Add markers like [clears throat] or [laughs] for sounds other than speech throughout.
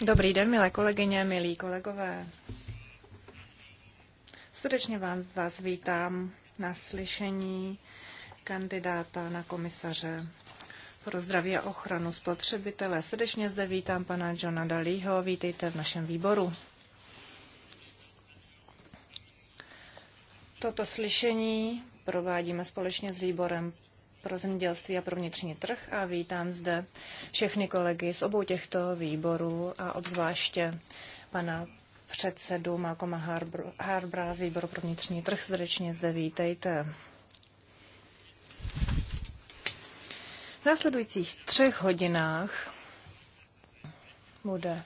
Dobrý den, milé kolegyně, milí kolegové. Srdečně vám vás vítám na slyšení kandidáta na komisaře pro zdraví a ochranu spotřebitele. Srdečně zde vítám pana Johna Dalího. Vítejte v našem výboru. Toto slyšení provádíme společně s výborem pro zemědělství a pro vnitřní trh a vítám zde všechny kolegy z obou těchto výborů a obzvláště pana předsedu Malcoma Harbra z výboru pro vnitřní trh. Srdečně zde vítejte. V následujících třech hodinách bude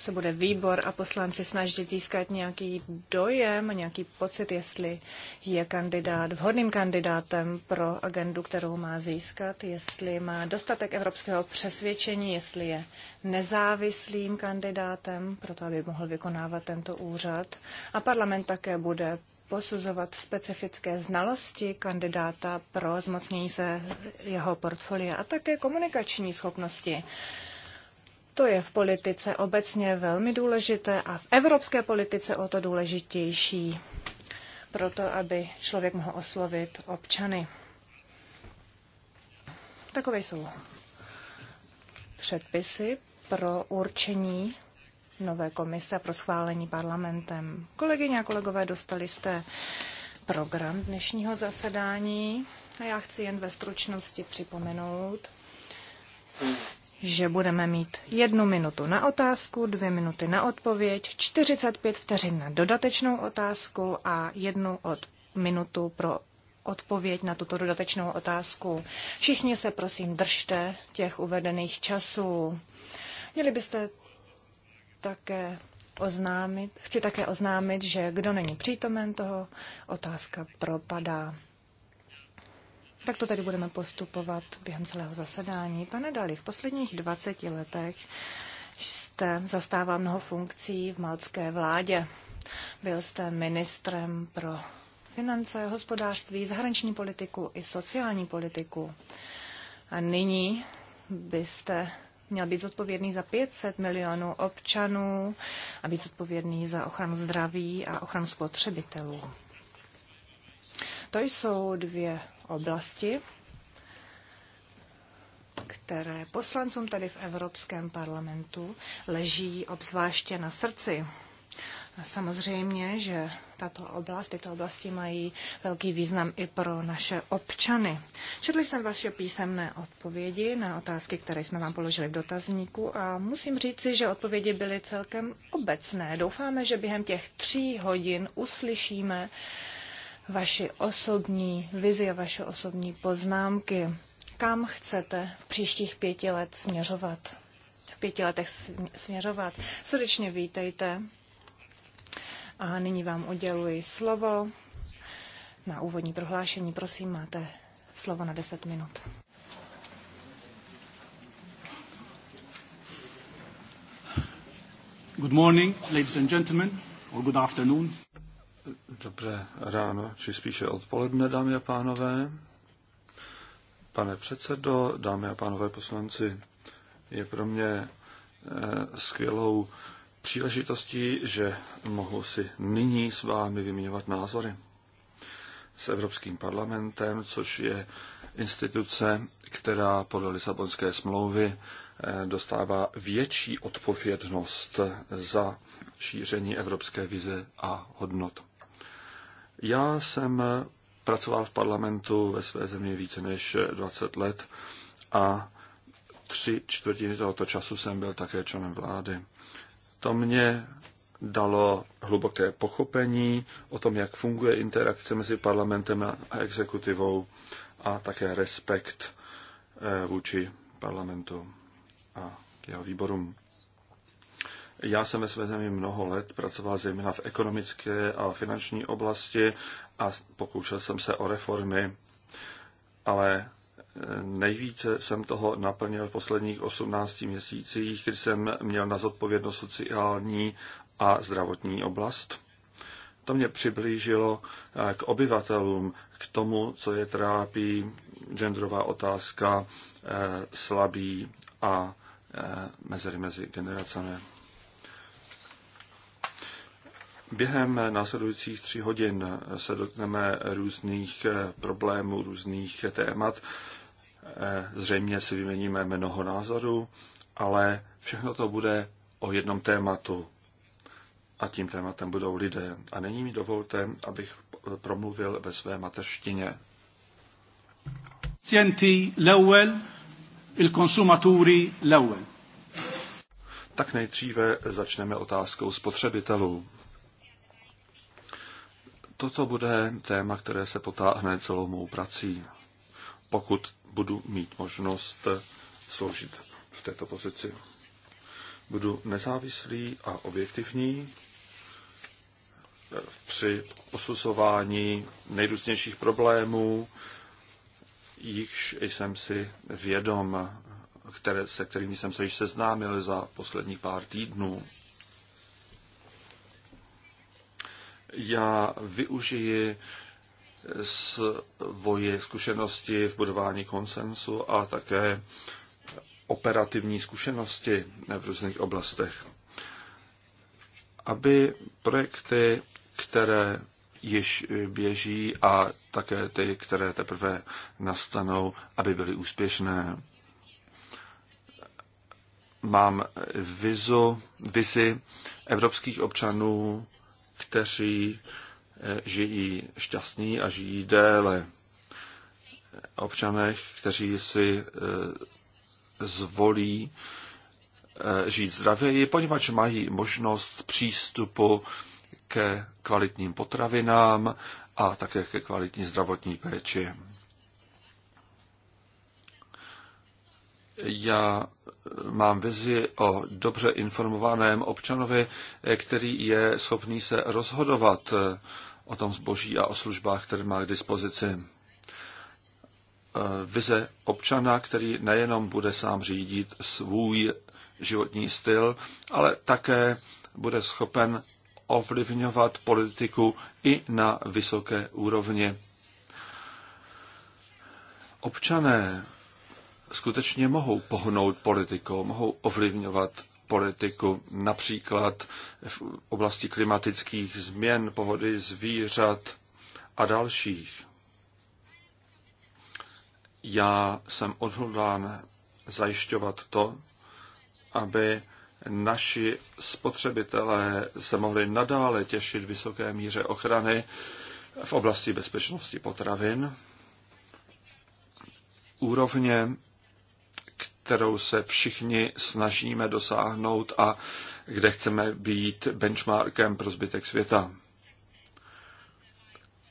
se bude výbor a poslanci snažit získat nějaký dojem, nějaký pocit, jestli je kandidát vhodným kandidátem pro agendu, kterou má získat, jestli má dostatek evropského přesvědčení, jestli je nezávislým kandidátem, proto aby mohl vykonávat tento úřad. A parlament také bude posuzovat specifické znalosti kandidáta pro zmocnění se jeho portfolia a také komunikační schopnosti. To je v politice obecně velmi důležité a v evropské politice o to důležitější, proto aby člověk mohl oslovit občany. Takové jsou předpisy pro určení nové komise pro schválení parlamentem. Kolegyně a kolegové, dostali jste program dnešního zasedání a já chci jen ve stručnosti připomenout, že budeme mít jednu minutu na otázku, dvě minuty na odpověď, 45 vteřin na dodatečnou otázku a jednu od minutu pro odpověď na tuto dodatečnou otázku. Všichni se prosím držte těch uvedených časů. Měli byste také oznámit, chci také oznámit, že kdo není přítomen, toho otázka propadá. Tak to tady budeme postupovat během celého zasedání. Pane Dali, v posledních 20 letech jste zastával mnoho funkcí v malcké vládě. Byl jste ministrem pro finance, hospodářství, zahraniční politiku i sociální politiku. A nyní byste měl být zodpovědný za 500 milionů občanů a být zodpovědný za ochranu zdraví a ochranu spotřebitelů. To jsou dvě oblasti, které poslancům tady v Evropském parlamentu leží obzvláště na srdci. Samozřejmě, že tato oblast, tyto oblasti mají velký význam i pro naše občany. Četli jsem vaše písemné odpovědi na otázky, které jsme vám položili v dotazníku a musím říci, že odpovědi byly celkem obecné. Doufáme, že během těch tří hodin uslyšíme uh, vaši osobní vizi a vaše osobní poznámky. Kam chcete v příštích pěti let směřovat? V pěti letech směřovat. Srdečně vítejte. A nyní vám uděluji slovo na úvodní prohlášení. Prosím, máte slovo na 10 minut. Good morning, ladies and gentlemen, or good afternoon. Dobré ráno, či spíše odpoledne, dámy a pánové. Pane předsedo, dámy a pánové poslanci, je pro mě eh, skvělou příležitostí, že mohu si nyní s vámi vyměňovat názory s Evropským parlamentem, což je instituce, která podle Lisabonské smlouvy eh, dostává větší odpovědnost za šíření evropské vize a hodnot. Já jsem pracoval v parlamentu ve své zemi více než 20 let a tři čtvrtiny tohoto času jsem byl také členem vlády. To mě dalo hluboké pochopení o tom, jak funguje interakce mezi parlamentem a exekutivou a také respekt eh, vůči parlamentu a jeho výborům. Já jsem ve své zemi mnoho let pracoval zejména v ekonomické a finanční oblasti a pokoušel jsem se o reformy, ale e, Nejvíce jsem toho naplnil v posledních 18 měsících, kdy jsem měl na zodpovědnost sociální a zdravotní oblast. To mě přiblížilo e, k obyvatelům, k tomu, co je trápí genderová otázka, e, slabí a mezery mezi generacemi. Během následujících tří hodin se dotkneme různých eh, problémů, různých témat. Eh, zřejmě si vyměníme mnoho názorů, ale všechno to bude o jednom tématu. A tím tématem budou lidé. A nyní mi dovolte, abych eh, promluvil ve své mateřštině. il Tak nejdříve začneme otázkou spotřebitelů. Toto bude téma, které se potáhne celou mou prací, pokud budu mít možnost sloužit v této pozici. Budu nezávislý a objektivní při posuzování nejrůznějších problémů, jichž jsem si vědom, které, se kterými jsem se již seznámil za poslední pár týdnů. já využiji svoje zkušenosti v budování konsensu a také operativní zkušenosti v různých oblastech. Aby projekty, které již běží a také ty, které teprve nastanou, aby byly úspěšné. Mám vizu, vizi evropských občanů, kteří eh, žijí šťastní a žijí déle. Občanech, kteří si eh, zvolí eh, žít zdravěji, poněvadž mají možnost přístupu ke kvalitním potravinám a také ke kvalitní zdravotní péči. Já mám vizi o dobře informovaném občanovi, který je schopný se rozhodovat eh, o tom zboží a o službách, které má k dispozici. Eh, vize občana, který nejenom bude sám řídit svůj životní styl, ale také bude schopen ovlivňovat politiku i na vysoké úrovni. Občané skutečně mohou pohnout politikou, mohou ovlivňovat politiku, například v oblasti klimatických změn, pohody zvířat a dalších. Já jsem odhodlán zajišťovat to, aby naši spotřebitelé se mohli nadále těšit vysoké míře ochrany v oblasti bezpečnosti potravin, úrovně kterou se všichni snažíme dosáhnout a kde chceme být benchmarkem pro zbytek světa.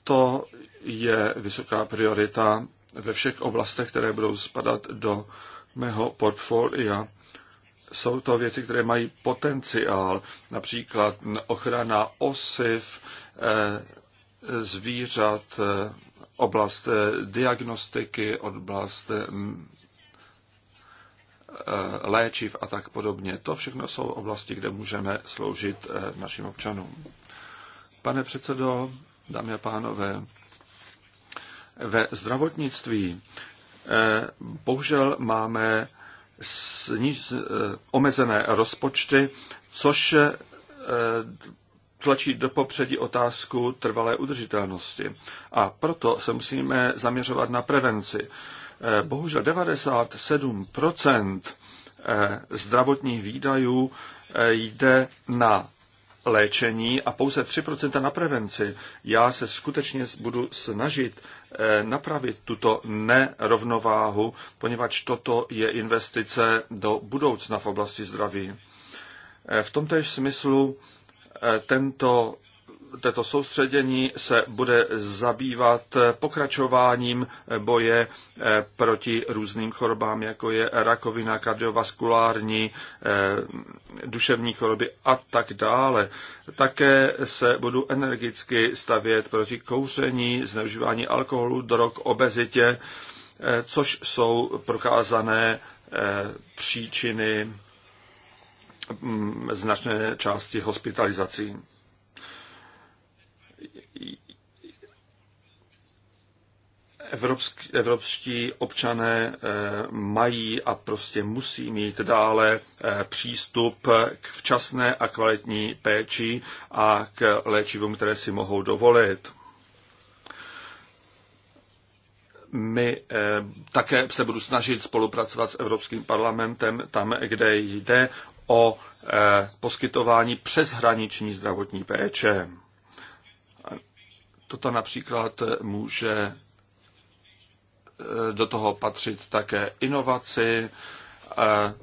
To je vysoká priorita ve všech oblastech, které budou spadat do mého portfolia. Jsou to věci, které mají potenciál, například ochrana osiv, eh, zvířat, eh, oblast eh, diagnostiky, oblast Eh, léčiv a tak podobně. To všechno jsou oblasti, kde můžeme sloužit eh, našim občanům. Pane předsedo, dámy a pánové, ve zdravotnictví eh, bohužel máme omezené rozpočty, což tlačí do popředí otázku trvalé udržitelnosti. A proto se musíme zaměřovat na prevenci. Eh, bohužel 97% eh, zdravotních výdajů eh, jde na léčení a pouze 3% na prevenci. Já se skutečně budu snažit napravit tuto nerovnováhu, poněvadž toto je investice do budoucna v oblasti zdraví. V tomtéž smyslu tento této soustředění se bude zabývat pokračováním boje eh, proti různým chorobám, jako je rakovina, kardiovaskulární, eh, duševní choroby a tak dále. Také se budu energicky stavět proti kouření, zneužívání alkoholu, drog, obezitě, eh, což jsou prokázané příčiny mm, značné části hospitalizací. evropsk, evropští občané eh, mají a prostě musí mít dále eh, přístup k včasné a kvalitní péči a k léčivům, které si mohou dovolit. My eh, také se budu snažit spolupracovat s Evropským parlamentem tam, kde jde o poskytování přeshraniční zdravotní péče. Toto například může Eh, do toho patřit také inovaci, eh,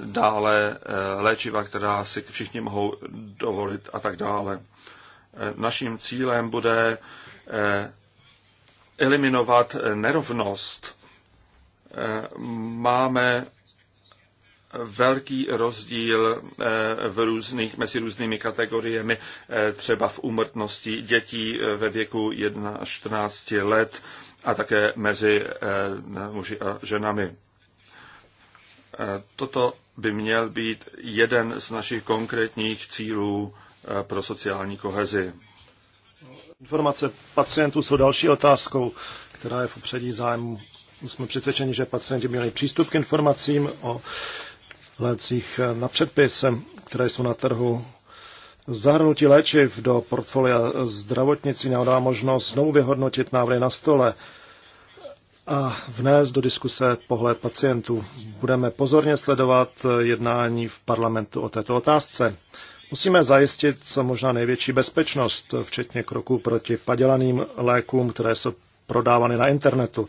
dále eh, léčiva, která si všichni mohou dovolit a tak dále. Naším cílem bude eliminovat nerovnost. Máme velký rozdíl v různých, mezi různými kategoriemi, třeba v úmrtnosti dětí ve věku 1 až 14 let a také mezi eh, muži a ženami. Eh, toto by měl být jeden z našich konkrétních cílů eh, pro sociální kohezi. Informace pacientů jsou další otázkou, která je v upředí zájmu. Jsme přesvědčeni, že pacienti měli přístup k informacím o lécích na předpisem, které jsou na trhu Zahrnutí léčiv do portfolia zdravotnictví nám dá možnost znovu vyhodnotit návrhy na stole a vnést do diskuse pohled pacientů. Budeme pozorně sledovat jednání v parlamentu o této otázce. Musíme zajistit co možná největší bezpečnost, včetně kroků proti padělaným lékům, které jsou prodávány na internetu.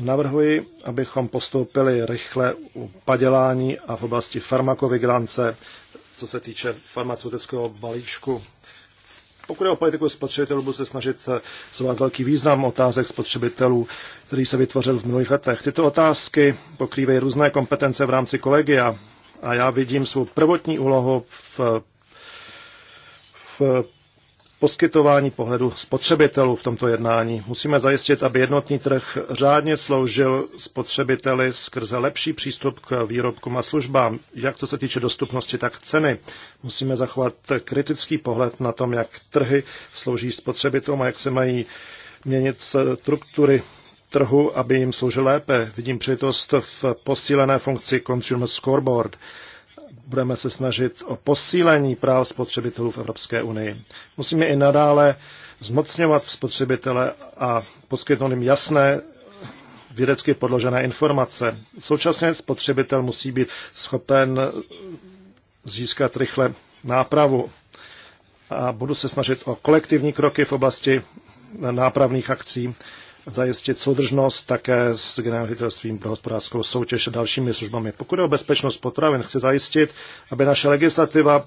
Navrhuji, abychom postoupili rychle u padělání a v oblasti farmakovigilance co se týče farmaceutického balíčku. Pokud je o politiku spotřebitelů, budu se snažit eh, zvát velký význam otázek spotřebitelů, který se vytvořil v minulých letech. Tyto otázky pokrývají různé kompetence v rámci kolegia a já vidím svou prvotní úlohu v, v poskytování pohledu spotřebitelů v tomto jednání. Musíme zajistit, aby jednotný trh řádně sloužil spotřebiteli skrze lepší přístup k výrobkům a službám, jak co se týče dostupnosti, tak ceny. Musíme zachovat kritický pohled na tom, jak trhy slouží spotřebitelům a jak se mají měnit struktury trhu, aby jim sloužil lépe. Vidím přitost v posílené funkci Consumer Scoreboard – budeme se snažit o posílení práv spotřebitelů v Evropské unii. Musíme i nadále zmocňovat spotřebitele a poskytnout jim jasné vědecky podložené informace. Současně spotřebitel musí být schopen získat rychle nápravu. A budu se snažit o kolektivní kroky v oblasti nápravných akcí zajistit soudržnost také s generálním ředitelstvím pro hospodářskou soutěž a dalšími službami. Pokud je o bezpečnost potravin, chci zajistit, aby naše legislativa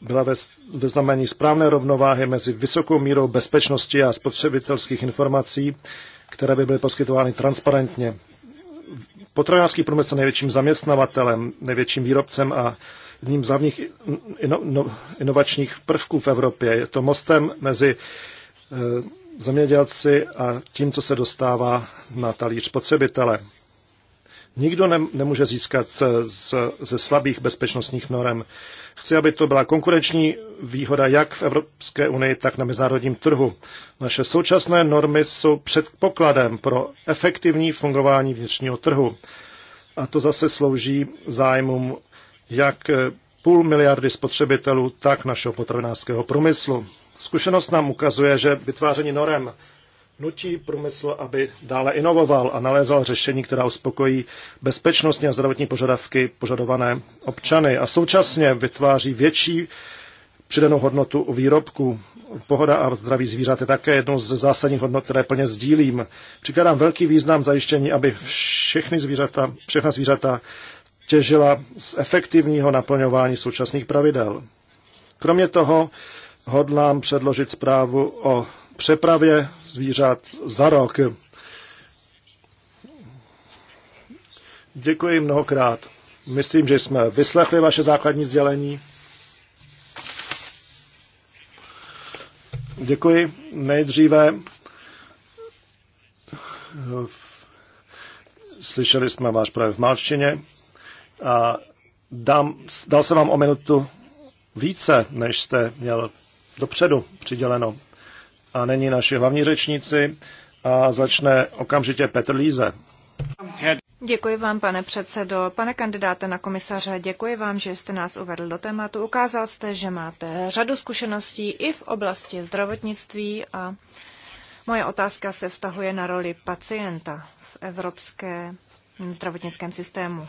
byla ve, ve znamení správné rovnováhy mezi vysokou mírou bezpečnosti a spotřebitelských informací, které by byly poskytovány transparentně. Potravinářský průmysl je největším zaměstnavatelem, největším výrobcem a jedním z hlavních ino, inovačních prvků v Evropě. Je to mostem mezi eh, zemědělci a tím, co se dostává na talíř spotřebitele. Nikdo ne, nemůže získat ze slabých bezpečnostních norem. Chci, aby to byla konkurenční výhoda jak v Evropské unii, tak na mezinárodním trhu. Naše současné normy jsou předpokladem pro efektivní fungování vnitřního trhu. A to zase slouží zájmům jak eh, půl miliardy spotřebitelů, tak našeho potravinářského průmyslu. Zkušenost nám ukazuje, že vytváření norem nutí průmysl, aby dále inovoval a nalézal řešení, která uspokojí bezpečnostní a zdravotní požadavky požadované občany a současně vytváří větší přidanou hodnotu u výrobku. Pohoda a zdraví zvířat je také jednou z zásadních hodnot, které plně sdílím. Přikládám velký význam zajištění, aby všechny zvířata, všechna zvířata těžila z efektivního naplňování současných pravidel. Kromě toho hodlám předložit zprávu o přepravě zvířat za rok. Děkuji mnohokrát. Myslím, že jsme vyslechli vaše základní sdělení. Děkuji. Nejdříve slyšeli jsme váš projev v malčině a dám, dal se vám o minutu více, než jste měl dopředu přiděleno. A není naše hlavní řečníci a začne okamžitě Petr Líze. Děkuji vám, pane předsedo. Pane kandidáte na komisaře, děkuji vám, že jste nás uvedl do tématu. Ukázal jste, že máte řadu zkušeností i v oblasti zdravotnictví a moje otázka se vztahuje na roli pacienta v evropské zdravotnickém systému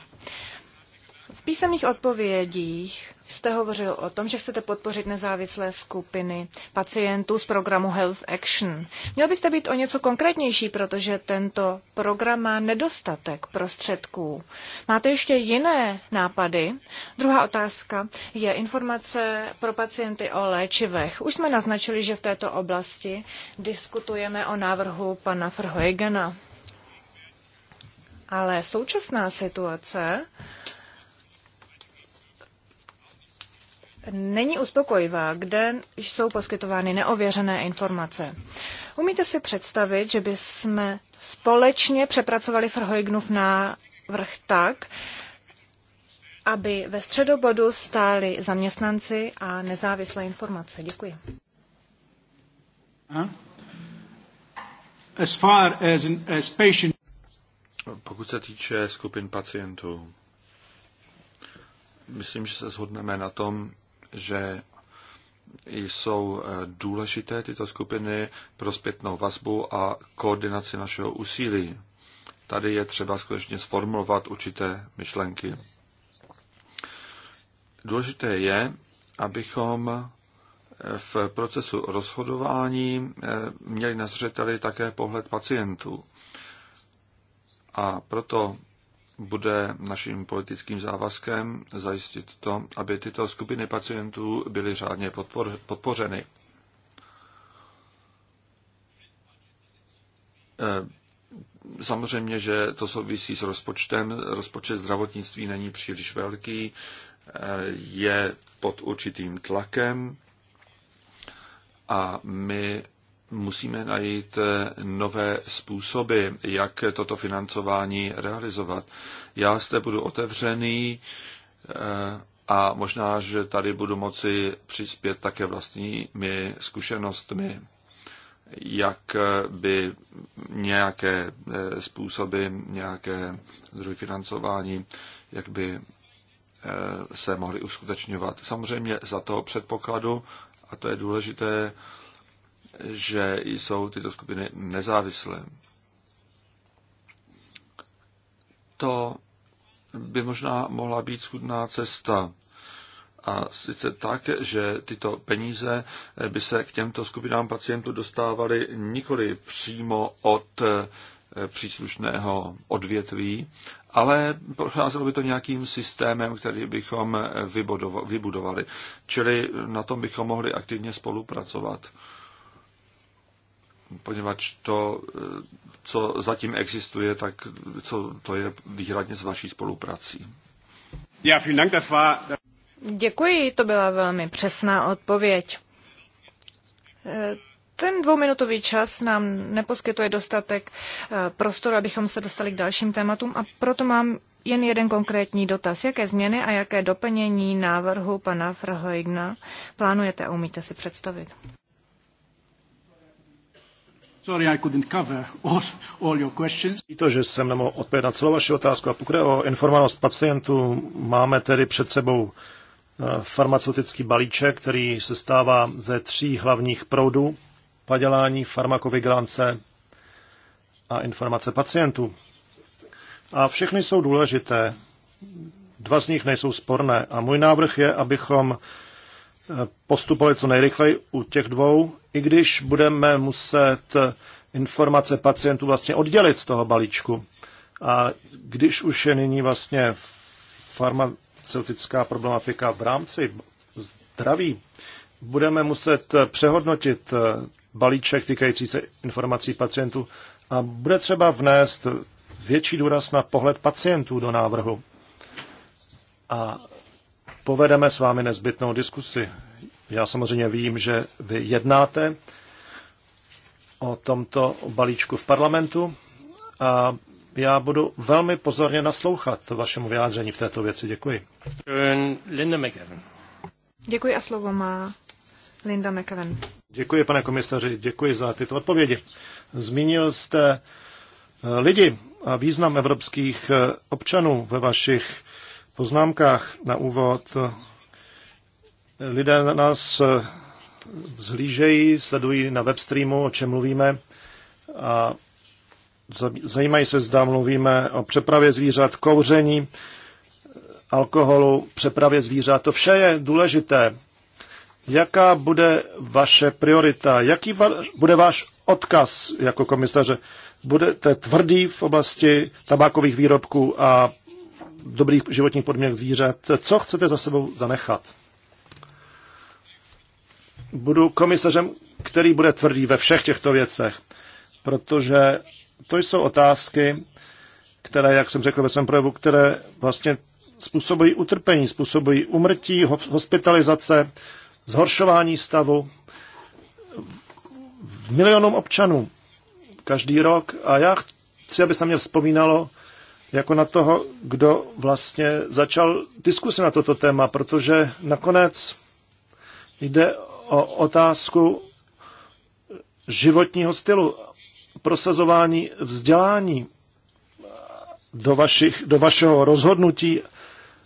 písemných odpovědích jste hovořil o tom, že chcete podpořit nezávislé skupiny pacientů z programu Health Action. Měl byste být o něco konkrétnější, protože tento program má nedostatek prostředků. Máte ještě jiné nápady? Druhá otázka je informace pro pacienty o léčivech. Už jsme naznačili, že v této oblasti diskutujeme o návrhu pana Verheugena. Ale současná situace není uspokojivá, kde jsou poskytovány neověřené informace. Umíte si představit, že bychom společně přepracovali Frhojgnův návrh tak, aby ve středobodu stáli zaměstnanci a nezávislé informace. Děkuji. As far as, as patient... Pokud se týče skupin pacientů, myslím, že se shodneme na tom, že jsou eh, důležité tyto skupiny pro zpětnou vazbu a koordinaci našeho úsilí. Tady je třeba skutečně sformulovat určité myšlenky. Důležité je, abychom eh, v procesu rozhodování eh, měli na zřeteli také pohled pacientů. A proto bude naším politickým závazkem zajistit to, aby tyto skupiny pacientů byly řádně podpor, podpořeny. Eh, samozřejmě, že to souvisí s rozpočtem. Rozpočet zdravotnictví není příliš velký, eh, je pod určitým tlakem a my musíme najít eh, nové způsoby, jak toto financování realizovat. Já zde budu otevřený eh, a možná, že tady budu moci přispět také vlastními zkušenostmi, jak eh, by nějaké způsoby, nějaké druhy financování, jak by se mohly uskutečňovat. Samozřejmě za toho předpokladu, a to je důležité, že jsou tyto skupiny nezávislé. To by možná mohla být schudná cesta. A sice tak, že tyto peníze by se k těmto skupinám pacientů dostávaly nikoli přímo od eh, příslušného odvětví, ale procházelo by to nějakým systémem, který bychom vybudovali. Čili na tom bychom mohli aktivně spolupracovat poněvadž to, eh, co zatím existuje, tak co, to je výhradně s vaší spoluprací. Ja, vielen Dank, das war... Děkuji, to byla velmi přesná odpověď. Eh, ten dvouminutový čas nám neposkytuje dostatek eh, prostoru, abychom se dostali k dalším tématům a proto mám jen jeden konkrétní dotaz. Jaké změny a jaké doplnění návrhu pana Frhojgna plánujete a umíte si představit? Sorry, I couldn't cover all, all your questions. že jsem nemohl odpovědět na celou vaši otázku. A pokud je o informovanost pacientů, máme tedy před sebou eh, farmaceutický balíček, který se stává ze tří hlavních proudů padělání, farmakovigilance a informace pacientů. A všechny jsou důležité. Dva z nich nejsou sporné. A můj návrh je, abychom eh, postupovali co nejrychleji u těch dvou i když budeme muset informace pacientů vlastně oddělit z toho balíčku. A když už je nyní vlastně farmaceutická problematika v rámci zdraví, budeme muset přehodnotit balíček týkající se informací pacientů a bude třeba vnést větší důraz na pohled pacientů do návrhu. A povedeme s vámi nezbytnou diskusi. Já samozřejmě vím, že vy jednáte o tomto balíčku v parlamentu a já budu velmi pozorně naslouchat vašemu vyjádření v této věci. Děkuji. Linda McEwen. Děkuji a slovo má Linda McEwen. Děkuji, pane komisaři, děkuji za tyto odpovědi. Zmínil jste eh, lidi a význam evropských eh, občanů ve vašich poznámkách na úvod Lidé na nás eh, vzhlížejí, sledují na webstreamu, o čem mluvíme a zajímají se, zda mluvíme o přepravě zvířat, kouření, alkoholu, přepravě zvířat. To vše je důležité. Jaká bude vaše priorita? Jaký va- bude váš odkaz jako komisaře? Budete tvrdý v oblasti tabákových výrobků a dobrých životních podmínek zvířat? Co chcete za sebou zanechat? budu komisařem, který bude tvrdý ve všech těchto věcech, protože to jsou otázky, které, jak jsem řekl ve svém projevu, které vlastně způsobují utrpení, způsobují umrtí, hospitalizace, zhoršování stavu milionům občanů každý rok. A já chci, aby se mě vzpomínalo jako na toho, kdo vlastně začal diskusi na toto téma, protože nakonec jde o otázku životního stylu, prosazování vzdělání do, vašich, do vašeho rozhodnutí.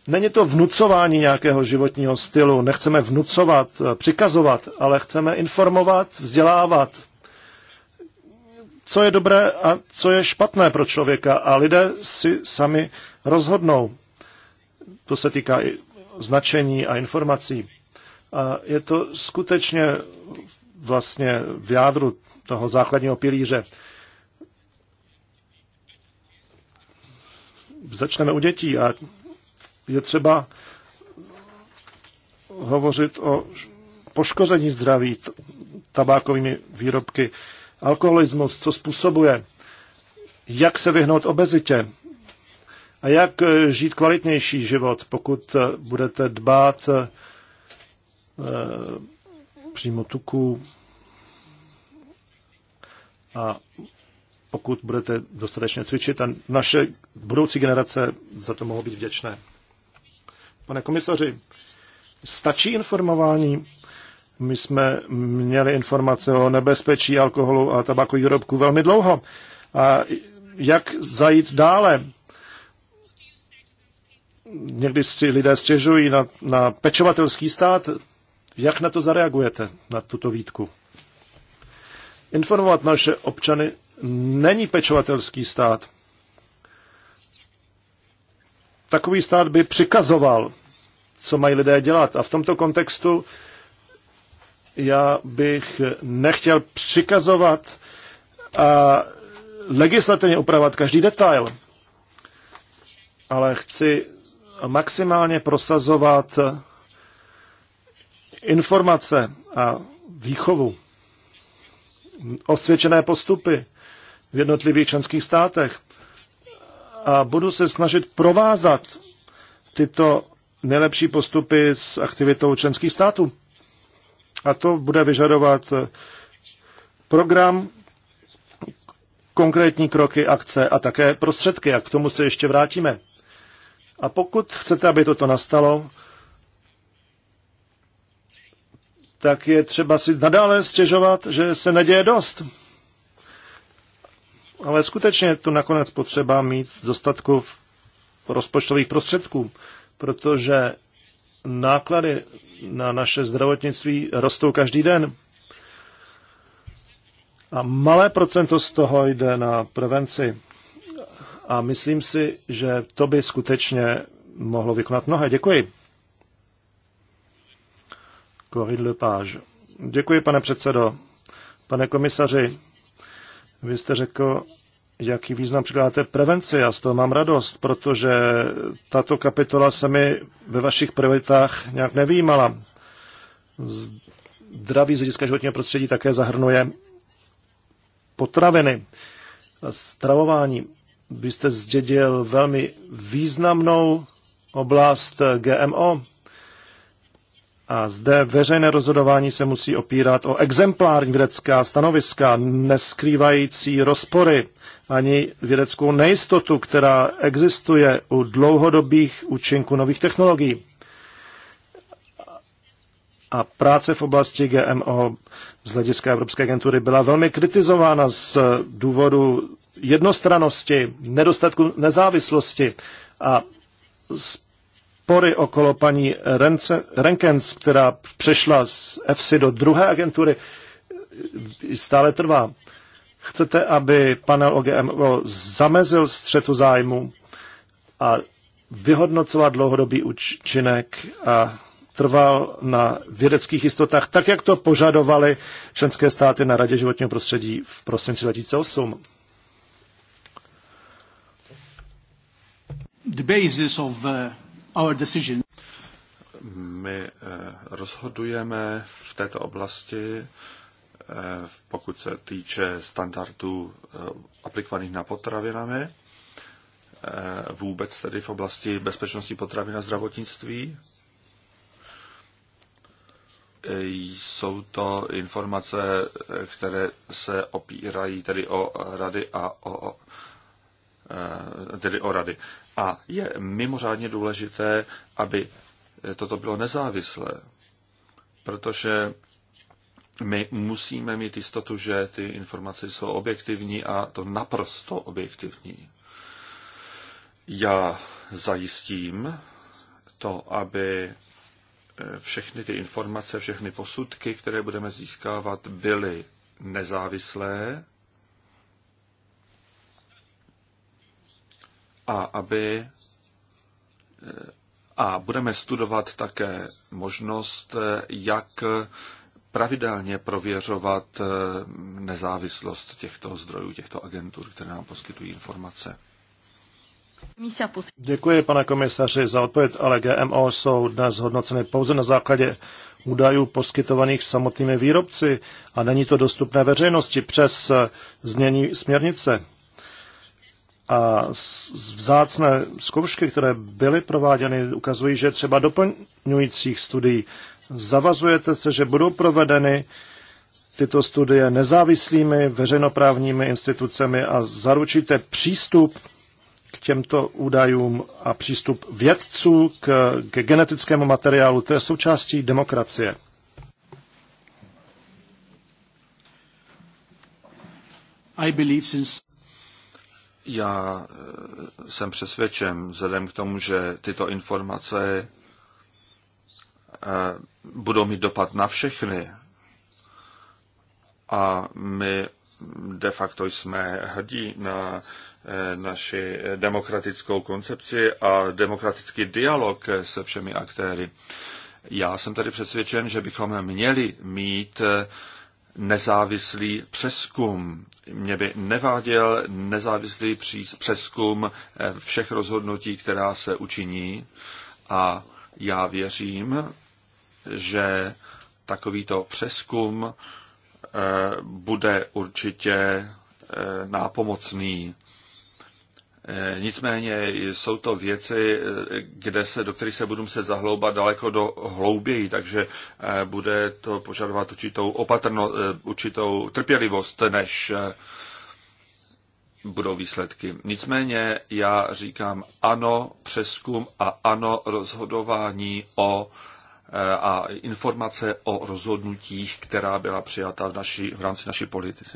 Není to vnucování nějakého životního stylu, nechceme vnucovat, přikazovat, ale chceme informovat, vzdělávat, co je dobré a co je špatné pro člověka a lidé si sami rozhodnou. To se týká i značení a informací. A je to skutečně vlastně v jádru toho základního pilíře. Začneme u dětí a je třeba hovořit o poškození zdraví tabákovými výrobky, alkoholismus, co způsobuje, jak se vyhnout obezitě a jak eh, žít kvalitnější život, pokud eh, budete dbát eh, Eh, přímo tuku a pokud budete dostatečně cvičit a naše budoucí generace za to mohou být vděčné. Pane komisaři, stačí informování? My jsme měli informace o nebezpečí alkoholu a tabakových výrobků velmi dlouho. A jak zajít dále? Někdy si lidé stěžují na, na pečovatelský stát jak na to zareagujete, na tuto výtku? Informovat naše občany není pečovatelský stát. Takový stát by přikazoval, co mají lidé dělat. A v tomto kontextu já bych nechtěl přikazovat a legislativně upravovat každý detail, ale chci maximálně prosazovat informace a výchovu, osvědčené postupy v jednotlivých členských státech a budu se snažit provázat tyto nejlepší postupy s aktivitou členských států. A to bude vyžadovat eh, program, konkrétní kroky, akce a také prostředky. A k tomu se ještě vrátíme. A pokud chcete, aby toto nastalo, tak je třeba si nadále stěžovat, že se neděje dost. Ale skutečně tu nakonec potřeba mít dostatku rozpočtových prostředků, protože náklady na naše zdravotnictví rostou každý den. A malé procento z toho jde na prevenci. A myslím si, že to by skutečně mohlo vykonat mnohé. Děkuji. Corinne Lepage. Děkuji, pane předsedo. Pane komisaři, vy jste řekl, jaký význam přikládáte prevenci. Já z toho mám radost, protože tato kapitola se mi ve vašich prioritách nějak nevýjímala. Zdraví z hlediska životního prostředí také zahrnuje potraviny a stravování. Vy jste zdědil velmi významnou oblast GMO a zde veřejné rozhodování se musí opírat o exemplární vědecká stanoviska, neskrývající rozpory ani vědeckou nejistotu, která existuje u dlouhodobých účinků nových technologií. A práce v oblasti GMO z hlediska Evropské agentury byla velmi kritizována z důvodu jednostranosti, nedostatku nezávislosti a z spory okolo paní Renkens, která přešla z EFSI do druhé agentury, stále trvá. Chcete, aby panel GMO zamezil střetu zájmu a vyhodnocoval dlouhodobý účinek a trval na vědeckých jistotách, tak jak to požadovali členské státy na Radě životního prostředí v prosinci 2008. The basis of uh, our decision. My eh, rozhodujeme v této oblasti, eh, pokud se týče standardů eh, aplikovaných na potravinami, vůbec tedy v oblasti bezpečnosti potravin a zdravotnictví. Jsou to informace, které se opírají tedy o rady a o, tedy o rady. A je mimořádně důležité, aby toto bylo nezávislé, protože my musíme mít jistotu, že ty informace jsou objektivní a to naprosto objektivní. Já zajistím to, aby eh, všechny ty informace, všechny posudky, které budeme získávat, byly nezávislé a aby eh, a budeme studovat také možnost, eh, jak pravidelně prověřovat eh, nezávislost těchto zdrojů, těchto agentur, které nám poskytují informace. Děkuji, pane komisaři, za odpověď, ale GMO jsou dnes hodnoceny pouze na základě údajů poskytovaných samotnými výrobci a není to dostupné veřejnosti přes změní směrnice. A vzácné zkoušky, které byly prováděny, ukazují, že třeba doplňujících studií zavazujete se, že budou provedeny tyto studie nezávislými veřejnoprávními institucemi a zaručíte přístup k těmto údajům a přístup vědců k, k genetickému materiálu. To je součástí demokracie. I believe since... Já eh, jsem přesvědčen, vzhledem k tomu, že tyto informace eh, budou mít dopad na všechny a my de facto jsme hrdí na eh, naši demokratickou koncepci a demokratický dialog se všemi aktéry. Já jsem tady přesvědčen, že bychom měli mít nezávislý přeskum. Mě by neváděl nezávislý přeskum eh, všech rozhodnutí, která se učiní a já věřím, že takovýto přeskum eh, bude určitě eh, nápomocný Eh, nicméně jsou to věci, eh, kde se, do kterých se budu muset zahloubat daleko do hlouběji, takže eh, bude to požadovat určitou opatrnost, určitou trpělivost, než budou výsledky. Nicméně já říkám ano přeskum a ano rozhodování o a informace o rozhodnutích, která byla přijata v, naší, v rámci naší politiky.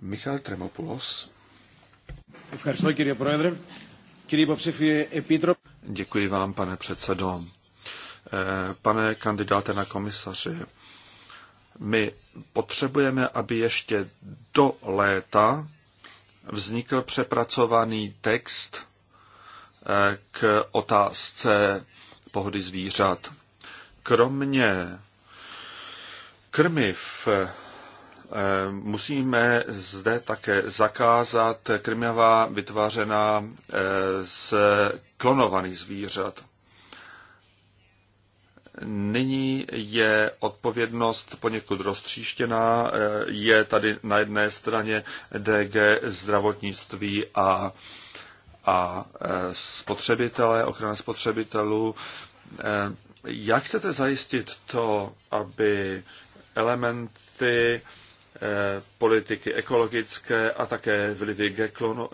Michal Tremopoulos. Děkuji vám, pane předsedo. Eh, pane kandidáte na komisaři, my potřebujeme, aby ještě do léta vznikl přepracovaný text eh, k otázce pohody zvířat. Kromě krmiv Eh, musíme zde také zakázat krmiva vytvářená eh, z klonovaných zvířat. Nyní je odpovědnost poněkud roztříštěná. Eh, je tady na jedné straně DG zdravotnictví a, a spotřebitelé, ochrana spotřebitelů. Jak chcete zajistit to, aby elementy Eh, politiky ekologické a také vlivy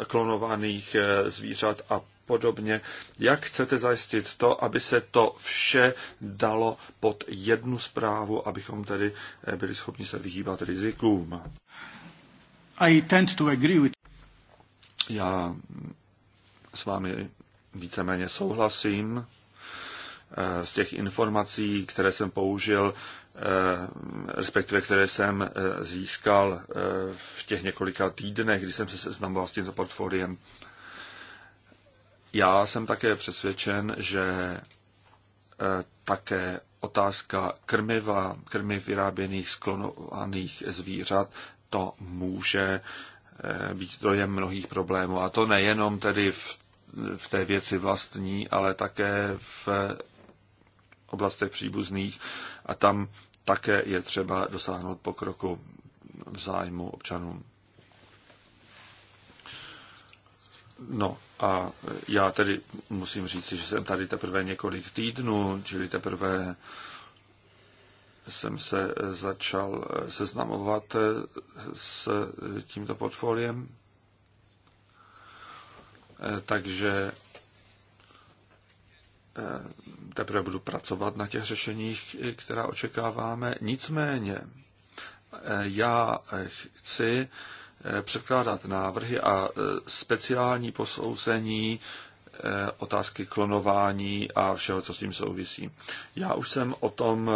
klonovaných eh, zvířat a podobně. Jak chcete zajistit to, aby se to vše dalo pod jednu zprávu, abychom tedy eh, byli schopni se vyhýbat rizikům? I tend to agree with... Já s vámi víceméně souhlasím. Z těch informací, které jsem použil, Eh, respektive které jsem eh, získal eh, v těch několika týdnech, kdy jsem se seznamoval s tímto portfoliem. Já jsem také přesvědčen, že také otázka krmiva, krmiv vyráběných sklonovaných zvířat, to může být zdrojem mnohých problémů. A to nejenom tedy v, v té věci vlastní, ale také v oblastech příbuzných a tam také je třeba dosáhnout pokroku v zájmu občanům. No a já tedy musím říct, že jsem tady teprve několik týdnů, čili teprve jsem se začal seznamovat s tímto portfoliem. Takže teprve budu pracovat na těch řešeních, která očekáváme. Nicméně já chci eh, překládat návrhy a eh, speciální posouzení eh, otázky klonování a všeho, co s tím souvisí. Já už jsem o tom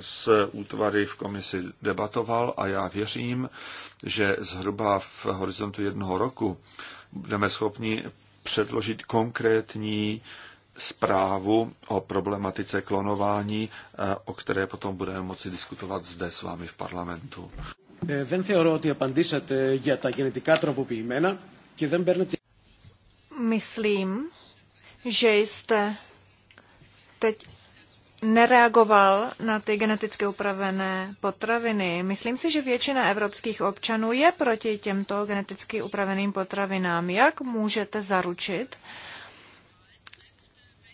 s útvary v komisi debatoval a já věřím, že zhruba v horizontu jednoho roku budeme schopni předložit konkrétní zprávu o problematice klonování, eh, o které potom budeme moci diskutovat zde s vámi v parlamentu. Myslím, že jste teď nereagoval na ty geneticky upravené potraviny. Myslím si, že většina evropských občanů je proti těmto geneticky upraveným potravinám. Jak můžete zaručit,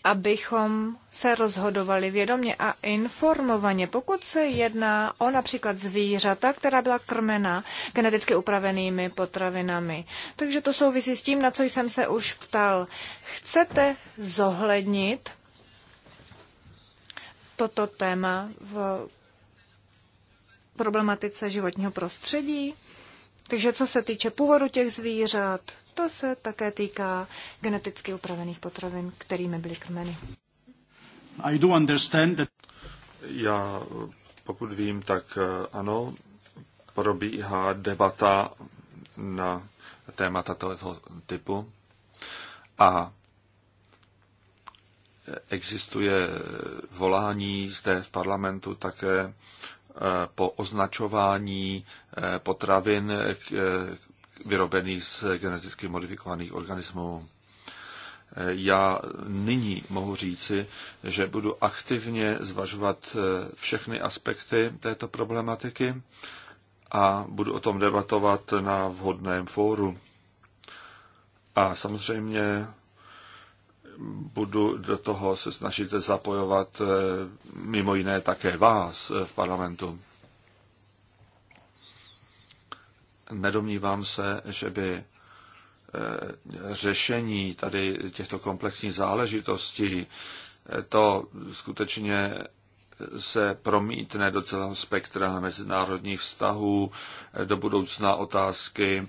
abychom se rozhodovali vědomě a informovaně. Pokud se jedná o například zvířata, která byla krmena geneticky upravenými potravinami. Takže to souvisí s tím, na co jsem se už ptal. Chcete zohlednit toto téma v problematice životního prostředí? Takže co se týče původu těch zvířat, to se také týká geneticky upravených potravin, kterými byly krmeny. I do understand that... Já, pokud vím, tak eh, ano, probíhá debata na témata tohoto typu a existuje volání zde v parlamentu také Eh, po označování eh, potravin eh, vyrobených z geneticky modifikovaných organismů. Já nyní mohu říci, že budu aktivně zvažovat všechny aspekty této problematiky a budu o tom debatovat na vhodném fóru. A samozřejmě budu do toho se snažit zapojovat eh, mimo jiné také vás eh, v parlamentu. Nedomnívám se, že by eh, řešení tady těchto komplexních záležitostí to skutečně se promítne do celého spektra mezinárodních vztahů, do budoucna otázky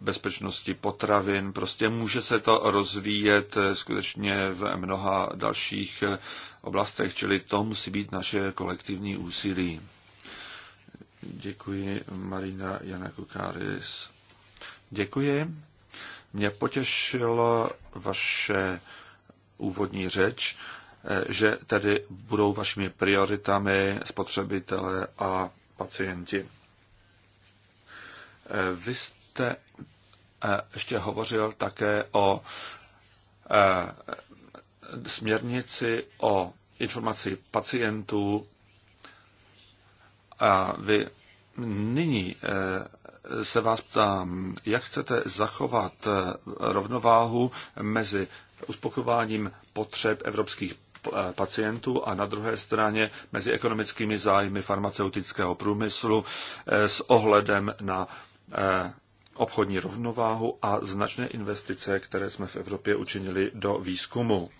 bezpečnosti potravin. Prostě může se to rozvíjet eh, skutečně v mnoha dalších eh, oblastech, čili to musí být naše kolektivní úsilí. Děkuji Marina Jana Kukáris. Děkuji. Mě potěšilo vaše úvodní řeč, eh, že tedy budou vašimi prioritami spotřebitele a pacienti. Vy jste jste eh, ještě hovořil také o eh, směrnici o informaci pacientů. A vy nyní eh, se vás ptám, jak chcete zachovat rovnováhu mezi uspokojováním potřeb evropských pacientů a na druhé straně mezi ekonomickými zájmy farmaceutického průmyslu s ohledem na obchodní rovnováhu a značné investice, které jsme v Evropě učinili do výzkumu.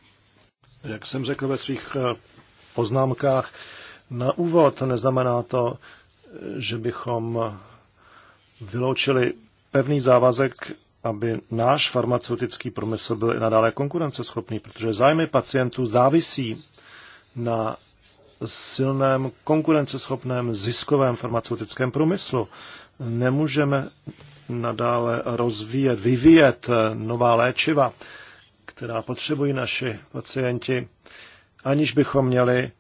Jak jsem řekl ve svých eh, poznámkách, na úvod neznamená to, že bychom eh, vyloučili pevný závazek, aby náš farmaceutický průmysl byl i nadále konkurenceschopný, protože zájmy pacientů závisí na silném, konkurenceschopném, ziskovém farmaceutickém průmyslu. Nemůžeme nadále rozvíjet, vyvíjet nová léčiva, která potřebují naši pacienti, aniž bychom měli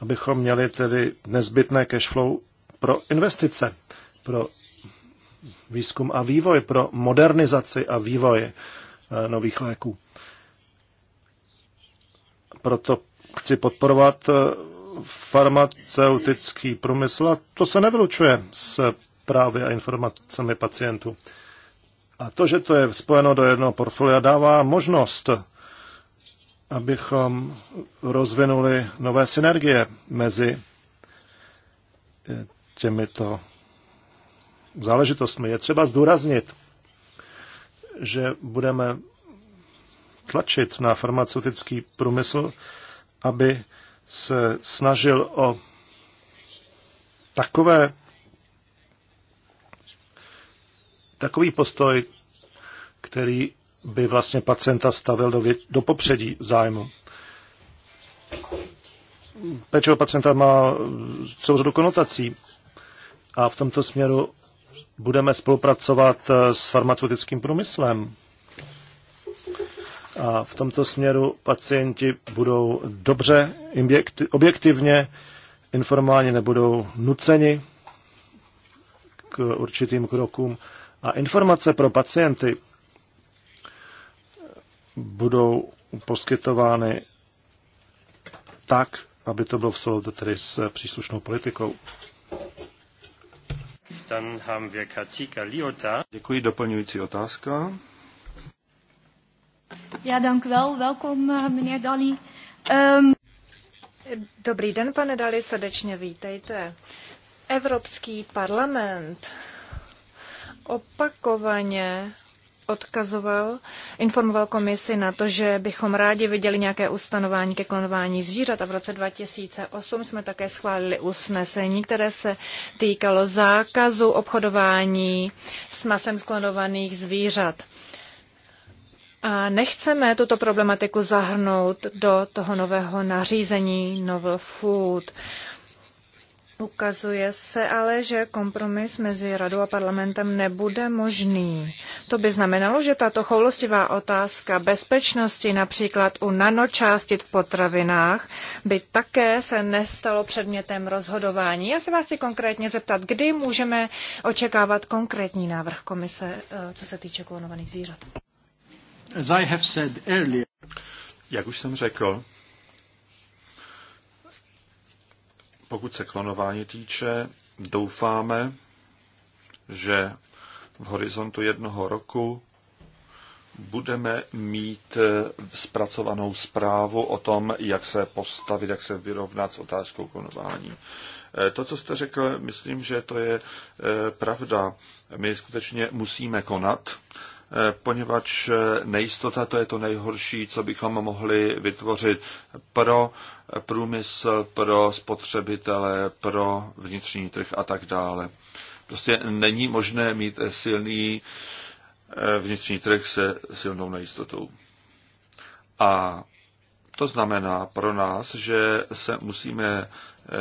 abychom měli tedy nezbytné cashflow pro investice, pro výzkum a vývoj, pro modernizaci a vývoj eh, nových léků. Proto chci podporovat eh, farmaceutický průmysl a to se nevylučuje s právě a informacemi pacientů. A to, že to je spojeno do jednoho portfolia, dává možnost, abychom rozvinuli nové synergie mezi eh, těmito záležitostmi. Je třeba zdůraznit, že budeme tlačit na farmaceutický průmysl, aby se snažil o takové, takový postoj, který by vlastně pacienta stavil do, do popředí zájmu. Péče o pacienta má celou řadu konotací a v tomto směru budeme spolupracovat s farmaceutickým průmyslem. A v tomto směru pacienti budou dobře, objektivně informováni, nebudou nuceni k určitým krokům. A informace pro pacienty budou poskytovány tak, aby to bylo v souladu tedy s příslušnou politikou. Děkuji, doplňující otázka. Já dank wel. Welkom, eh, meneer Dali. Um... Ehm, Dobrý den, pane Dali, srdečně vítejte. Evropský parlament opakovaně odkazoval, informoval komisi na to, že bychom rádi viděli nějaké ustanování ke klonování zvířat a v roce 2008 jsme také schválili usnesení, které se týkalo zákazu obchodování s masem sklonovaných zvířat. A nechceme tuto problematiku zahrnout do toho nového nařízení Novel Food. Ukazuje se ale, že kompromis mezi radou a parlamentem nebude možný. To by znamenalo, že tato choulostivá otázka bezpečnosti například u nanočástit v potravinách by také se nestalo předmětem rozhodování. Já se vás chci konkrétně zeptat, kdy můžeme očekávat konkrétní návrh komise, eh, co se týče klonovaných zvířat. As I have said earlier, jak už jsem řekl, pokud se klonování týče, doufáme, že v horizontu jednoho roku budeme mít eh, zpracovanou zprávu o tom, jak se postavit, jak se vyrovnat s otázkou klonování. Eh, to, co jste řekl, myslím, že to je eh, pravda. My skutečně musíme konat poněvadž nejistota to je to nejhorší, co bychom mohli vytvořit pro průmysl, pro spotřebitele, pro vnitřní trh a tak dále. Prostě není možné mít silný eh, vnitřní trh se silnou nejistotou. A to znamená pro nás, že se musíme,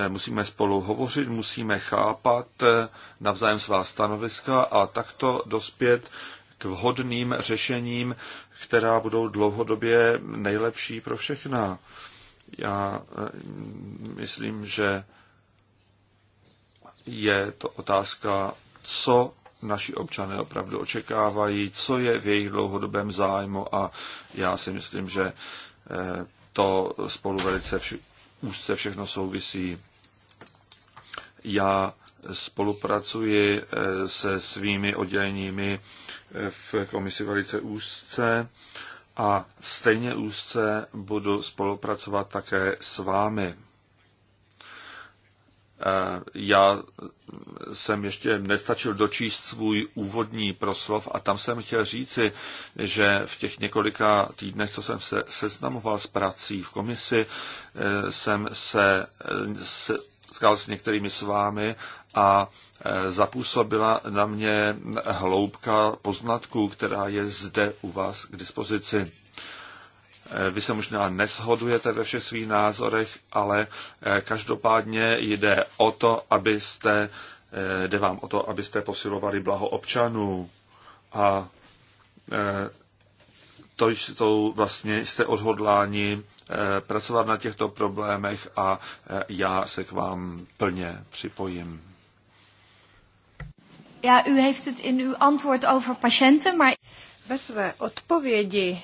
eh, musíme spolu hovořit, musíme chápat eh, navzájem svá stanoviska a takto dospět k vhodným řešením, která budou dlouhodobě nejlepší pro všechna. Já eh, myslím, že je to otázka, co naši občané opravdu očekávají, co je v jejich dlouhodobém zájmu a já si myslím, že eh, to spolu velice vši- úzce všechno souvisí. Já spolupracuji eh, se svými odděleními v komisi velice úzce a stejně úzce budu spolupracovat také s vámi. E, já jsem ještě nestačil dočíst svůj úvodní proslov a tam jsem chtěl říci, že v těch několika týdnech, co jsem se seznamoval s prací v komisi, e, jsem e, se setkal s některými s vámi a e, zapůsobila na mě hloubka poznatků, která je zde u vás k dispozici. E, vy se možná neshodujete ve všech svých názorech, ale e, každopádně jde o to, abyste, jde vám o to, abyste posilovali blaho občanů. A to jsou vlastně, jste odhodláni pracovat na těchto problémech a já se k vám plně připojím. Ja, u heeft het in uw antwoord over patiënten, maar... Ve své odpovědi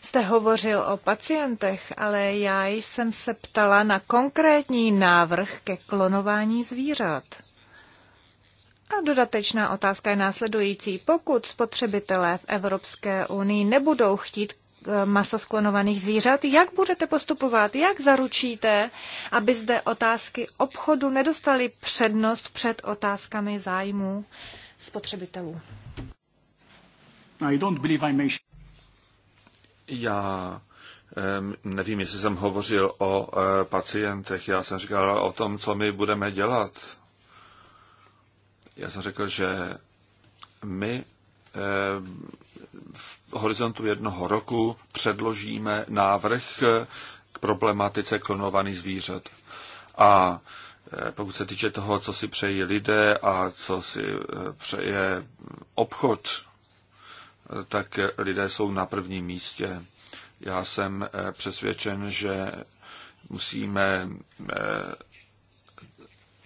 jste hovořil o pacientech, ale já jsem se ptala na konkrétní návrh ke klonování zvířat. A dodatečná otázka je následující. Pokud spotřebitelé v Evropské unii nebudou chtít maso sklonovaných zvířat. Jak budete postupovat? Jak zaručíte, aby zde otázky obchodu nedostaly přednost před otázkami zájmu spotřebitelů? I don't believe I may... Já nevím, jestli jsem hovořil o e, pacientech. Já jsem říkal o tom, co my budeme dělat. Já jsem řekl, že my v horizontu jednoho roku předložíme návrh k problematice klonovaných zvířat. A e, pokud se týče toho, co si přejí lidé a co si e, přeje obchod, tak lidé jsou na prvním místě. Já jsem e, přesvědčen, že musíme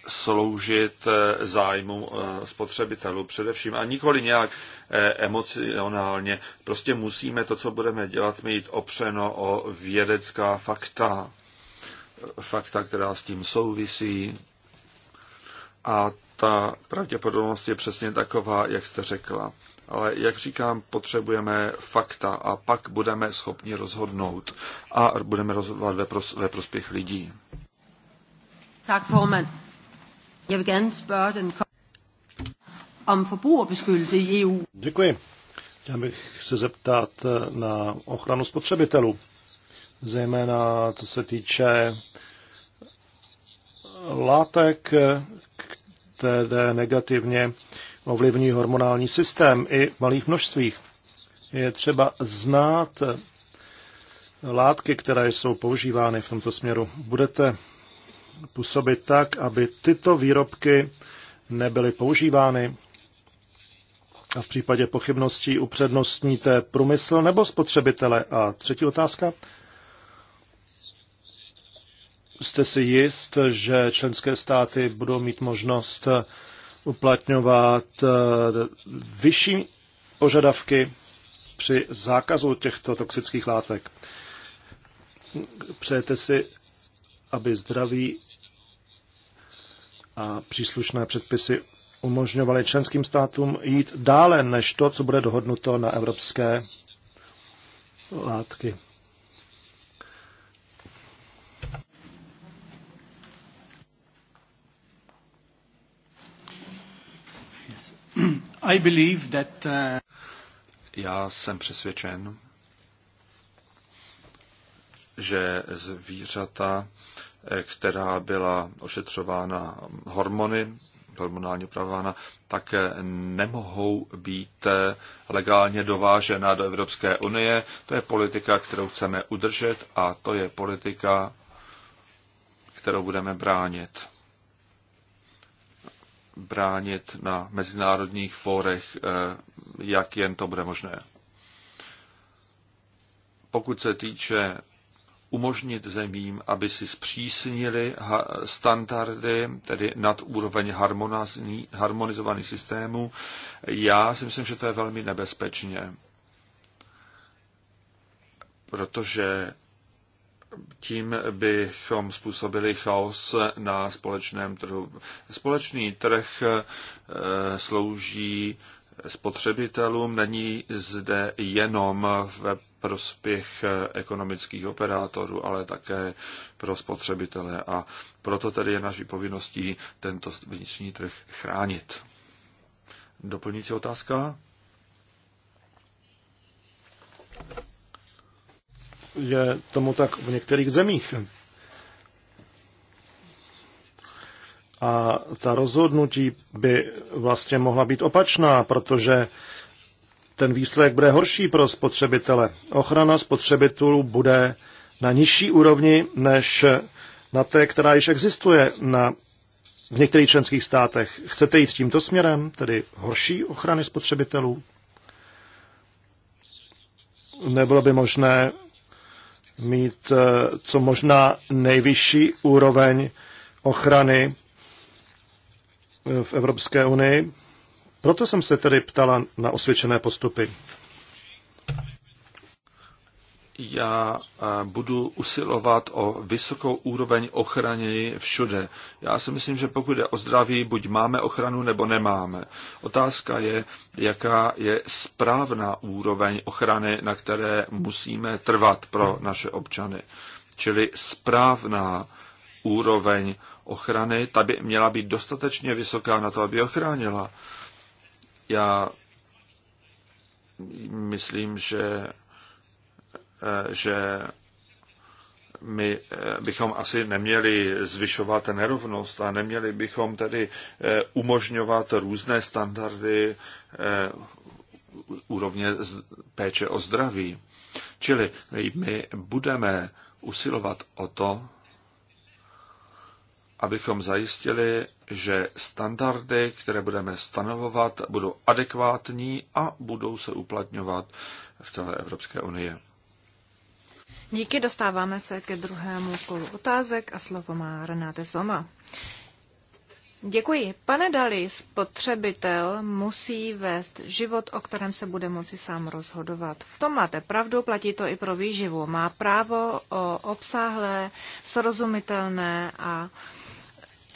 sloužit eh, zájmu eh, spotřebitelů především a nikoli nějak eh, emocionálně. Prostě musíme to, co budeme dělat, mít opřeno o vědecká fakta, fakta, která s tím souvisí. A ta pravděpodobnost je přesně taková, jak jste řekla. Ale jak říkám, potřebujeme fakta a pak budeme schopni rozhodnout a budeme rozhodovat ve, pros- ve prospěch lidí. Tak, Fomen. Jeg vil gerne spørge den om forbrugerbeskyttelse i EU. Děkuji. Já bych se zeptat eh, na ochranu spotřebitelů, zejména co se týče eh, látek, které negativně ovlivní hormonální systém i v malých množstvích. Je třeba znát eh, látky, které jsou používány v tomto směru. Budete působit tak, aby tyto výrobky nebyly používány a v případě pochybností upřednostníte průmysl nebo spotřebitele? A třetí otázka. Jste si jist, že členské státy budou mít možnost uplatňovat eh, vyšší požadavky při zákazu těchto toxických látek? Přejete si aby zdraví a příslušné předpisy umožňovaly členským státům jít dále než to, co bude dohodnuto na evropské látky. [clears throat] I believe that, uh... Já jsem přesvědčen, že zvířata, eh, která byla ošetřována hormony, hormonálně upravována, tak eh, nemohou být eh, legálně dovážena do Evropské unie. To je politika, kterou chceme udržet a to je politika, kterou budeme bránit. Bránit na mezinárodních fórech, jak jen to bude možné. Pokud se týče umožnit zemím, aby si zpřísnili standardy, tedy nad úroveň harmonizovaných systémů. Já si myslím, že to je velmi nebezpečně, protože tím bychom způsobili chaos na společném trhu. Společný trh eh, slouží spotřebitelům, není zde jenom v prospěch eh, ekonomických operátorů, ale také pro spotřebitele. A proto tedy je naší povinností tento vnitřní trh chránit. Doplňující otázka? Je tomu tak v některých zemích. A ta rozhodnutí by vlastně mohla být opačná, protože ten výsledek bude horší pro spotřebitele. Ochrana spotřebitelů bude na nižší úrovni než na té, která již existuje na, v některých členských státech. Chcete jít tímto směrem, tedy horší ochrany spotřebitelů? Nebylo by možné mít eh, co možná nejvyšší úroveň ochrany eh, v Evropské unii proto jsem se tedy ptala na osvědčené postupy. Já eh, budu usilovat o vysokou úroveň ochrany všude. Já si myslím, že pokud je o zdraví, buď máme ochranu nebo nemáme. Otázka je, jaká je správná úroveň ochrany, na které musíme trvat pro naše občany. Čili správná úroveň ochrany, ta by měla být dostatečně vysoká na to, aby ochránila já myslím, že, že my bychom asi neměli zvyšovat nerovnost a neměli bychom tedy eh, umožňovat různé standardy eh, úrovně péče o zdraví. Čili my budeme usilovat o to, abychom zajistili, že standardy, které budeme stanovovat, budou adekvátní a budou se uplatňovat v celé Evropské unii. Díky, dostáváme se ke druhému kolu otázek a slovo má Renáte Soma. Děkuji. Pane Dali, spotřebitel musí vést život, o kterém se bude moci sám rozhodovat. V tom máte pravdu, platí to i pro výživu. Má právo o obsáhlé, srozumitelné a uh,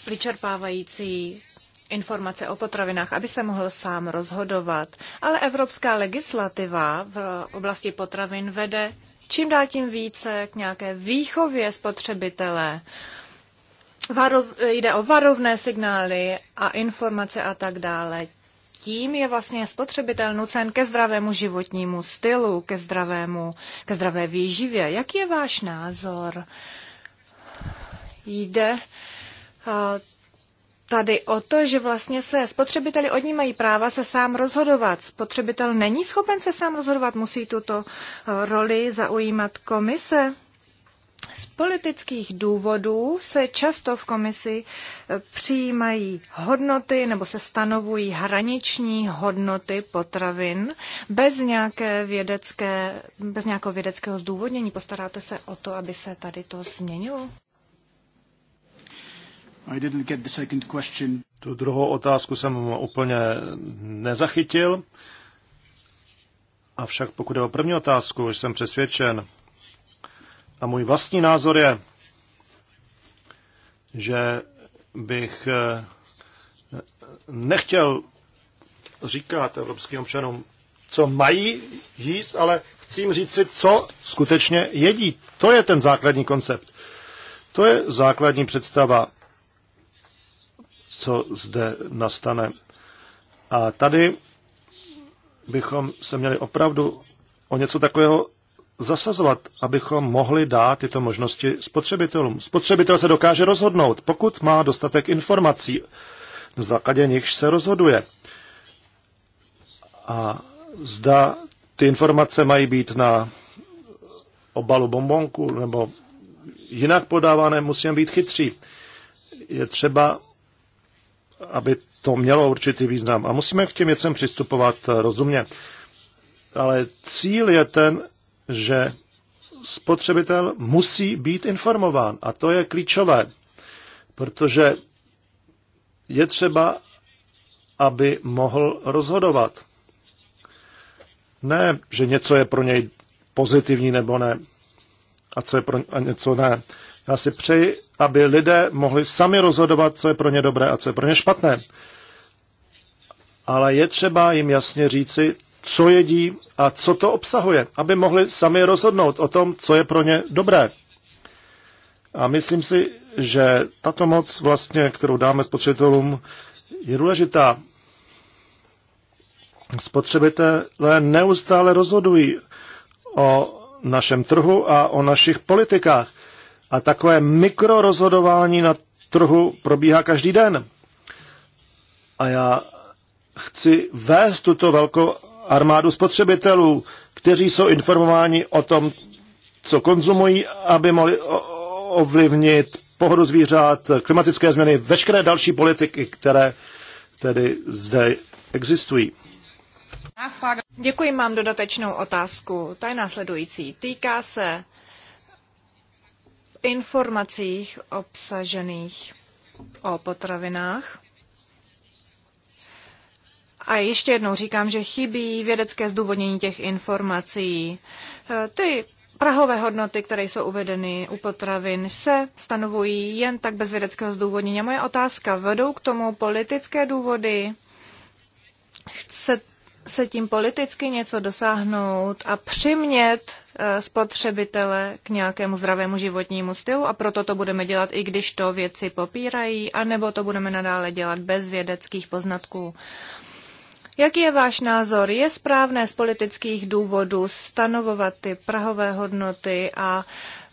vyčerpávající informace o potravinách, aby se mohl sám rozhodovat. Ale evropská legislativa v oblasti potravin vede čím dál tím více k nějaké výchově spotřebitele. Varov, jde o varovné signály a informace a tak dále. Tím je vlastně spotřebitel nucen ke zdravému životnímu stylu, ke, zdravému, ke zdravé výživě. Jaký je váš názor? Jde tady o to, že vlastně se spotřebiteli mají práva se sám rozhodovat. Spotřebitel není schopen se sám rozhodovat, musí tuto eh, roli zaujímat komise. Z politických důvodů se často v komisi eh, přijímají hodnoty nebo se stanovují hraniční hodnoty potravin bez, nějaké vědecké, bez nějakého vědeckého zdůvodnění. Postaráte se o to, aby se tady to změnilo? I didn't get the second question. Tu druhou otázku jsem úplně nezachytil. Avšak pokud je o první otázku, jsem přesvědčen, a můj vlastní názor je, že bych eh, nechtěl říkat evropským občanům, co mají jíst, ale chci jim říct si, co skutečně jedí. To je ten základní koncept. To je základní představa co zde nastane. A tady bychom se měli opravdu o něco takového zasazovat, abychom mohli dát tyto možnosti spotřebitelům. Spotřebitel se dokáže rozhodnout, pokud má dostatek informací, v základě nichž se rozhoduje. A zda ty informace mají být na obalu bombonku nebo jinak podávané, musíme být chytří. Je třeba aby to mělo určitý význam. A musíme k těm věcem přistupovat eh, rozumně. Ale cíl je ten, že spotřebitel musí být informován. A to je klíčové, protože je třeba, aby mohl rozhodovat. Ne, že něco je pro něj pozitivní nebo ne a co je pro a něco ne. Já si přeji, aby lidé mohli sami rozhodovat, co je pro ně dobré a co je pro ně špatné. Ale je třeba jim jasně říci, co jedí a co to obsahuje, aby mohli sami rozhodnout o tom, co je pro ně dobré. A myslím si, že tato moc, vlastně, kterou dáme spotřebitelům, je důležitá. Spotřebitelé neustále rozhodují o našem trhu a o našich politikách. A takové mikrorozhodování na trhu probíhá každý den. A já chci vést tuto velkou armádu spotřebitelů, kteří jsou informováni o tom, co konzumují, aby mohli ovlivnit pohodu zvířat, klimatické změny, veškeré další politiky, které tedy zde existují. Děkuji, mám dodatečnou otázku. Ta je následující. Týká se informacích obsažených o potravinách. A ještě jednou říkám, že chybí vědecké zdůvodnění těch informací. Ty Prahové hodnoty, které jsou uvedeny u potravin, se stanovují jen tak bez vědeckého zdůvodnění. Moje otázka, vedou k tomu politické důvody? Chce se tím politicky něco dosáhnout a přimět eh, spotřebitele k nějakému zdravému životnímu stylu a proto to budeme dělat, i když to věci popírají, anebo to budeme nadále dělat bez vědeckých poznatků. Jaký je váš názor? Je správné z politických důvodů stanovovat ty prahové hodnoty a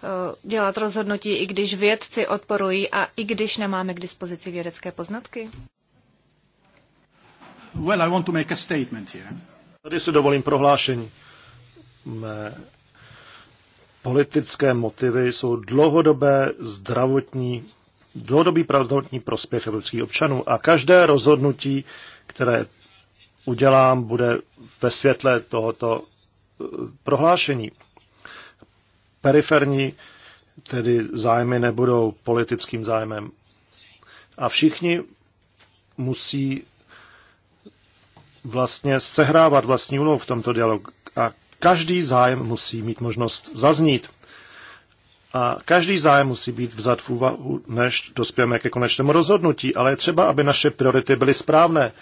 eh, dělat rozhodnutí, i když vědci odporují a i když nemáme k dispozici vědecké poznatky? Well, I want to make a statement here. Tady si dovolím prohlášení. Mé politické motivy jsou dlouhodobé zdravotní, dlouhodobý zdravotní prospěch evropských občanů a každé rozhodnutí, které udělám, bude ve světle tohoto eh, prohlášení. Periferní tedy zájmy nebudou politickým zájmem. A všichni musí vlastně sehrávat vlastní úlohu v tomto dialogu. A každý zájem musí mít možnost zaznít. A každý zájem musí být vzat v úvahu, než dospějeme ke konečnému rozhodnutí. Ale je třeba, aby naše priority byly správné.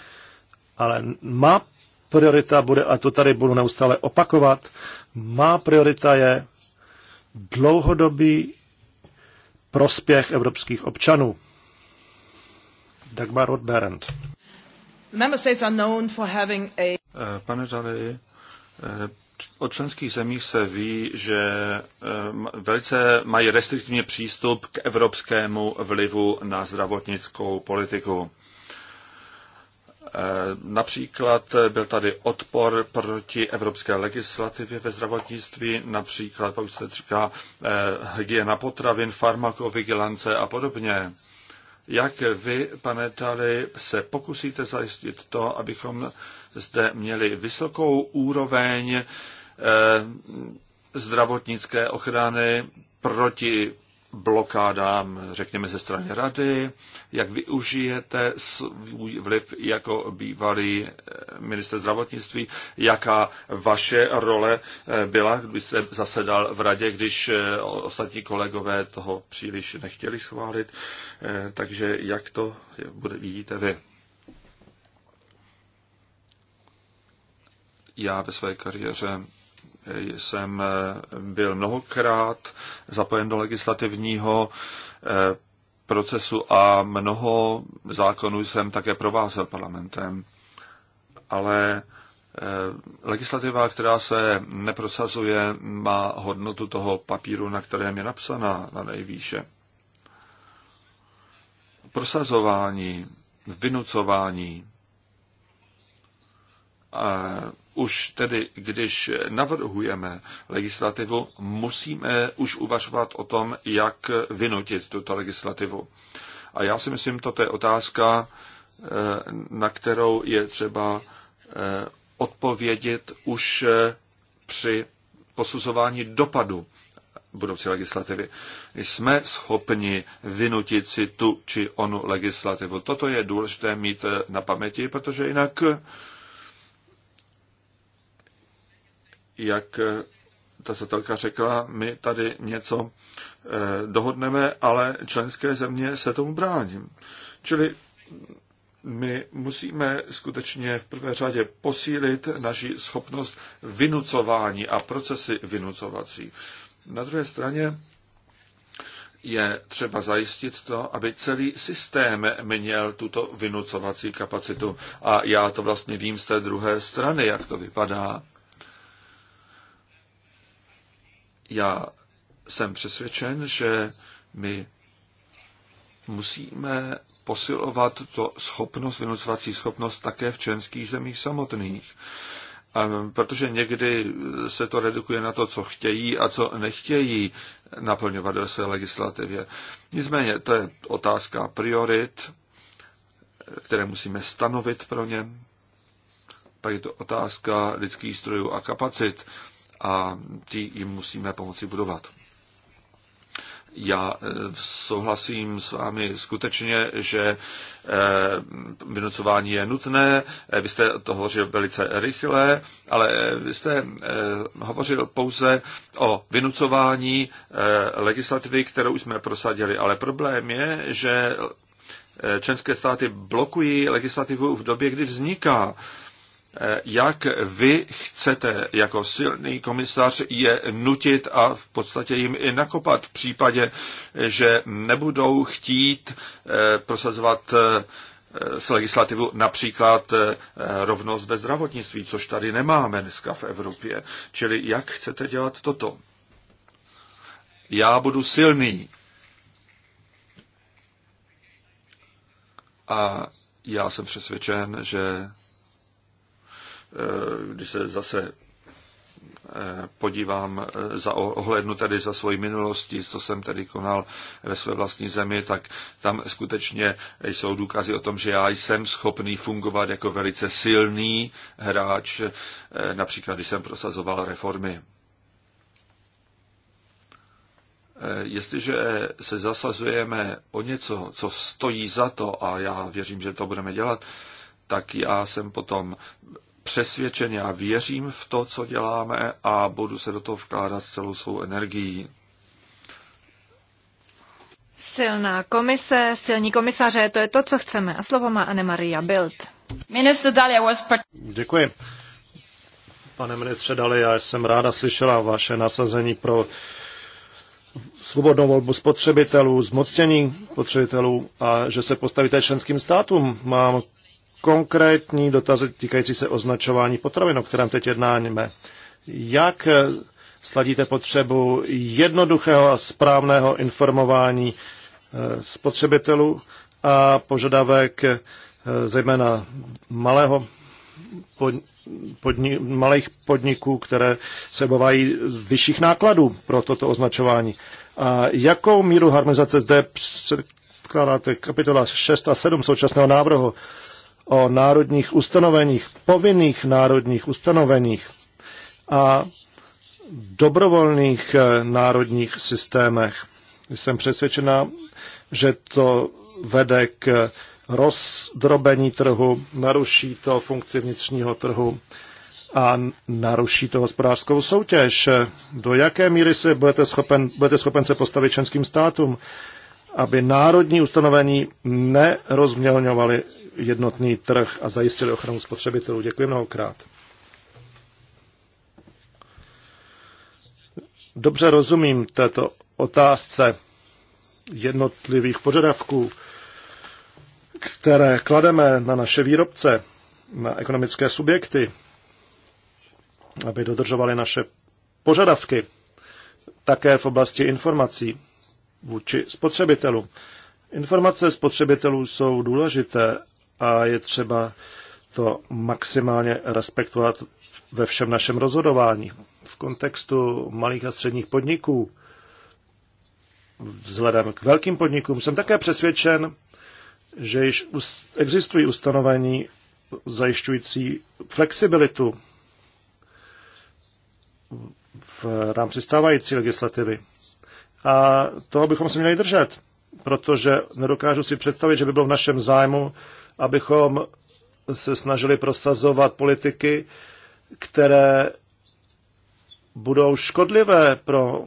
Ale má priorita bude, a to tady budu neustále opakovat, má priorita je dlouhodobý prospěch evropských občanů. Dagmar Rothberend. Member states are known for having a... Eh, pane Dali, eh, o členských zemích se ví, že eh, velice mají restriktivní přístup k evropskému vlivu na zdravotnickou politiku. Například byl tady odpor proti evropské legislativě ve zdravotnictví, například, pokud se říká, hygiena potravin, farmakovigilance a podobně jak vy, pane Dali, se pokusíte zajistit to, abychom zde měli vysokou úroveň eh, zdravotnické ochrany proti blokádám, řekněme, ze strany rady, jak využijete svůj vliv jako bývalý eh, minister zdravotnictví, jaká vaše role eh, byla, když jste zasedal v radě, když eh, ostatní kolegové toho příliš nechtěli schválit. Takže jak to bude, vidíte vy? Já ve své kariéře jsem eh, byl mnohokrát zapojen do legislativního eh, procesu a mnoho zákonů jsem také provázel parlamentem. Ale eh, legislativa, která se neprosazuje, má hodnotu toho papíru, na kterém je napsaná na nejvýše. Prosazování, vynucování už tedy, když navrhujeme legislativu, musíme už uvažovat o tom, jak vynutit tuto legislativu. A já si myslím, to je otázka, eh, na kterou je třeba eh, odpovědět už eh, při posuzování dopadu budoucí legislativy. Jsme schopni vynutit si tu či onu legislativu. Toto je důležité mít na paměti, protože jinak jak eh, ta satelka řekla, my tady něco eh, dohodneme, ale členské země se tomu brání. Čili my musíme skutečně v prvé řadě posílit naši schopnost vynucování a procesy vynucovací. Na druhé straně je třeba zajistit to, aby celý systém měl tuto vynucovací kapacitu. A já to vlastně vím z té druhé strany, jak to vypadá. Já jsem přesvědčen, že my musíme posilovat to schopnost, vynucovací schopnost také v členských zemích samotných. Protože někdy se to redukuje na to, co chtějí a co nechtějí naplňovat ve své legislativě. Nicméně to je otázka priorit, které musíme stanovit pro ně. Pak je to otázka lidských strojů a kapacit a ty jim musíme pomoci budovat. Já eh, souhlasím s vámi skutečně, že eh, vynucování je nutné. Eh, vy jste to hovořil velice rychle, ale vy jste hovořil pouze o vynucování legislativy, kterou jsme prosadili. Ale problém je, že členské státy blokují legislativu v době, kdy vzniká. Eh, jak vy chcete jako silný komisař je nutit a v podstatě jim i nakopat v případě, že nebudou chtít eh, prosazovat eh, s legislativu například rovnost ve zdravotnictví, což tady nemáme dneska v Evropě. Čili jak chcete dělat toto? Já budu silný. A já jsem přesvědčen, že Eh, když se zase eh, podívám eh, za ohlednu tedy za svoji minulosti, co jsem tady konal ve své vlastní zemi, tak tam skutečně jsou důkazy o tom, že já jsem schopný fungovat jako velice silný hráč, například když jsem prosazoval reformy. Jestliže se zasazujeme o něco, co stojí za to, a já věřím, že to budeme dělat, tak já jsem potom přesvědčen, já věřím v to, co děláme a budu se do toho vkládat celou svou energií. Silná komise, silní komisaře, to je to, co chceme. A slovo má Anne-Maria Bild. Minister Děkuji. Pane ministře Dali, já jsem ráda slyšela vaše nasazení pro svobodnou volbu spotřebitelů, zmocnění spotřebitelů a že se postavíte členským státům. Mám konkrétní dotazy týkající se označování potravin, o kterém teď jednáme. Jak eh, sladíte potřebu jednoduchého a správného informování eh, spotřebitelů a požadavek eh, zejména malého pod, podni, malých podniků, které se obávají vyšších nákladů pro toto označování. A jakou míru harmonizace zde předkládáte kapitola 6 a 7 současného návrhu? o národních ustanoveních, povinných národních ustanoveních a dobrovolných eh, národních systémech. Jsem přesvědčena, že to vede k rozdrobení trhu, naruší to funkci vnitřního trhu a naruší to hospodářskou soutěž. Do jaké míry se budete schopen, budete schopen se postavit členským státům, aby národní ustanovení nerozmělňovaly jednotný trh a zajistili ochranu spotřebitelů. Děkuji mnohokrát. Dobře rozumím této otázce jednotlivých požadavků, které klademe na naše výrobce, na ekonomické subjekty, aby dodržovali naše požadavky, také v oblasti informací vůči spotřebitelům. Informace spotřebitelů jsou důležité a je třeba to maximálně respektovat ve všem našem rozhodování. V kontextu malých a středních podniků, vzhledem k velkým podnikům, jsem také přesvědčen, že již existují ustanovení zajišťující flexibilitu v rámci stávající legislativy. A toho bychom se měli držet protože nedokážu si představit, že by bylo v našem zájmu, abychom se snažili prosazovat politiky, které budou škodlivé pro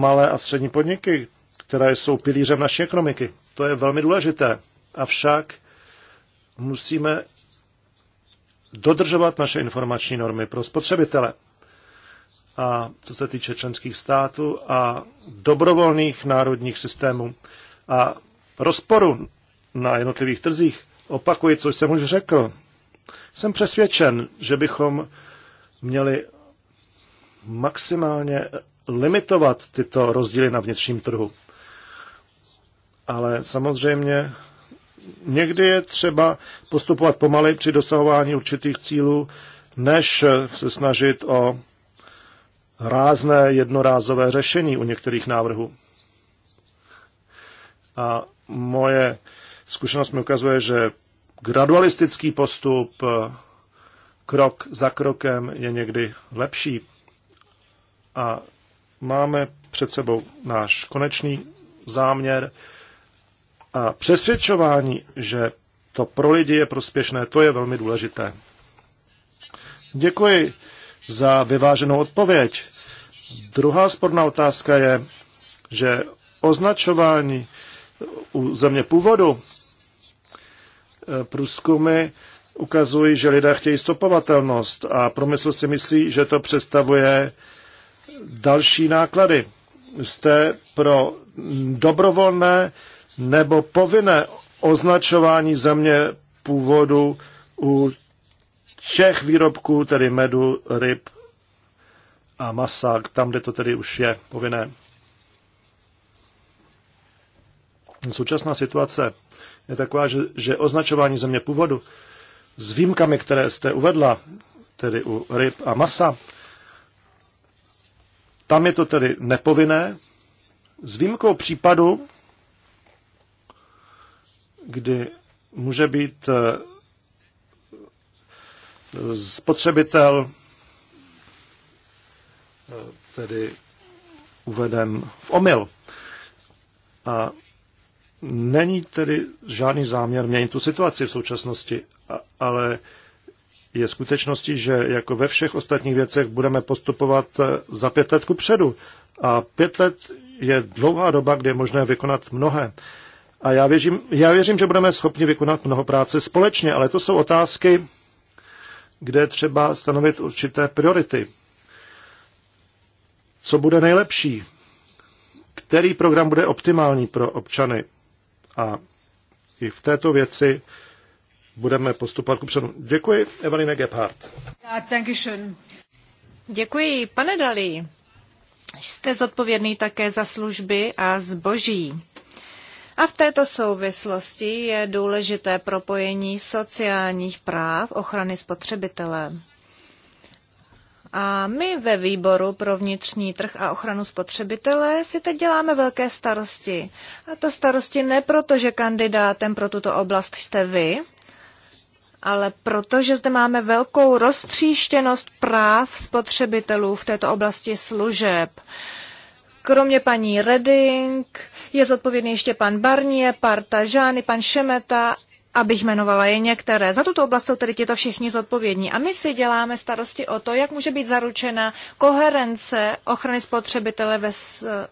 malé a střední podniky, které jsou pilířem naší ekonomiky. To je velmi důležité. Avšak musíme dodržovat naše informační normy pro spotřebitele. A to se týče členských států a dobrovolných národních systémů a rozporu na jednotlivých trzích, opakuji, co jsem už řekl. Jsem přesvědčen, že bychom měli maximálně limitovat tyto rozdíly na vnitřním trhu. Ale samozřejmě někdy je třeba postupovat pomalej při dosahování určitých cílů, než se snažit o rázné jednorázové řešení u některých návrhů. A moje zkušenost mi ukazuje, že gradualistický postup eh, krok za krokem je někdy lepší. A máme před sebou náš konečný záměr a přesvědčování, že to pro lidi je prospěšné, to je velmi důležité. Děkuji za vyváženou odpověď. Druhá sporná otázka je, že označování u země původu. Eh, průzkumy ukazují, že lidé chtějí stopovatelnost a promysl si myslí, že to představuje další náklady. Jste pro dobrovolné nebo povinné označování země původu u těch výrobků, tedy medu, ryb a masa, tam, kde to tedy už je povinné. Současná situace je taková, že, že označování země původu s výjimkami, které jste uvedla, tedy u ryb a masa, tam je to tedy nepovinné, s výjimkou případu, kdy může být eh, spotřebitel eh, tedy uveden v omyl. A Není tedy žádný záměr měnit tu situaci v současnosti, ale je skutečností, že jako ve všech ostatních věcech budeme postupovat eh, za pět let kupředu. předu. A pět let je dlouhá doba, kde je možné vykonat mnohé. A já věřím, já věřím, že budeme schopni vykonat mnoho práce společně, ale to jsou otázky, kde třeba stanovit určité priority. Co bude nejlepší? Který program bude optimální pro občany? A i v této věci budeme postupovat ku předu. Děkuji, Eveline Gebhardt. Děkuji, pane Dalí. Jste zodpovědný také za služby a zboží. A v této souvislosti je důležité propojení sociálních práv ochrany spotřebitele. A my ve výboru pro vnitřní trh a ochranu spotřebitele si teď děláme velké starosti. A to starosti ne proto, že kandidátem pro tuto oblast jste vy, ale protože zde máme velkou roztříštěnost práv spotřebitelů v této oblasti služeb. Kromě paní Redding je zodpovědný ještě pan Barnier, pan Tajani, pan Šemeta abych jmenovala je některé. Za tuto oblast jsou tedy těto všichni zodpovědní. A my si děláme starosti o to, jak může být zaručena koherence ochrany spotřebitele ve,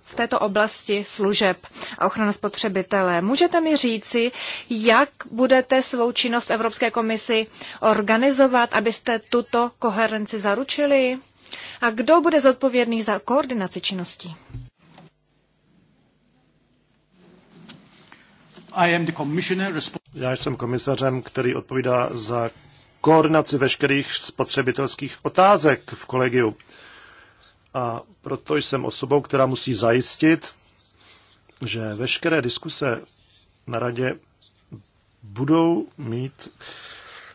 v této oblasti služeb a ochrana spotřebitele. Můžete mi říci, jak budete svou činnost v Evropské komisi organizovat, abyste tuto koherenci zaručili? A kdo bude zodpovědný za koordinaci činností? I am the commissioner responsible já jsem komisařem, který odpovídá za koordinaci veškerých spotřebitelských otázek v kolegiu. A proto jsem osobou, která musí zajistit, že veškeré diskuse na radě budou mít,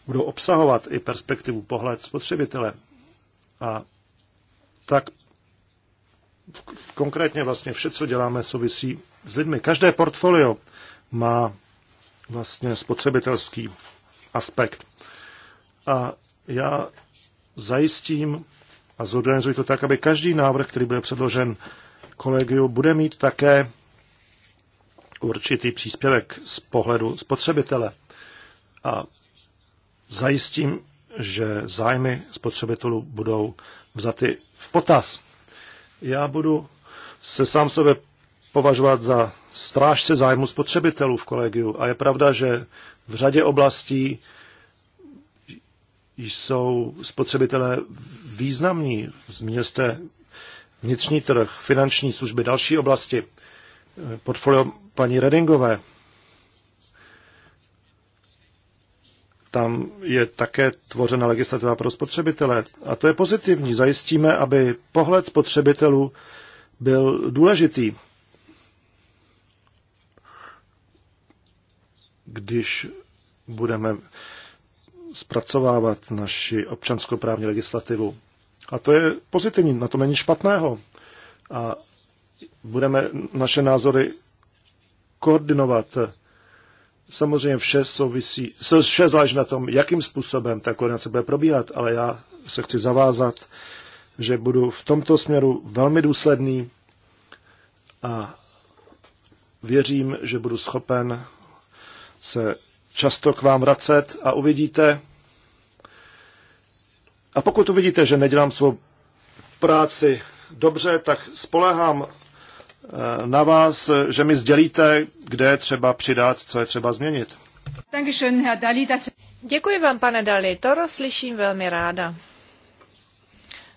budou obsahovat i perspektivu pohled spotřebitele. A tak konkrétně vlastně vše, co děláme, souvisí s lidmi. Každé portfolio má vlastně spotřebitelský aspekt. A já zajistím a zorganizuji to tak, aby každý návrh, který bude předložen kolegiu, bude mít také určitý příspěvek z pohledu spotřebitele. A zajistím, že zájmy spotřebitelů budou vzaty v potaz. Já budu se sám sebe považovat za strážce zájmu spotřebitelů v kolegiu. A je pravda, že v řadě oblastí jsou spotřebitelé významní. Zmínil jste vnitřní trh, finanční služby, další oblasti, portfolio paní Redingové. Tam je také tvořena legislativa pro spotřebitele. A to je pozitivní. Zajistíme, aby pohled spotřebitelů byl důležitý když budeme zpracovávat naši občanskoprávní legislativu. A to je pozitivní, na to není špatného. A budeme naše názory koordinovat. Samozřejmě vše souvisí, vše záleží na tom, jakým způsobem ta koordinace bude probíhat, ale já se chci zavázat, že budu v tomto směru velmi důsledný a věřím, že budu schopen se často k vám vracet a uvidíte. A pokud uvidíte, že nedělám svou práci dobře, tak spolehám eh, na vás, že mi sdělíte, kde je třeba přidat, co je třeba změnit. Děkuji vám, pane Dali, to slyším velmi ráda.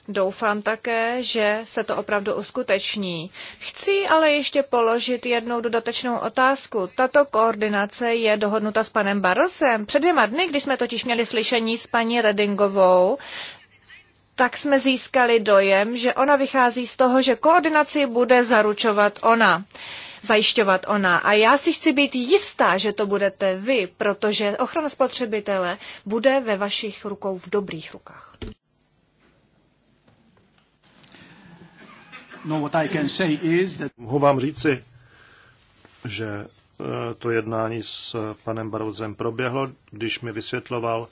Doufám také, že se to opravdu uskuteční. Chci ale ještě položit jednou dodatečnou otázku. Tato koordinace je dohodnuta s panem Barosem. Před dvěma dny, když jsme totiž měli slyšení s paní Redingovou, tak jsme získali dojem, že ona vychází z toho, že koordinaci bude zaručovat ona zajišťovat ona. A já si chci být jistá, že to budete vy, protože ochrana spotřebitele bude ve vašich rukou v dobrých rukách. No, that... Mohu vám říci, že e, to jednání s panem Barozem proběhlo, když mi vysvětloval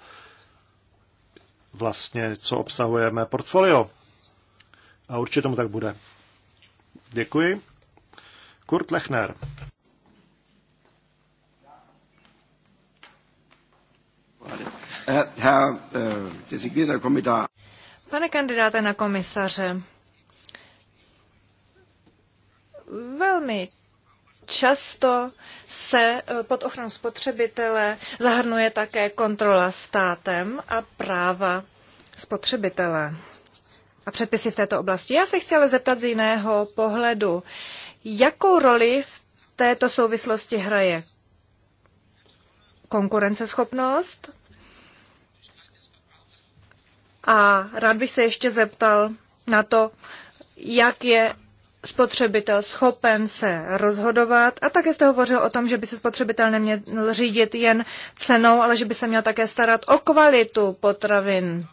vlastně, co obsahuje mé portfolio. A určitě tomu tak bude. Děkuji. Kurt Lechner. Eh, eh, eh, Pane kandidáte na komisaře, velmi často se eh, pod ochranu spotřebitele zahrnuje také kontrola státem a práva spotřebitele a předpisy v této oblasti. Já se chci ale zeptat z jiného pohledu. Jakou roli v této souvislosti hraje konkurenceschopnost? A rád bych se ještě zeptal na to, jak je spotřebitel schopen se rozhodovat. A také jste hovořil o tom, že by se spotřebitel neměl řídit jen cenou, ale že by se měl také starat o kvalitu potravin.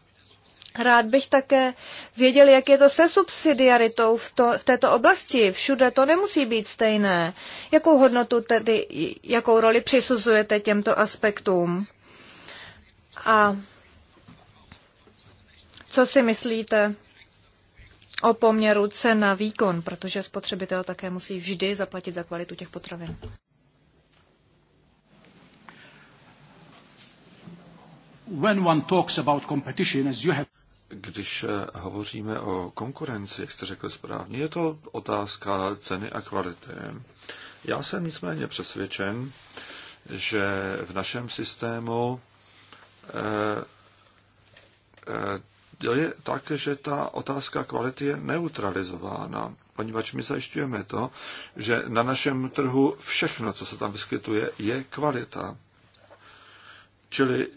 Rád bych také věděl, jak je to se subsidiaritou v, to, v této oblasti. Všude to nemusí být stejné. Jakou hodnotu tedy, jakou roli přisuzujete těmto aspektům? A co si myslíte o poměru cena výkon, protože spotřebitel také musí vždy zaplatit za kvalitu těch potravin. When one talks about competition, as you have... Když eh, hovoříme o konkurenci, jak jste řekl správně, je to otázka ceny a kvality. Já jsem nicméně přesvědčen, že v našem systému eh, eh, to je tak, že ta otázka kvality je neutralizována, poněvadž my zajišťujeme to, že na našem trhu všechno, co se tam vyskytuje, je kvalita. Čili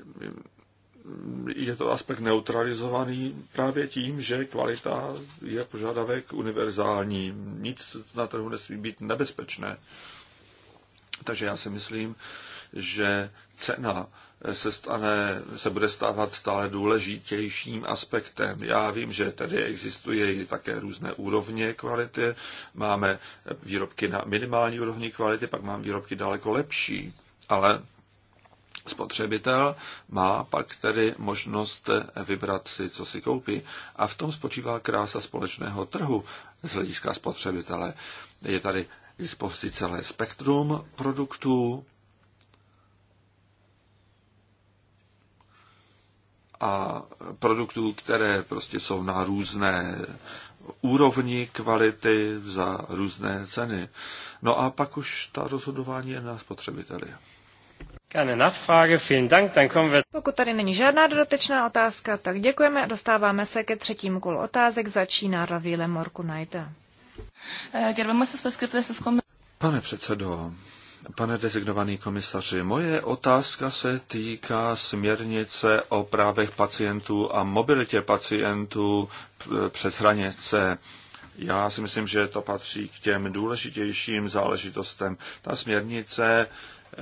je to aspekt neutralizovaný právě tím, že kvalita je požadavek univerzální. Nic na trhu nesmí být nebezpečné. Takže já si myslím, že cena se, stane, se bude stávat stále důležitějším aspektem. Já vím, že tady existují také různé úrovně kvality. Máme výrobky na minimální úrovni kvality, pak máme výrobky daleko lepší, ale spotřebitel má pak tedy možnost vybrat si, co si koupí. A v tom spočívá krása společného trhu z hlediska spotřebitele. Je tady dispozici celé spektrum produktů, a produktů, které prostě jsou na různé úrovni kvality za různé ceny. No a pak už ta rozhodování je na spotřebiteli. Pokud tady není žádná dodatečná otázka, tak děkujeme a dostáváme se ke třetímu kolu otázek. Začíná Morku Najta. Eh, Pane předsedo, Pane designovaný komisaři, moje otázka se týká směrnice o právech pacientů a mobilitě pacientů přes hranice. Já si myslím, že to patří k těm důležitějším záležitostem. Ta směrnice eh,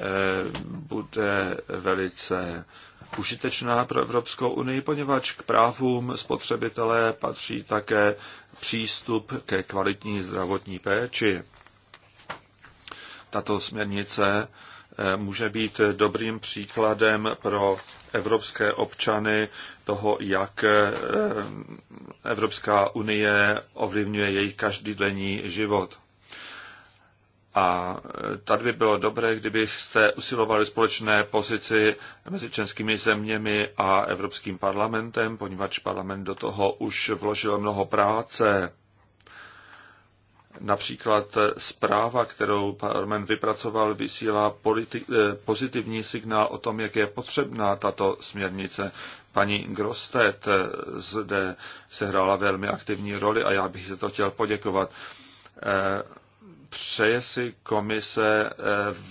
bude velice užitečná pro Evropskou unii, poněvadž k právům spotřebitele patří také přístup ke kvalitní zdravotní péči. Tato směrnice eh, může být dobrým příkladem pro evropské občany toho, jak eh, Evropská unie ovlivňuje jejich každodenní život. A eh, tady by bylo dobré, kdybyste usilovali společné pozici mezi českými zeměmi a Evropským parlamentem, poněvadž parlament do toho už vložil mnoho práce. Například zpráva, kterou parlament vypracoval, vysílá eh, pozitivní signál o tom, jak je potřebná tato směrnice. Paní Grostet eh, zde sehrála velmi aktivní roli a já bych se to chtěl poděkovat. Eh, přeje si komise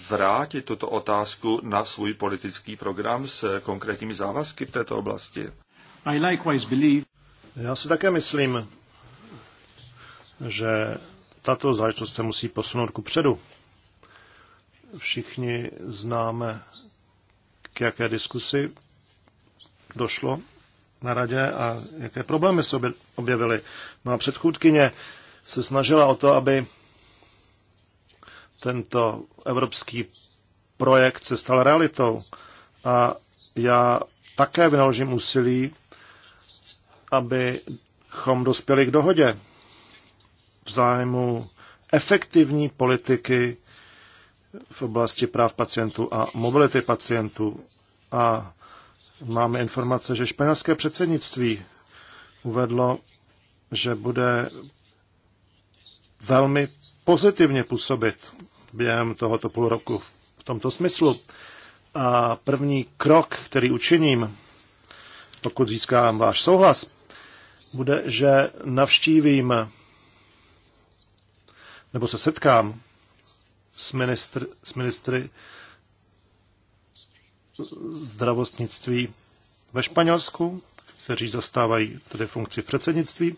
vrátit tuto otázku na svůj politický program s konkrétními závazky v této oblasti? I likewise believe... Já si také myslím, že tato záležitost se musí posunout ku předu. Všichni známe, k jaké diskusi došlo na radě a jaké problémy se objevily. Má no předchůdkyně se snažila o to, aby tento evropský projekt se stal realitou. A já také vynaložím úsilí, abychom dospěli k dohodě v zájmu efektivní politiky v oblasti práv pacientů a mobility pacientů. A máme informace, že španělské předsednictví uvedlo, že bude velmi pozitivně působit během tohoto půl roku v tomto smyslu. A první krok, který učiním, pokud získám váš souhlas, bude, že navštívím nebo se setkám s, ministr, s ministry zdravotnictví ve Španělsku, kteří zastávají tedy funkci předsednictví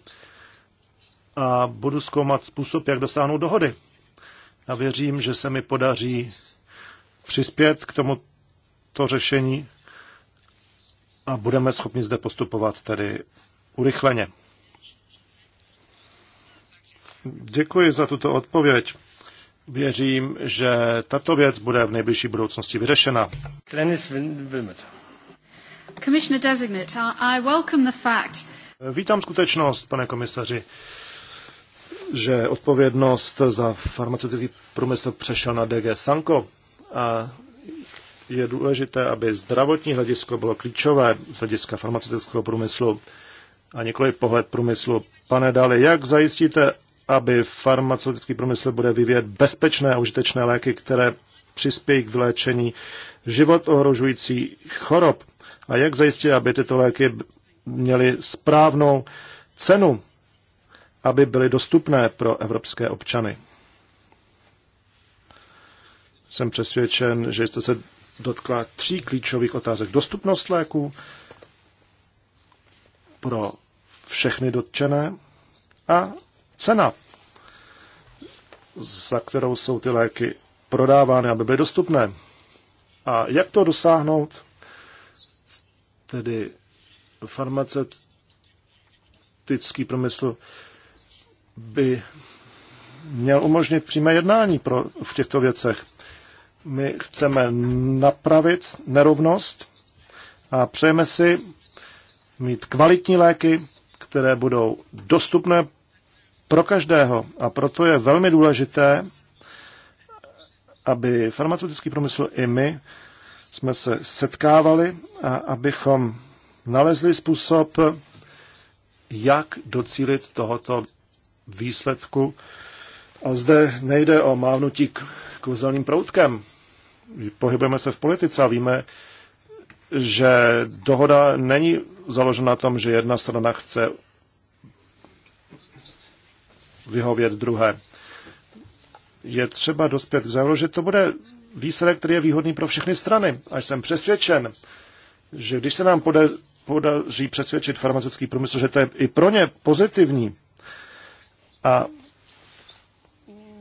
a budu zkoumat způsob, jak dosáhnout dohody. A věřím, že se mi podaří přispět k tomuto řešení a budeme schopni zde postupovat tedy urychleně. Děkuji za tuto odpověď. Věřím, že tato věc bude v nejbližší budoucnosti vyřešena. Vítám skutečnost, pane komisaři, že odpovědnost za farmaceutický průmysl přešel na DG Sanko a je důležité, aby zdravotní hledisko bylo klíčové z hlediska farmaceutického průmyslu a několik pohled průmyslu. Pane Dali, jak zajistíte aby farmaceutický průmysl bude vyvíjet bezpečné a užitečné léky, které přispějí k vyléčení život ohrožující chorob. A jak zajistit, aby tyto léky měly správnou cenu, aby byly dostupné pro evropské občany. Jsem přesvědčen, že jste se dotkla tří klíčových otázek. Dostupnost léků pro všechny dotčené a cena, za kterou jsou ty léky prodávány, aby byly dostupné. A jak to dosáhnout? Tedy farmaceutický průmysl by měl umožnit přímé jednání pro, v těchto věcech. My chceme napravit nerovnost a přejeme si mít kvalitní léky, které budou dostupné pro každého. A proto je velmi důležité, aby farmaceutický průmysl i my jsme se setkávali a abychom nalezli způsob, jak docílit tohoto výsledku. A zde nejde o mávnutí k kouzelným proutkem. Pohybujeme se v politice a víme, že dohoda není založena na tom, že jedna strana chce vyhovět druhé. Je třeba dospět k závěru, že to bude výsledek, který je výhodný pro všechny strany. A jsem přesvědčen, že když se nám podaří podaří přesvědčit farmaceutický průmysl, že to je i pro ně pozitivní a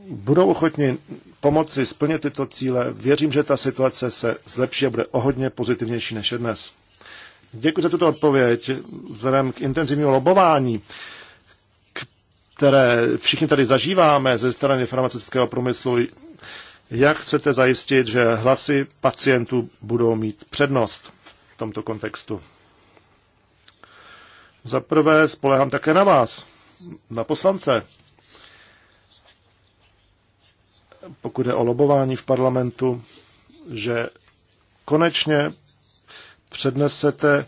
budou ochotni pomoci splnit tyto cíle, věřím, že ta situace se zlepší a bude o hodně pozitivnější než je dnes. Děkuji za tuto odpověď. Vzhledem k intenzivnímu lobování které všichni tady zažíváme ze strany farmaceutického průmyslu, jak chcete zajistit, že hlasy pacientů budou mít přednost v tomto kontextu? Za prvé spolehám také na vás, na poslance. Pokud je o lobování v parlamentu, že konečně přednesete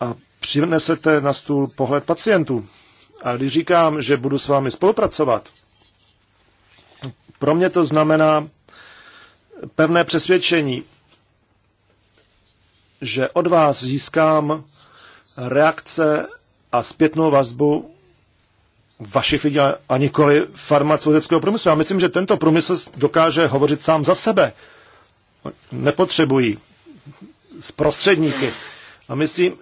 a přinesete na stůl pohled pacientů. A když říkám, že budu s vámi spolupracovat, pro mě to znamená pevné přesvědčení, že od vás získám reakce a zpětnou vazbu vašich lidí a nikoli farmaceutického průmyslu. Já myslím, že tento průmysl dokáže hovořit sám za sebe. Nepotřebují zprostředníky. A myslím,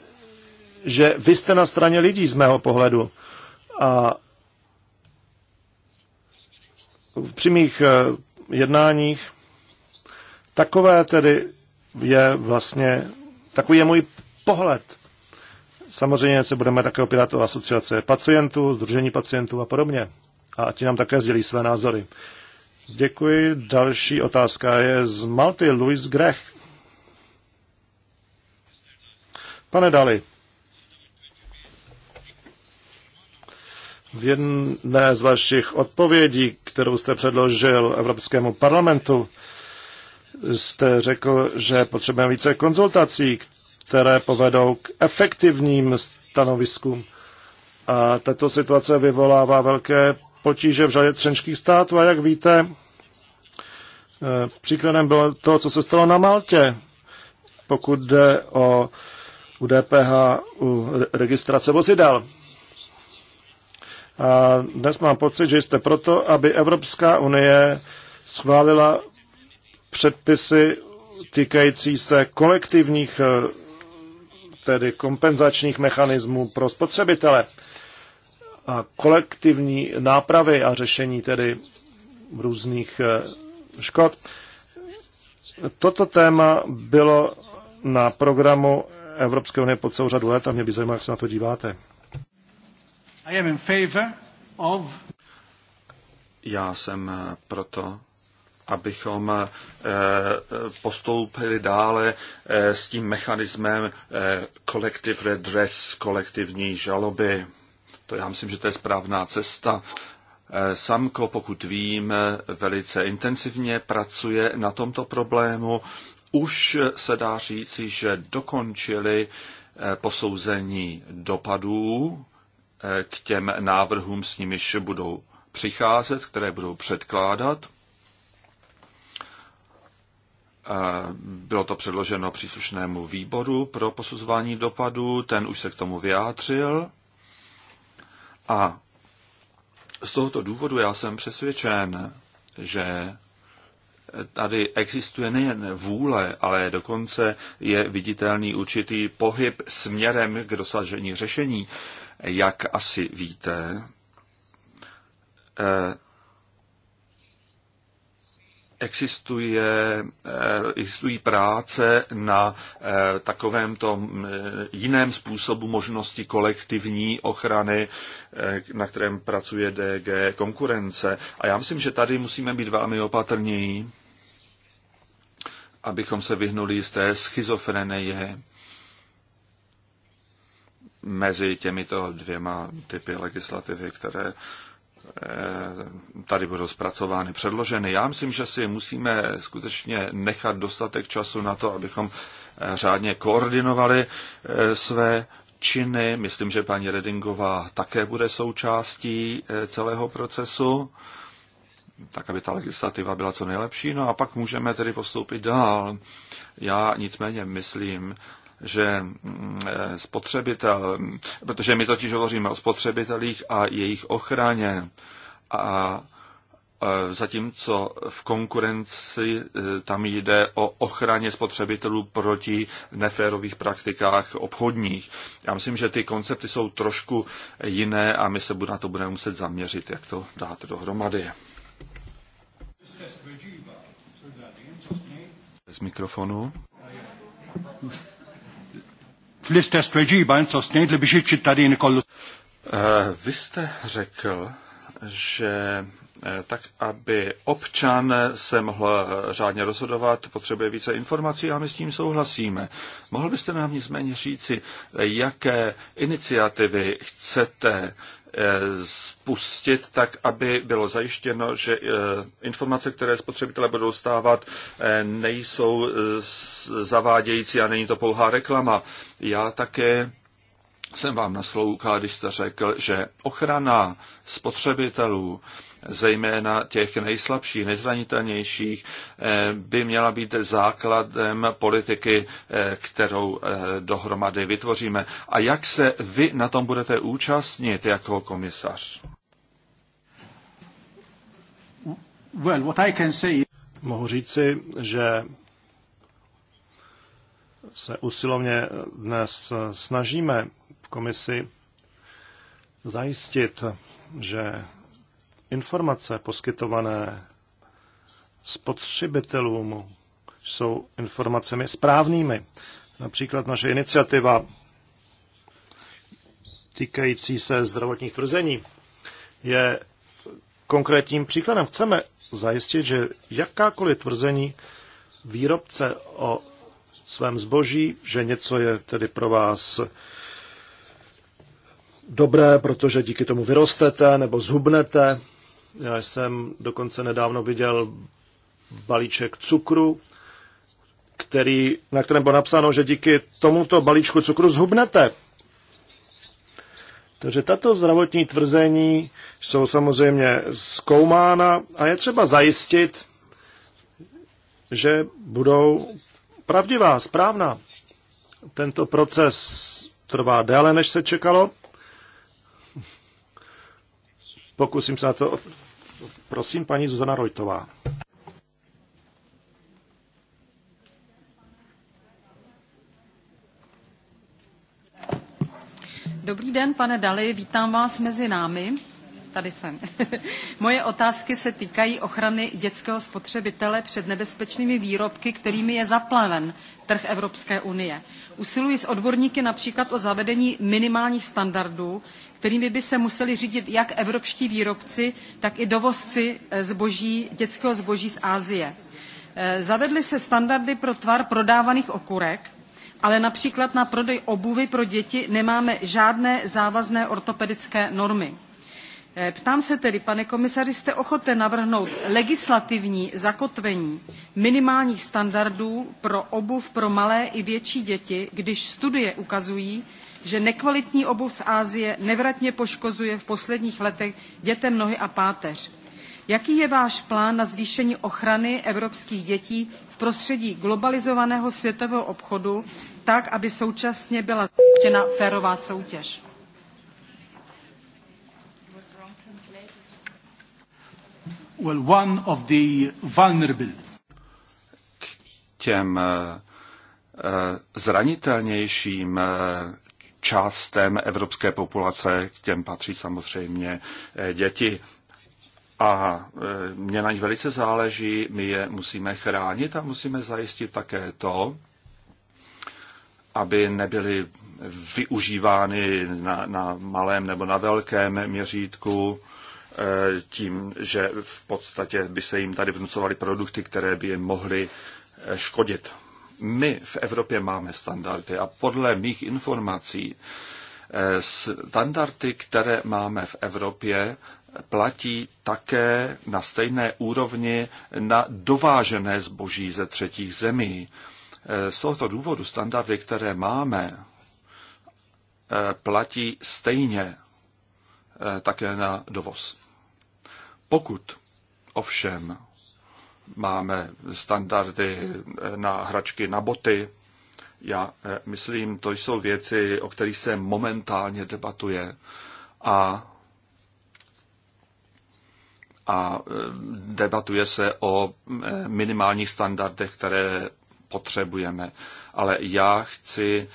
že vy jste na straně lidí z mého pohledu. A v přímých eh, jednáních takové tedy je vlastně, takový je můj pohled. Samozřejmě se budeme také opírat o asociace pacientů, združení pacientů a podobně. A ti nám také sdělí své názory. Děkuji. Další otázka je z Malty, Louis Grech. Pane Dali, V jedné z vašich odpovědí, kterou jste předložil Evropskému parlamentu, jste řekl, že potřebujeme více konzultací, které povedou k efektivním stanoviskům. A tato situace vyvolává velké potíže v řadě třenčkých států. A jak víte, eh, příkladem bylo to, co se stalo na Maltě, pokud jde o u DPH u registrace vozidel. A dnes mám pocit, že jste proto, aby Evropská unie schválila předpisy týkající se kolektivních eh, tedy kompenzačních mechanismů pro spotřebitele a kolektivní nápravy a řešení tedy různých eh, škod. Toto téma bylo na programu Evropské unie po celou řadu let a mě by zajímalo, jak se na to díváte. I am in favor of... Já jsem eh, proto, abychom eh, eh, postoupili dále s tím mechanismem collective redress, kolektivní žaloby. To já myslím, že to je správná cesta. Samko, pokud vím, velice intenzivně pracuje na tomto problému. Už se dá říci, že dokončili posouzení dopadů k těm návrhům, s nimiž budou přicházet, které budou předkládat. Bylo to předloženo příslušnému výboru pro posuzování dopadů, ten už se k tomu vyjádřil. A z tohoto důvodu já jsem přesvědčen, že tady existuje nejen vůle, ale dokonce je viditelný určitý pohyb směrem k dosažení řešení. Jak asi víte, eh, existuje, eh, existují práce na eh, takovém tom jiném způsobu možnosti kolektivní ochrany, na kterém pracuje DG konkurence. A já myslím, že tady musíme být velmi opatrní, abychom se vyhnuli z té schizofrenie, mezi těmito dvěma typy legislativy, které eh, tady budou zpracovány, předloženy. Já myslím, že si musíme skutečně nechat dostatek času na to, abychom eh, řádně koordinovali eh, své činy. Myslím, že paní Redingová také bude součástí celého procesu, tak aby ta legislativa byla co nejlepší. No a pak můžeme tedy postoupit dál. Já nicméně myslím, že mm, eh, spotřebitel, protože my totiž hovoříme o spotřebitelích a jejich ochraně a eh, zatímco v konkurenci eh, tam jde o ochraně spotřebitelů proti neférových praktikách obchodních. Já myslím, že ty koncepty jsou trošku jiné a my se na to budeme muset zaměřit, jak to dát dohromady. S mikrofonu. Eh, vy jste řekl, že eh, tak, aby občan se mohl eh, řádně rozhodovat, potřebuje více informací a my s tím souhlasíme. Mohl byste nám nicméně říci, jaké iniciativy chcete Eh, spustit tak, aby bylo zajištěno, že eh, informace, které spotřebitelé budou stávat, eh, nejsou zavádějící a není to pouhá reklama. Já také jsem vám naslouchal, když jste řekl, že ochrana spotřebitelů zejména těch nejslabších, nejzranitelnějších, eh, by měla být základem politiky, eh, kterou eh, dohromady vytvoříme. A jak se vy na tom budete účastnit jako komisař? Well, what I can say... Mohu říci, že se usilovně dnes snažíme v komisi zajistit, že informace poskytované spotřebitelům jsou informacemi správnými. Například naše iniciativa týkající se zdravotních tvrzení je konkrétním příkladem. Chceme zajistit, že jakákoliv tvrzení výrobce o svém zboží, že něco je tedy pro vás dobré, protože díky tomu vyrostete nebo zhubnete, já jsem dokonce nedávno viděl balíček cukru, který, na kterém bylo napsáno, že díky tomuto balíčku cukru zhubnete. Takže tato zdravotní tvrzení jsou samozřejmě zkoumána a je třeba zajistit, že budou pravdivá, správná. Tento proces trvá déle, než se čekalo. Pokusím se na to Prosím, paní Zuzana Rojtová. Dobrý den, pane Dali, vítám vás mezi námi. Tady jsem. [laughs] Moje otázky se týkají ochrany dětského spotřebitele před nebezpečnými výrobky, kterými je zaplaven trh Evropské unie. Usiluji s odborníky například o zavedení minimálních standardů, kterými by se museli řídit jak evropští výrobci, tak i dovozci eh, zboží, dětského zboží z Asie. Eh, zavedly se standardy pro tvar prodávaných okurek, ale například na prodej obuvy pro děti nemáme žádné závazné ortopedické normy. Eh, ptám se tedy, pane komisaři, jste ochoten navrhnout legislativní zakotvení minimálních standardů pro obuv pro malé i větší děti, když studie ukazují, že nekvalitní obuv z Ázie nevratně poškozuje v posledních letech dětem nohy a páteř. Jaký je váš plán na zvýšení ochrany evropských dětí v prostředí globalizovaného světového obchodu tak, aby současně byla zajištěna férová soutěž? Well, one of the vulnerable. K těm eh, zranitelnějším eh, částem evropské populace, k těm patří samozřejmě eh, děti. A eh, mě na ní velice záleží, my je musíme chránit a musíme zajistit také to, aby nebyly využívány na, na malém nebo na velkém měřítku eh, tím, že v podstatě by se jim tady vnucovaly produkty, které by je mohly škodit. My v Evropě máme standardy a podle mých informací eh, standardy, které máme v Evropě, platí také na stejné úrovni na dovážené zboží ze třetích zemí. Eh, z tohoto důvodu standardy, které máme, eh, platí stejně také na dovoz. Pokud ovšem máme standardy na hračky, na boty. Já eh, myslím, to jsou věci, o kterých se momentálně debatuje. A a eh, debatuje se o eh, minimálních standardech, které potřebujeme. Ale já chci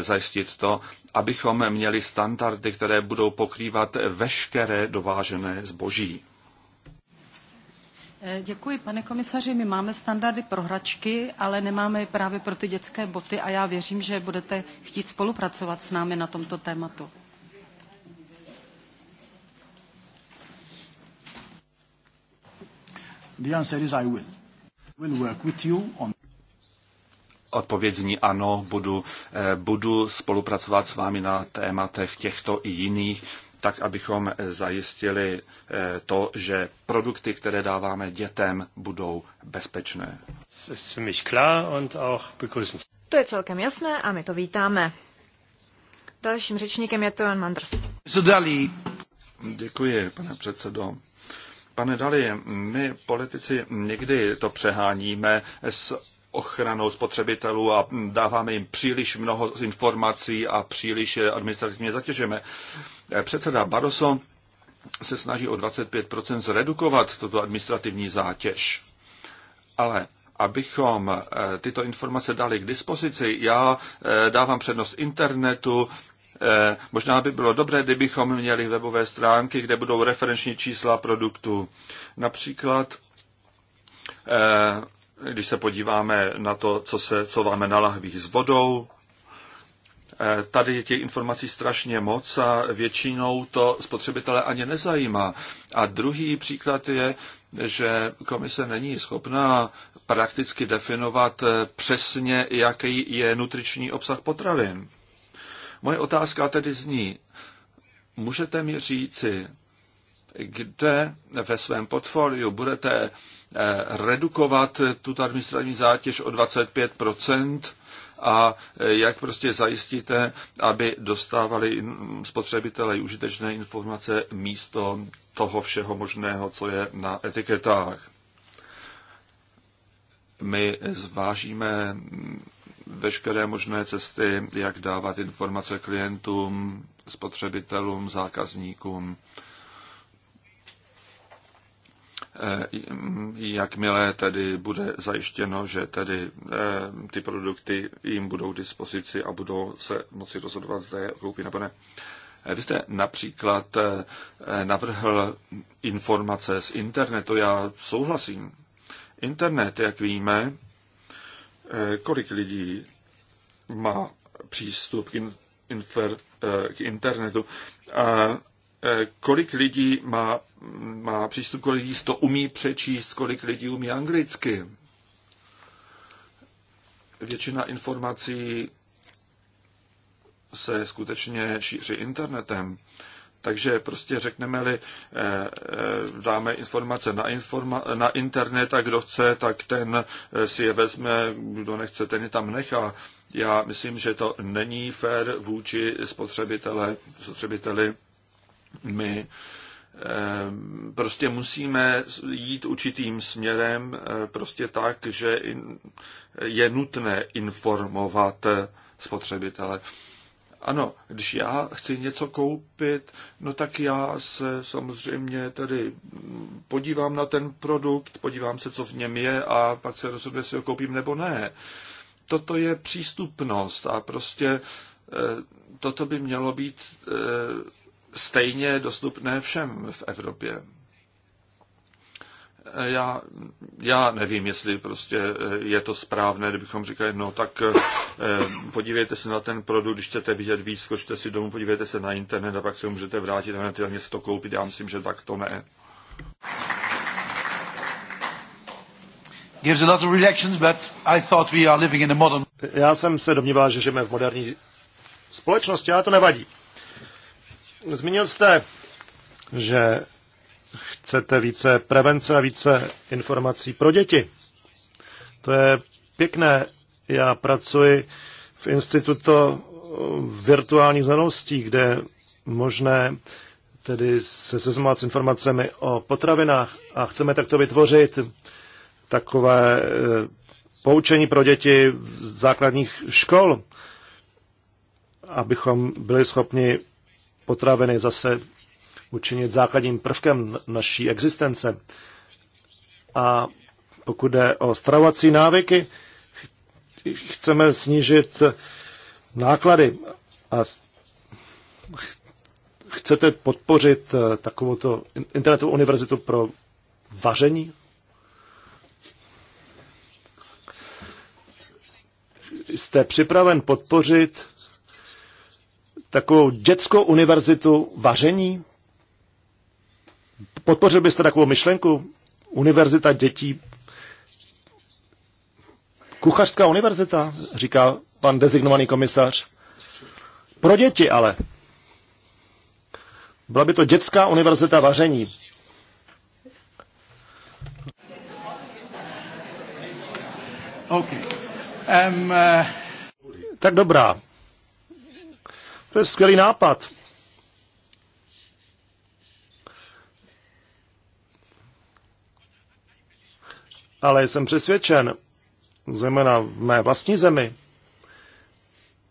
zajistit to, abychom měli standardy, které budou pokrývat veškeré dovážené zboží. Eh, děkuji, pane komisaři. My máme standardy pro hračky, ale nemáme je právě pro ty dětské boty a já věřím, že budete chtít spolupracovat s námi na tomto tématu. The answer is I will. will work with you on... Odpověď zní ano, budu, eh, budu spolupracovat s vámi na tématech těchto i jiných tak abychom zajistili eh, to, že produkty, které dáváme dětem, budou bezpečné. To je celkem jasné a my to vítáme. Dalším řečníkem je to Jan Manders. Děkuji, pane předsedo. Pane Dali, my politici někdy to přeháníme s ochranou spotřebitelů a dáváme jim příliš mnoho informací a příliš administrativně zatěžeme. Eh, předseda Barroso se snaží o 25% zredukovat toto administrativní zátěž. Ale abychom eh, tyto informace dali k dispozici, já eh, dávám přednost internetu, Možná by bylo dobré, kdybychom měli webové stránky, kde budou referenční čísla produktů. Například, když se podíváme na to, co, se, co máme na lahvích s vodou, Eh, tady je těch informací strašně moc a většinou to spotřebitele ani nezajímá. A druhý příklad je, že komise není schopná prakticky definovat eh, přesně, jaký je nutriční obsah potravin. Moje otázka tedy zní, můžete mi říci, kde ve svém portfoliu budete eh, redukovat tuto administrativní zátěž o 25 a jak prostě zajistíte, aby dostávali spotřebitelé užitečné informace místo toho všeho možného, co je na etiketách. My zvážíme veškeré možné cesty, jak dávat informace klientům, spotřebitelům, zákazníkům Eh, jakmile tedy bude zajištěno, že tedy eh, ty produkty jim budou k dispozici a budou se moci rozhodovat, zda je koupí nebo ne. Eh, vy jste například navrhl informace z internetu, já souhlasím. Internet, jak víme, kolik lidí má přístup k, infer, k internetu. A Eh, kolik lidí má, má přístup, kolik lidí to umí přečíst, kolik lidí umí anglicky. Většina informací se skutečně šíří internetem. Takže prostě řekneme-li, eh, eh, dáme informace na, informa- na internet a kdo chce, tak ten si je vezme, kdo nechce, ten je tam nechá. Já myslím, že to není fér vůči spotřebitele, spotřebiteli my eh, prostě musíme jít určitým směrem eh, prostě tak, že je nutné informovat eh, spotřebitele. Ano, když já chci něco koupit, no tak já se samozřejmě tedy podívám na ten produkt, podívám se, co v něm je a pak se rozhodnu, jestli ho koupím nebo ne. Toto je přístupnost a prostě toto by mělo být stejně dostupné všem v Evropě. Já, já nevím, jestli prostě eh, je to správné, kdybychom říkali, no tak eh, podívejte se na ten produkt, když chcete vidět víc, skočte si domů, podívejte se na internet a pak se můžete vrátit a hned něco to koupit. Já myslím, že tak to ne. Gives a lot of reactions, but I thought we are living in a modern... Já jsem se domníval, že žijeme v moderní společnosti, ale to nevadí. Zmínil jste, že chcete více prevence a více informací pro děti. To je pěkné. Já pracuji v institutu virtuálních znalostí, kde je možné tedy se seznamovat s informacemi o potravinách a chceme takto vytvořit takové eh, poučení pro děti v základních škol, abychom byli schopni potraviny zase učinit základním prvkem naší existence. A pokud jde o stravovací návyky, chceme snížit náklady a chcete podpořit eh, takovouto internetovou univerzitu pro vaření? Jste připraven podpořit takovou dětskou univerzitu vaření? Podpořil byste takovou myšlenku? Univerzita dětí. Kuchařská univerzita, říká pan dezignovaný komisař. Pro děti ale. Byla by to dětská univerzita vaření. Okay. Um, uh... Tak dobrá. To je skvělý nápad. Ale jsem přesvědčen, zejména v mé vlastní zemi,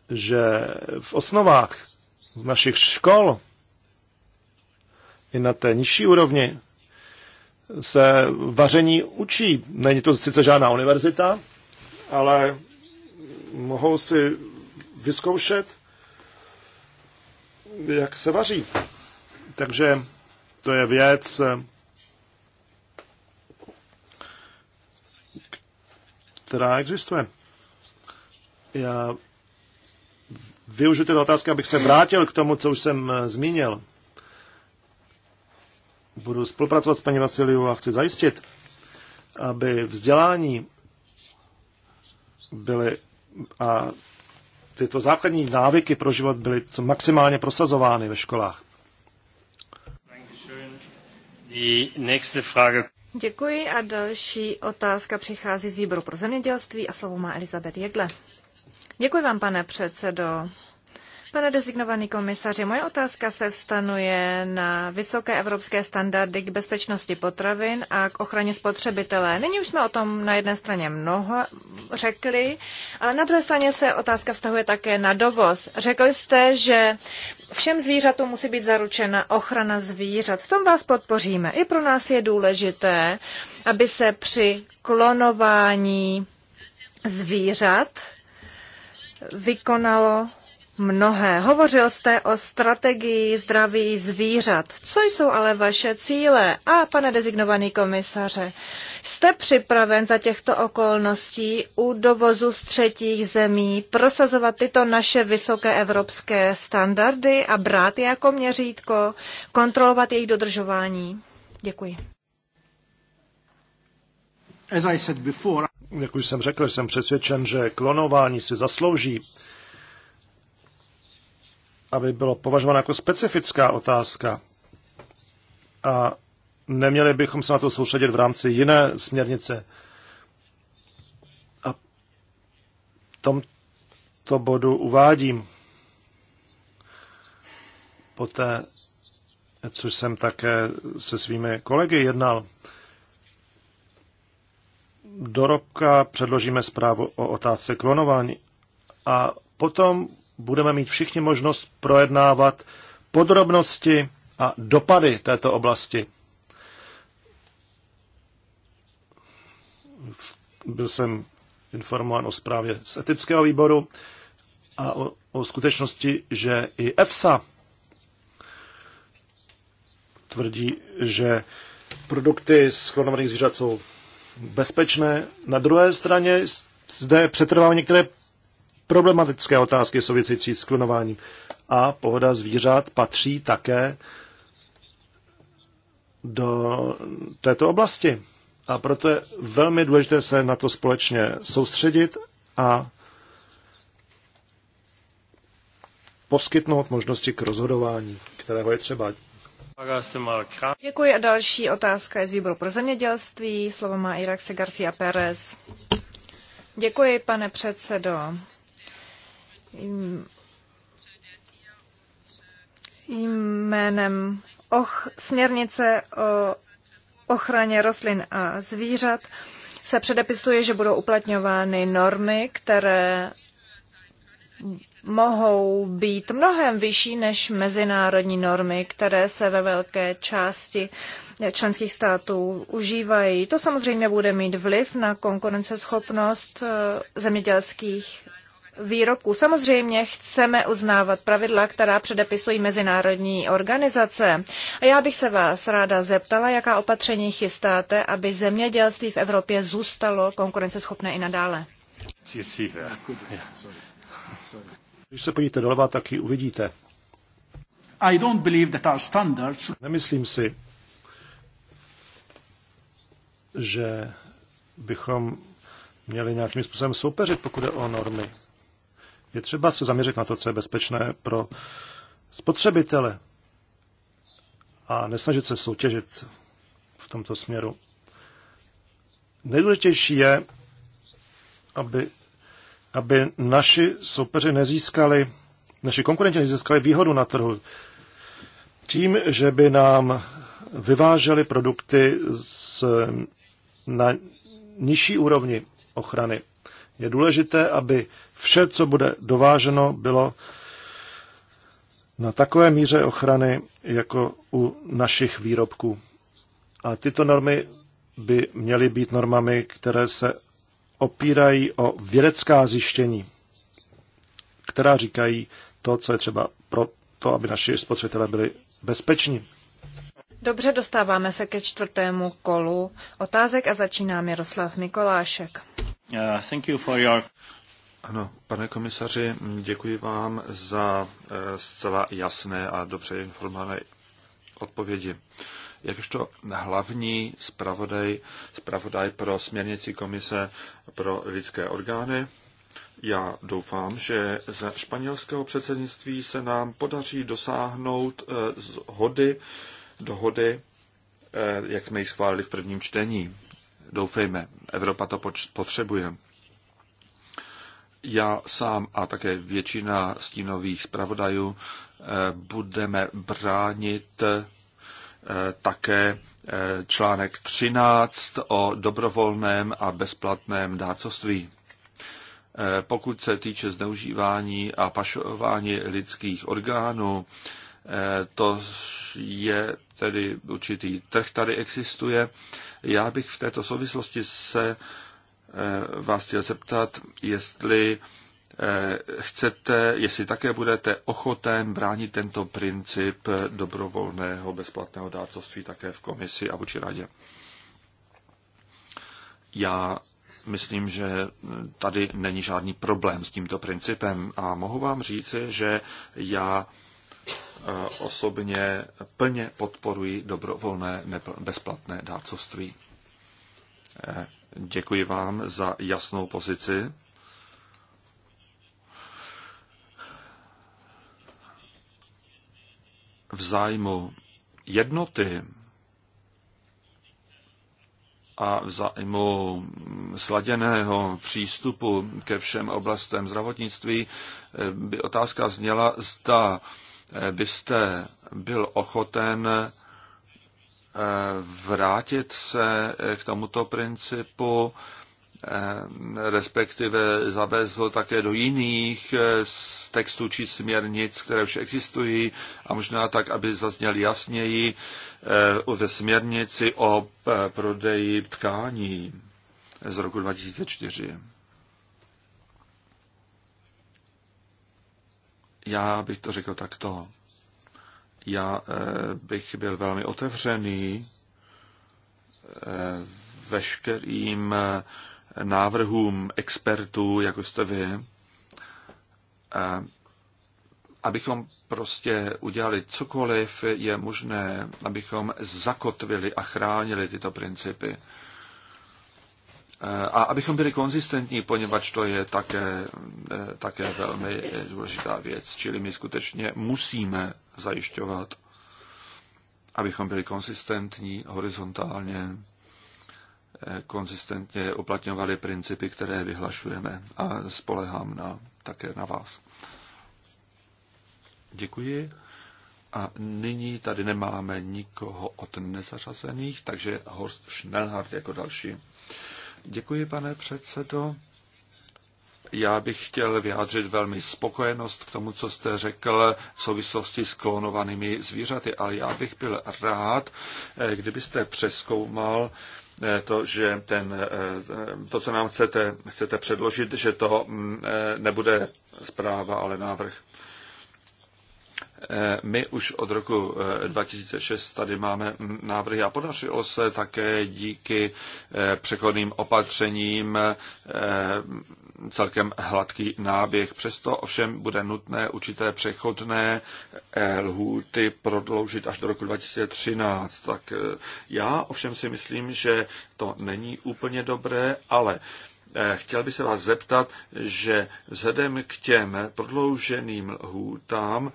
že v osnovách z našich škol i na té nižší úrovni se vaření učí. Není to sice žádná univerzita, ale mohou si vyzkoušet jak se vaří. Takže to je věc, která existuje. Já využiju tyto otázky, abych se vrátil k tomu, co už jsem eh, zmínil. Budu spolupracovat s paní Vasiliu a chci zajistit, aby vzdělání byly a tyto základní návyky pro život byly co maximálně prosazovány ve školách. Děkuji a další otázka přichází z výboru pro zemědělství a slovo má Elizabeth Jegle. Děkuji vám, pane předsedo. Pane designovaný komisaři, moje otázka se vstanuje na vysoké evropské standardy k bezpečnosti potravin a k ochraně spotřebitele. Nyní už jsme o tom na jedné straně mnoho řekli, ale na druhé straně se otázka vztahuje také na dovoz. Řekli jste, že všem zvířatům musí být zaručena ochrana zvířat. V tom vás podpoříme. I pro nás je důležité, aby se při klonování zvířat vykonalo mnohé. Hovořil jste o strategii zdraví zvířat. Co jsou ale vaše cíle? A pane dezignovaný komisaře, jste připraven za těchto okolností u dovozu z třetích zemí prosazovat tyto naše vysoké evropské standardy a brát je jako měřítko, kontrolovat jejich dodržování? Děkuji. Jak už jsem řekl, jsem přesvědčen, že klonování si zaslouží aby bylo považováno jako specifická otázka a neměli bychom se na to soustředit v rámci jiné směrnice. A tomto bodu uvádím poté, což jsem také se svými kolegy jednal. Do roka předložíme zprávu o otázce klonování a potom budeme mít všichni možnost projednávat podrobnosti a dopady této oblasti. Byl jsem informován o zprávě z etického výboru a o, o skutečnosti, že i EFSA tvrdí, že produkty z klonovaných zvířat jsou bezpečné. Na druhé straně zde přetrvávají některé problematické otázky související s klonováním. A pohoda zvířat patří také do této oblasti. A proto je velmi důležité se na to společně soustředit a poskytnout možnosti k rozhodování, kterého je třeba. Děkuji a další otázka je z výboru pro zemědělství. Slovo má Iraxe Garcia Pérez. Děkuji, pane předsedo jménem och, směrnice o ochraně rostlin a zvířat se předepisuje, že budou uplatňovány normy, které mohou být mnohem vyšší než mezinárodní normy, které se ve velké části členských států užívají. To samozřejmě bude mít vliv na konkurenceschopnost eh, zemědělských výroků. Samozřejmě chceme uznávat pravidla, která předepisují mezinárodní organizace. A já bych se vás ráda zeptala, jaká opatření chystáte, aby zemědělství v Evropě zůstalo konkurenceschopné i nadále. Když se podíte doleva, tak ji uvidíte. I don't believe that our standards... Nemyslím si, že bychom měli nějakým způsobem soupeřit, pokud je o normy. Je třeba se zaměřit na to, co je bezpečné pro spotřebitele a nesnažit se soutěžit v tomto směru. Nejdůležitější je, aby, aby naši soupeři nezískali, naši konkurenti nezískali výhodu na trhu tím, že by nám vyváželi produkty z, na nižší úrovni ochrany. Je důležité, aby vše, co bude dováženo, bylo na takové míře ochrany jako u našich výrobků. A tyto normy by měly být normami, které se opírají o vědecká zjištění, která říkají to, co je třeba pro to, aby naši spotřebitelé byli bezpeční. Dobře, dostáváme se ke čtvrtému kolu otázek a začíná Miroslav Mikolášek. Uh, thank you for your... Ano, pane komisaři, děkuji vám za eh, zcela jasné a dobře informované odpovědi. Jakožto hlavní zpravodaj, zpravodaj pro směrnici Komise pro lidské orgány, já doufám, že ze španělského předsednictví se nám podaří dosáhnout eh, zhody, dohody, eh, jak jsme ji schválili v prvním čtení. Doufejme, Evropa to potřebuje. Já sám a také většina stínových zpravodajů eh, budeme bránit eh, také eh, článek 13 o dobrovolném a bezplatném dárcovství. Pokud se týče zneužívání a pašování lidských orgánů, to je tedy určitý trh tady existuje já bych v této souvislosti se eh, vás chtěl zeptat, jestli eh, chcete, jestli také budete ochoten bránit tento princip dobrovolného bezplatného dárcovství také v komisi a vůči radě. Já myslím, že tady není žádný problém s tímto principem a mohu vám říci, že já osobně plně podporuji dobrovolné bezplatné dárcovství. Eh, děkuji vám za jasnou pozici. V zájmu jednoty a v zájmu sladěného přístupu ke všem oblastem zdravotnictví eh, by otázka zněla, zda byste byl ochoten eh, vrátit se eh, k tomuto principu, eh, respektive zavezl také do jiných textů či směrnic, které už existují a možná tak, aby zazněl jasněji ve směrnici o prodeji tkání z roku 2004. Já bych to řekl takto. Já eh, bych byl velmi otevřený eh, veškerým eh, návrhům expertů, jako jste vy, abychom prostě udělali cokoliv je možné, abychom zakotvili a chránili tyto principy. A abychom byli konzistentní, poněvadž to je také, eh, také velmi eh, důležitá věc. Čili my skutečně musíme zajišťovat, abychom byli konzistentní horizontálně, eh, konzistentně uplatňovali principy, které vyhlašujeme. A spolehám na, také na vás. Děkuji. A nyní tady nemáme nikoho od nezařazených, takže Horst Schnellhardt jako další. Děkuji, pane předsedo. Já bych chtěl vyjádřit velmi spokojenost k tomu, co jste řekl v souvislosti s klonovanými zvířaty, ale já bych byl rád, eh, kdybyste přeskoumal eh, to, že ten, eh, to, co nám chcete, chcete předložit, že to mm, nebude zpráva, ale návrh. Eh, my už od roku 2006 eh, tady máme mm, návrhy a podařilo se také díky eh, přechodným opatřením celkem hladký náběh. Přesto ovšem bude nutné určité přechodné lhůty prodloužit až do roku 2013. Tak já ovšem si myslím, že to není úplně dobré, ale chtěl bych se vás zeptat, že vzhledem k těm prodlouženým lhůtám,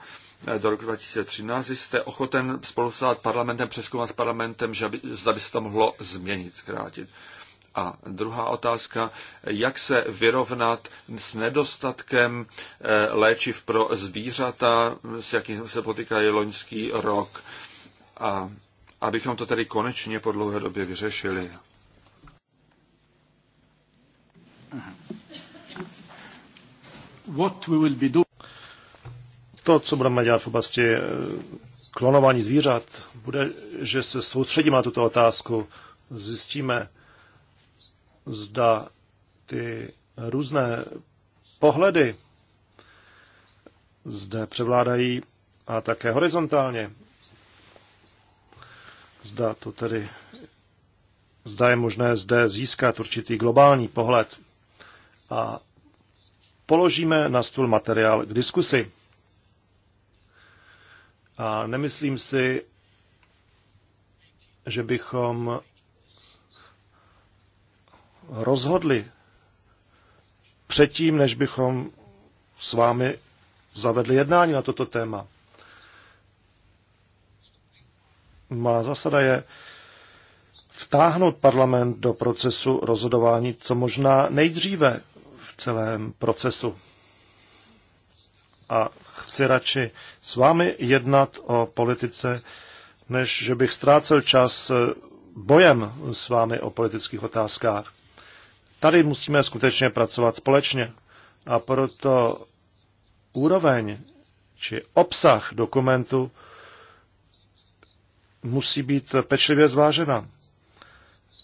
Eh, do roku 2013, jste ochoten spolupracovat s parlamentem, přeskoumat s parlamentem, že by, zda by se to mohlo změnit, zkrátit. A druhá otázka, jak se vyrovnat s nedostatkem eh, léčiv pro zvířata, s jakým se potýkají loňský rok, a abychom to tedy konečně po dlouhé době vyřešili. What we will be doing to, co budeme dělat v oblasti eh, klonování zvířat, bude, že se soustředíme na tuto otázku, zjistíme, zda ty různé pohledy zde převládají a také horizontálně. Zda to tedy zda je možné zde získat určitý globální pohled a položíme na stůl materiál k diskusi. A nemyslím si, že bychom rozhodli předtím, než bychom s vámi zavedli jednání na toto téma. Má zásada je vtáhnout parlament do procesu rozhodování co možná nejdříve v celém procesu. A chci radši s vámi jednat o politice, než že bych ztrácel čas eh, bojem s vámi o politických otázkách. Tady musíme skutečně pracovat společně a proto úroveň či obsah dokumentu musí být pečlivě zvážena,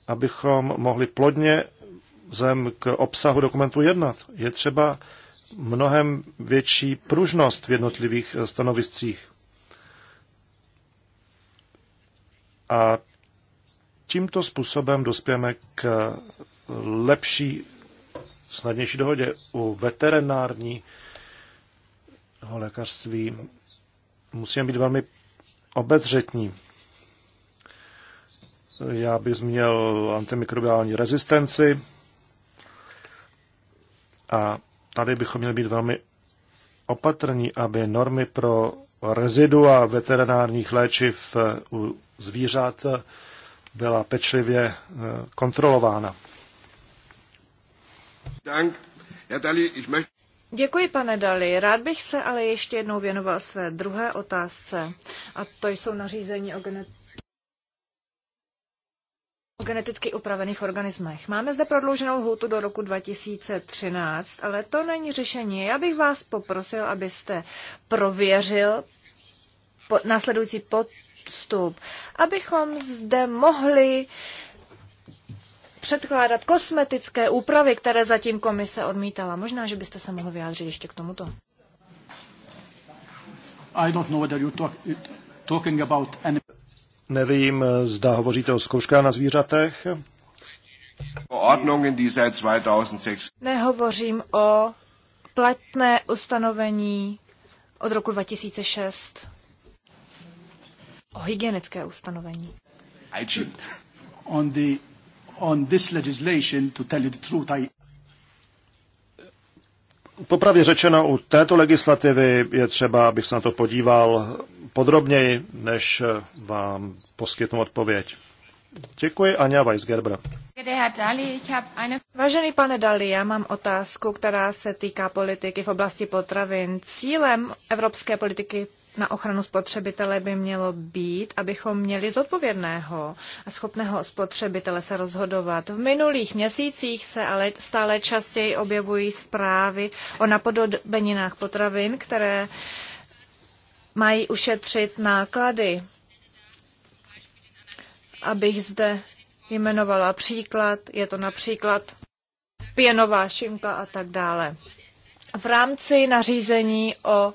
abychom mohli plodně zem k obsahu dokumentu jednat. Je třeba mnohem větší pružnost v jednotlivých eh, stanoviscích. A tímto způsobem dospějeme k eh, lepší, snadnější dohodě. U veterinární lékařství musíme být velmi obezřetní. Já bych zmínil antimikrobiální rezistenci a tady bychom měli být velmi opatrní, aby normy pro rezidua veterinárních léčiv eh, u zvířat eh, byla pečlivě eh, kontrolována. Děkuji, pane Dali. Rád bych se ale ještě jednou věnoval své druhé otázce. A to jsou nařízení o genet- o geneticky upravených organismech. Máme zde prodlouženou lhůtu do roku 2013, ale to není řešení. Já bych vás poprosil, abyste prověřil po, následující postup, abychom zde mohli předkládat kosmetické úpravy, které zatím komise odmítala. Možná, že byste se mohl vyjádřit ještě k tomuto. I don't know whether you talk, talking about an Nevím, zda hovoříte o zkouškách na zvířatech. Nehovořím o platné ustanovení od roku 2006. O hygienické ustanovení. Popravě řečeno, u této legislativy je třeba, abych se na to podíval podrobněji, než vám poskytnu odpověď. Děkuji, Anja Weisgerber. Vážený pane Dali, já mám otázku, která se týká politiky v oblasti potravin. Cílem evropské politiky na ochranu spotřebitele by mělo být, abychom měli zodpovědného a schopného spotřebitele se rozhodovat. V minulých měsících se ale stále častěji objevují zprávy o napodobeninách potravin, které mají ušetřit náklady. Abych zde jmenovala příklad, je to například pěnová šimka a tak dále. V rámci nařízení o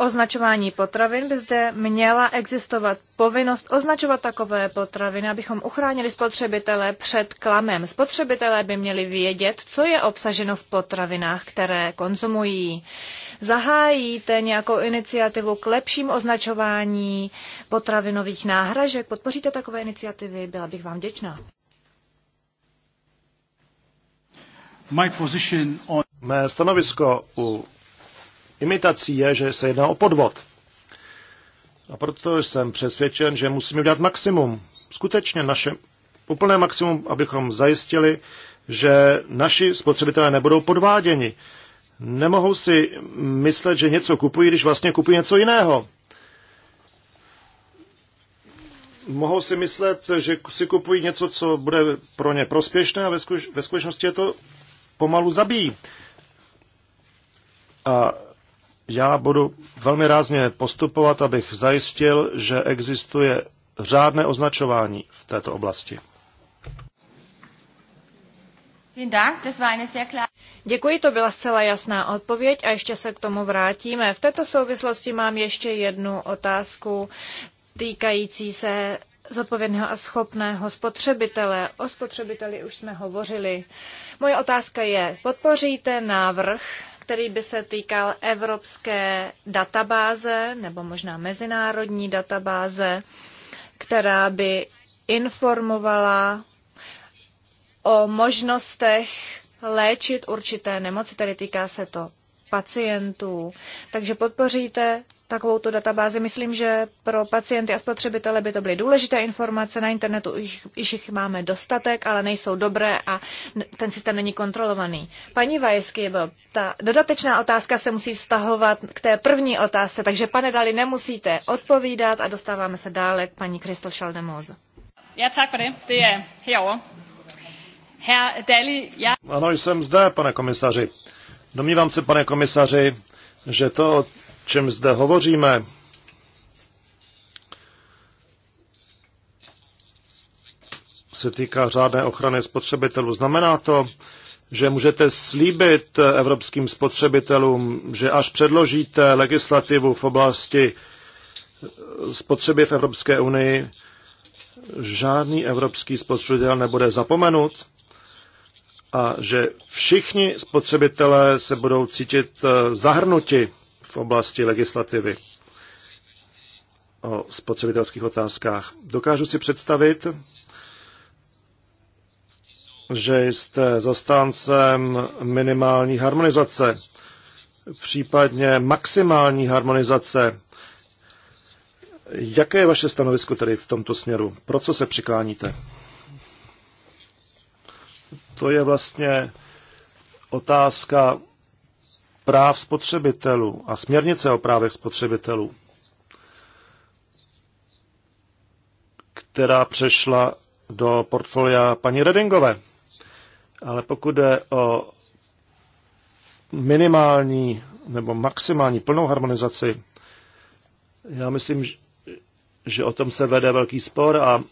označování potravin by zde měla existovat povinnost označovat takové potraviny, abychom uchránili spotřebitele před klamem. Spotřebitelé by měli vědět, co je obsaženo v potravinách, které konzumují. Zahájíte nějakou iniciativu k lepším označování potravinových náhražek? Podpoříte takové iniciativy? Byla bych vám děčná. My position on... Mé stanovisko u imitací je, že se jedná o podvod. A proto jsem přesvědčen, že musíme udělat maximum, skutečně naše úplné maximum, abychom zajistili, že naši spotřebitelé nebudou podváděni. Nemohou si myslet, že něco kupují, když vlastně kupují něco jiného. Mohou si myslet, že si kupují něco, co bude pro ně prospěšné a ve, skutečnosti je to pomalu zabíjí. A já budu velmi rázně postupovat, abych zajistil, že existuje řádné označování v této oblasti. Děkuji, to byla zcela jasná odpověď a ještě se k tomu vrátíme. V této souvislosti mám ještě jednu otázku týkající se zodpovědného a schopného spotřebitele. O spotřebiteli už jsme hovořili. Moje otázka je, podpoříte návrh který by se týkal evropské databáze nebo možná mezinárodní databáze, která by informovala o možnostech léčit určité nemoci, tedy týká se to pacientů. Takže podpoříte takovou tu databázi. Myslím, že pro pacienty a spotřebitele by to byly důležité informace. Na internetu již jich máme dostatek, ale nejsou dobré a ten systém není kontrolovaný. Paní Vajsky, ta dodatečná otázka se musí vztahovat k té první otázce, takže pane Dali, nemusíte odpovídat a dostáváme se dále k paní Kristel Šaldemoz. Já tak for to. Det er Herr Dali, já... Ano, jsem zde, pane komisaři. Domnívám se, pane komisaři, že to, čem zde hovoříme, se týká řádné ochrany spotřebitelů. Znamená to, že můžete slíbit evropským spotřebitelům, že až předložíte legislativu v oblasti spotřeby v Evropské unii, žádný evropský spotřebitel nebude zapomenut a že všichni spotřebitelé se budou cítit eh, zahrnuti v oblasti legislativy o spotřebitelských otázkách. Dokážu si představit, že jste zastáncem minimální harmonizace, případně maximální harmonizace. Jaké je vaše stanovisko tedy v tomto směru? Pro co se přikláníte? To je vlastně otázka práv spotřebitelů a směrnice o právech spotřebitelů, která přešla do portfolia paní Redingové. Ale pokud jde o minimální nebo maximální plnou harmonizaci, já myslím, že o tom se vede velký spor a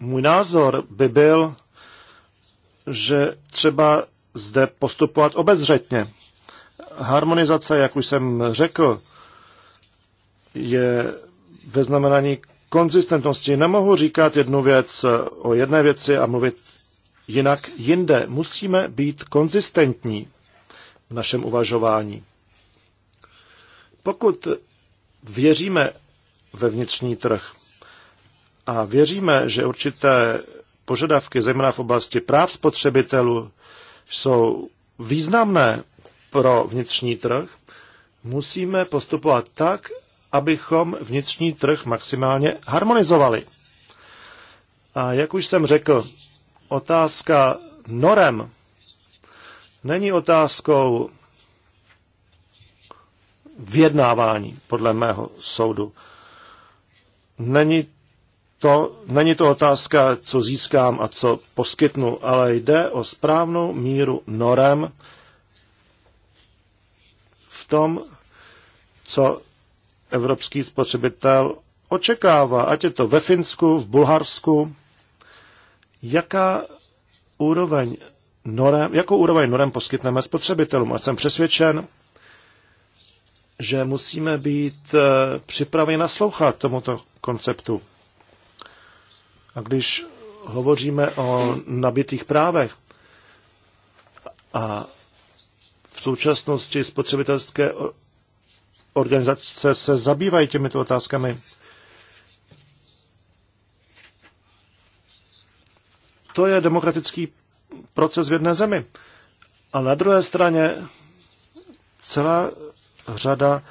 můj názor by byl, že třeba zde postupovat obezřetně. Harmonizace, jak už jsem řekl, je ve znamenání konzistentnosti. Nemohu říkat jednu věc o jedné věci a mluvit jinak jinde. Musíme být konzistentní v našem uvažování. Pokud věříme ve vnitřní trh a věříme, že určité požadavky, zejména v oblasti práv spotřebitelů, jsou významné pro vnitřní trh, musíme postupovat tak, abychom vnitřní trh maximálně harmonizovali. A jak už jsem řekl, otázka norem není otázkou vyjednávání, podle mého soudu. Není to není to otázka, co získám a co poskytnu, ale jde o správnou míru norem v tom, co evropský spotřebitel očekává, ať je to ve Finsku, v Bulharsku, jaká úroveň norem, jakou úroveň norem poskytneme spotřebitelům. A jsem přesvědčen, že musíme být eh, připraveni naslouchat tomuto konceptu. A když hovoříme o nabitých právech a v současnosti spotřebitelské organizace se zabývají těmito otázkami, to je demokratický proces v jedné zemi. A na druhé straně celá řada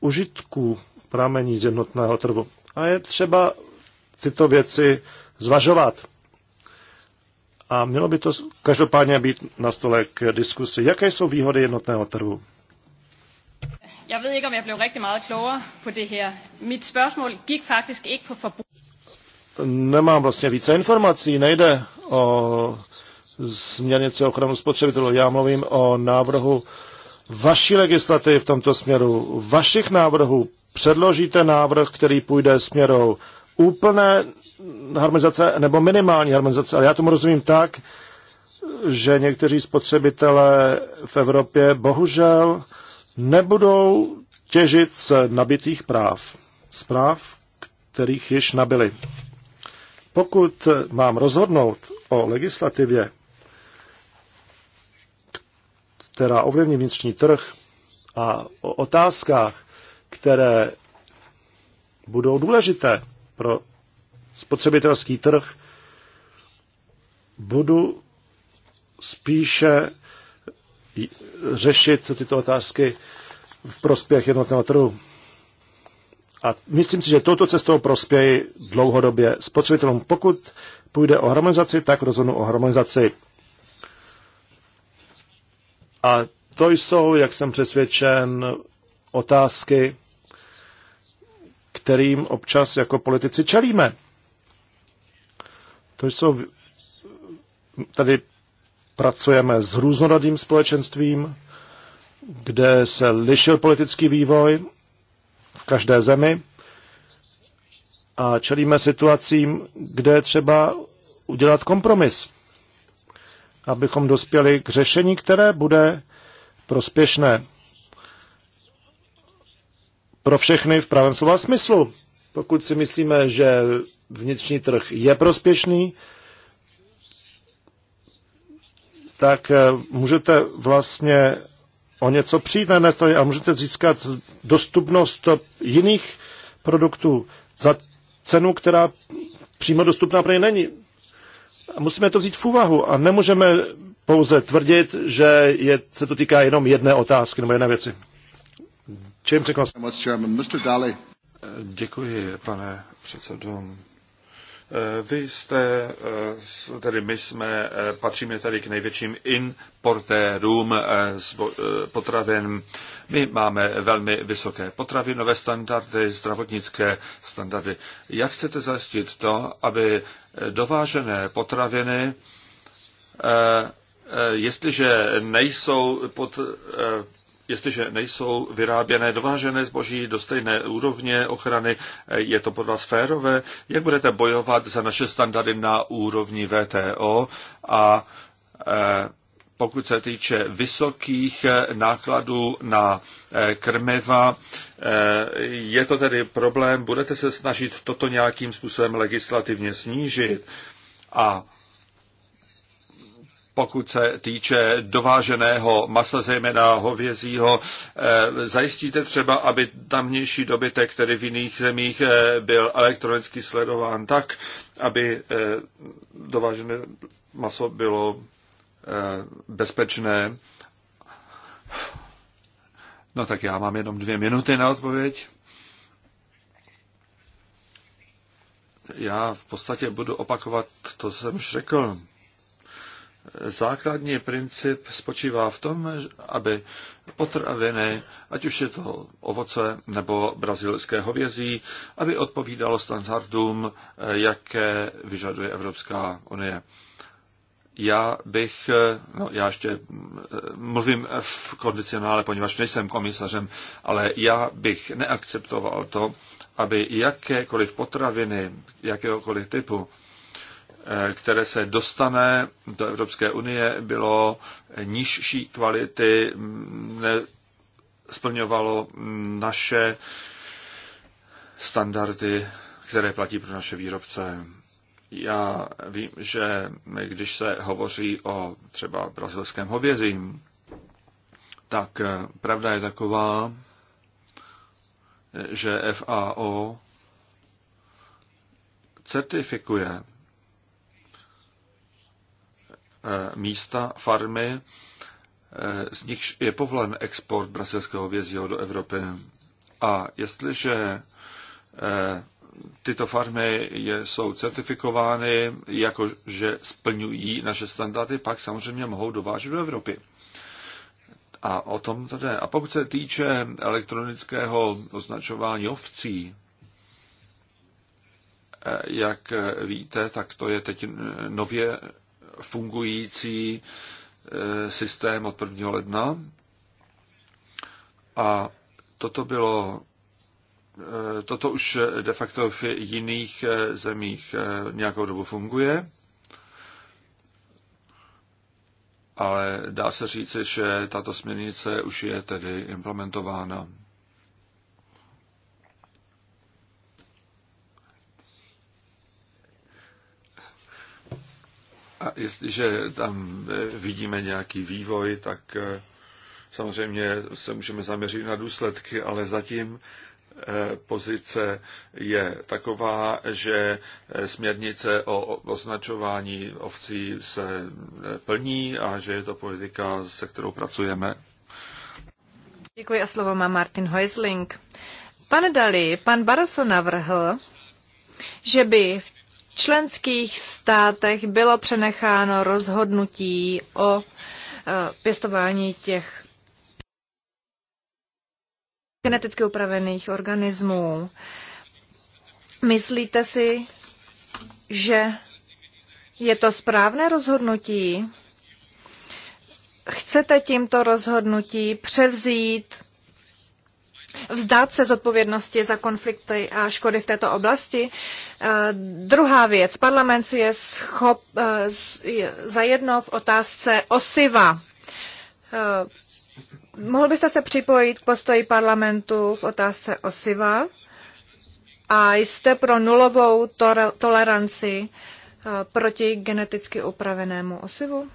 užitků pramení z jednotného trhu. A je třeba tyto věci zvažovat. A mělo by to každopádně být na stole k diskusi. Jaké jsou výhody jednotného trhu? Já vím, ikke, om jeg blev rigtig meget klogere på det her. Mit spørgsmål gik faktisk ikke på forbrug. Nemám vlastně více informací, nejde o směrnici ochranu spotřebitelů. Já mluvím o návrhu vaší legislativy v tomto směru, vašich návrhů. Předložíte návrh, který půjde směrou úplné harmonizace nebo minimální harmonizace. Ale já tomu rozumím tak, že někteří spotřebitelé v Evropě bohužel nebudou těžit z nabitých práv. Z práv, kterých již nabili. Pokud mám rozhodnout o legislativě, která ovlivní vnitřní trh a o otázkách, které budou důležité pro spotřebitelský trh, budu spíše řešit tyto otázky v prospěch jednotného trhu. A myslím si, že touto cestou prospěje dlouhodobě spotřebitelům. Pokud půjde o harmonizaci, tak rozhodnu o harmonizaci. A to jsou, jak jsem přesvědčen, otázky, kterým občas jako politici čelíme. To jsou, tady pracujeme s různorodým společenstvím, kde se lišil politický vývoj v každé zemi a čelíme situacím, kde je třeba udělat kompromis, abychom dospěli k řešení, které bude prospěšné pro všechny v pravém slova smyslu. Pokud si myslíme, že vnitřní trh je prospěšný, tak eh, můžete vlastně o něco přijít na jedné straně a můžete získat dostupnost jiných produktů za cenu, která přímo dostupná pro ně není. A musíme to vzít v úvahu a nemůžeme pouze tvrdit, že je, se to týká jenom jedné otázky nebo jedné věci. Čím překvapil? Děkuji, pane předsedo. Eh, vy jste, eh, tedy my jsme, eh, patříme tady k největším importérům potravin. My máme velmi vysoké potravinové standardy, zdravotnické standardy. Jak chcete zajistit to, aby dovážené potraviny, jestliže nejsou pod jestliže nejsou vyráběné dovážené zboží do stejné úrovně ochrany, je to pod vás férové, jak budete bojovat za naše standardy na úrovni VTO a e, pokud se týče vysokých e, nákladů na e, krmeva, je to tedy problém, budete se snažit toto nějakým způsobem legislativně snížit a pokud se týče dováženého masa, zejména hovězího, eh, zajistíte třeba, aby tamnější dobytek, který v jiných zemích eh, byl elektronicky sledován tak, aby eh, dovážené maso bylo bezpečné. No tak já mám jenom dvě minuty na odpověď. Já v podstatě budu opakovat to, co jsem už řekl. Základní princip spočívá v tom, aby potraviny, ať už je to ovoce nebo brazilské hovězí, aby odpovídalo standardům, jaké vyžaduje Evropská unie. Já bych, no já ještě eh, mluvím v kondicionále, poněvadž nejsem komisařem, ale já bych neakceptoval to, aby jakékoliv potraviny, jakéhokoliv typu, které se dostane do Evropské unie, bylo nižší kvality, splňovalo naše standardy, které platí pro naše výrobce. Já vím, že když se hovoří o třeba brazilském hovězím, tak pravda je taková, že FAO certifikuje Eh, místa, farmy, eh, z nichž je povolen export brazilského vězího do Evropy. A jestliže eh, tyto farmy jsou certifikovány, jakože splňují naše standardy, pak samozřejmě mohou dovážet do Evropy. A o tom tady. A pokud se týče elektronického označování ovcí, jak víte, tak to je teď nově fungující eh, systém od 1. ledna. A toto bylo eh, Toto už de facto v jiných eh, zemích nějakou dobu funguje, ale dá se říci, že tato směrnice už je tedy implementována. A jestliže tam eh, vidíme nějaký vývoj, tak eh, samozřejmě se můžeme zaměřit na důsledky, ale zatím eh, pozice je taková, že směrnice o označování ovcí se plní a že je to politika, se kterou pracujeme. Děkuji a slovo má Martin Heusling. Pane Dali, pan Barroso navrhl, že by v členských státech bylo přenecháno rozhodnutí o e, pěstování těch geneticky upravených organismů. Myslíte si, že je to správné rozhodnutí? Chcete tímto rozhodnutí převzít vzdát se zodpovědnosti za konflikty a škody v této oblasti. Eh, druhá věc, parlament je schop eh, zajedno v otázce osiva. Eh, mohl byste se připojit k postoji parlamentu v otázce osiva? A jste pro nulovou toleranci proti geneticky upravenému osivu?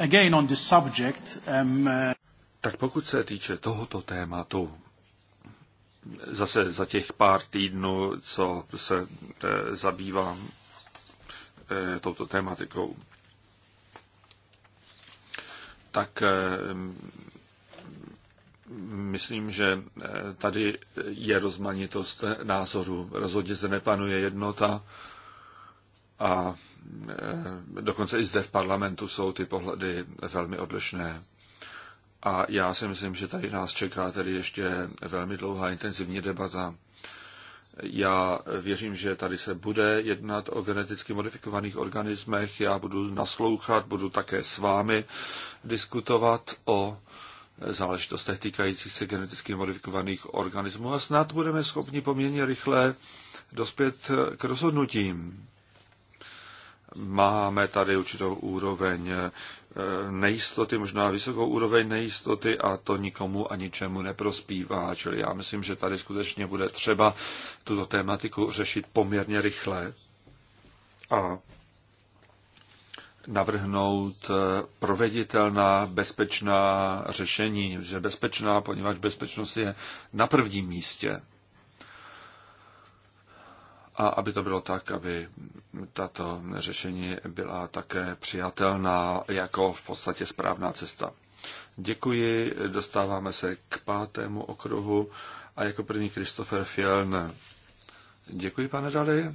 Again on this subject, um, uh, tak pokud se týče tohoto tématu, zase za těch pár týdnů, co se e, eh, zabývám e, eh, touto tématikou, tak e, myslím, že tady je rozmanitost názorů. Rozhodně zde nepanuje jednota a Eh, dokonce i zde v parlamentu jsou ty pohledy velmi odlišné. A já si myslím, že tady nás čeká tedy ještě velmi dlouhá intenzivní debata. Já věřím, že tady se bude jednat o geneticky modifikovaných organismech. Já budu naslouchat, budu také s vámi diskutovat o záležitostech týkajících se geneticky modifikovaných organismů a snad budeme schopni poměrně rychle dospět k rozhodnutím. Máme tady určitou úroveň eh, nejistoty, možná vysokou úroveň nejistoty a to nikomu a ničemu neprospívá. Čili já myslím, že tady skutečně bude třeba tuto tématiku řešit poměrně rychle a navrhnout eh, proveditelná, bezpečná řešení. Že bezpečná, poněvadž bezpečnost je na prvním místě a aby to bylo tak, aby tato řešení byla také přijatelná jako v podstatě správná cesta. Děkuji, dostáváme se k pátému okruhu a jako první Christopher Fjeln. Děkuji, pane Dali.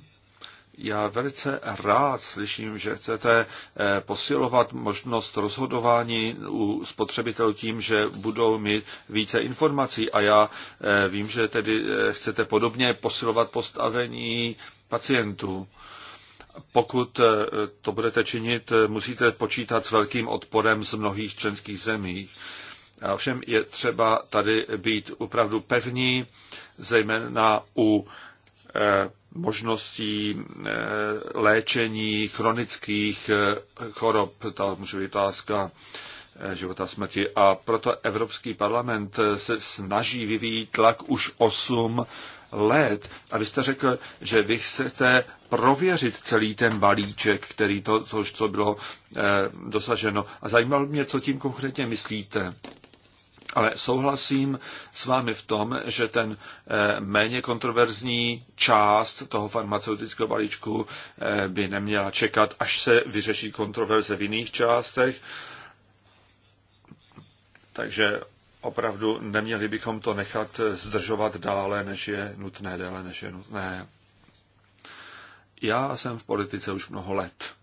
Já velice rád slyším, že chcete eh, posilovat možnost rozhodování u spotřebitelů tím, že budou mít více informací a já eh, vím, že tedy eh, chcete podobně posilovat postavení pacientů. Pokud to budete činit, musíte počítat s velkým odporem z mnohých členských zemí. Ovšem je třeba tady být opravdu pevní, zejména u možností eh, léčení chronických eh, chorob. Ta může být otázka eh, života a smrti. A proto Evropský parlament se snaží vyvíjet tlak už 8 let. A vy jste řekl, že vy chcete prověřit celý ten balíček, který to, což, co bylo dosaženo. A zajímalo mě, co tím konkrétně myslíte. Ale souhlasím s vámi v tom, že ten eh, méně kontroverzní část toho farmaceutického balíčku eh, by neměla čekat, až se vyřeší kontroverze v jiných částech. Takže opravdu neměli bychom to nechat eh, zdržovat dále, než je nutné, déle, než je nutné. Já jsem v politice už mnoho let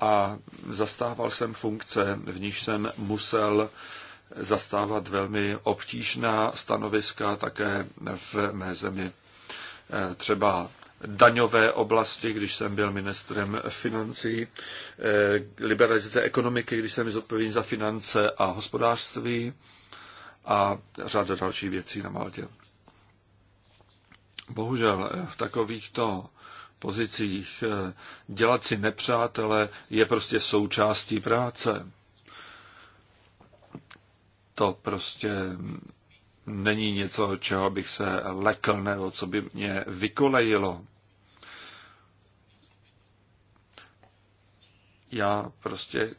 a zastával jsem funkce, v níž jsem musel zastávat velmi obtížná stanoviska také v mé zemi. E, třeba daňové oblasti, když jsem byl ministrem financí, e, liberalizace ekonomiky, když jsem zodpovědný za finance a hospodářství a řada dalších věcí na Maltě. Bohužel e, v takovýchto pozicích. Eh, dělat si nepřátele je prostě součástí práce. To prostě není něco, čeho bych se lekl nebo co by mě vykolejilo. Já prostě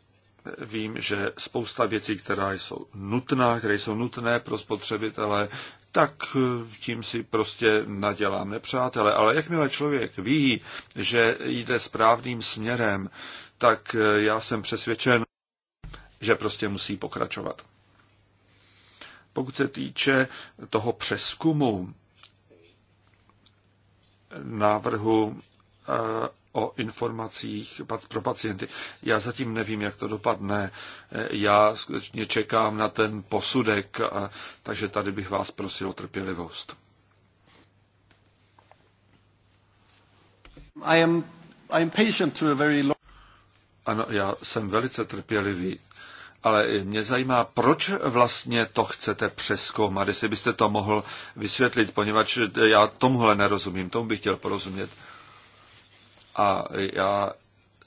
vím, že spousta věcí, která jsou nutná, které jsou nutné pro spotřebitele, tak eh, tím si prostě nadělám nepřátele. Ale jakmile člověk ví, že jde správným směrem, tak eh, já jsem přesvědčen, že prostě musí pokračovat. Pokud se týče toho přeskumu návrhu eh, o informacích pro pacienty. Já zatím nevím, jak to dopadne. Já skutečně čekám na ten posudek, takže tady bych vás prosil o trpělivost. I am, I am patient to a very long... Ano, já jsem velice trpělivý, ale mě zajímá, proč vlastně to chcete přeskoumat, jestli byste to mohl vysvětlit, poněvadž já tomuhle nerozumím, tomu bych chtěl porozumět. A já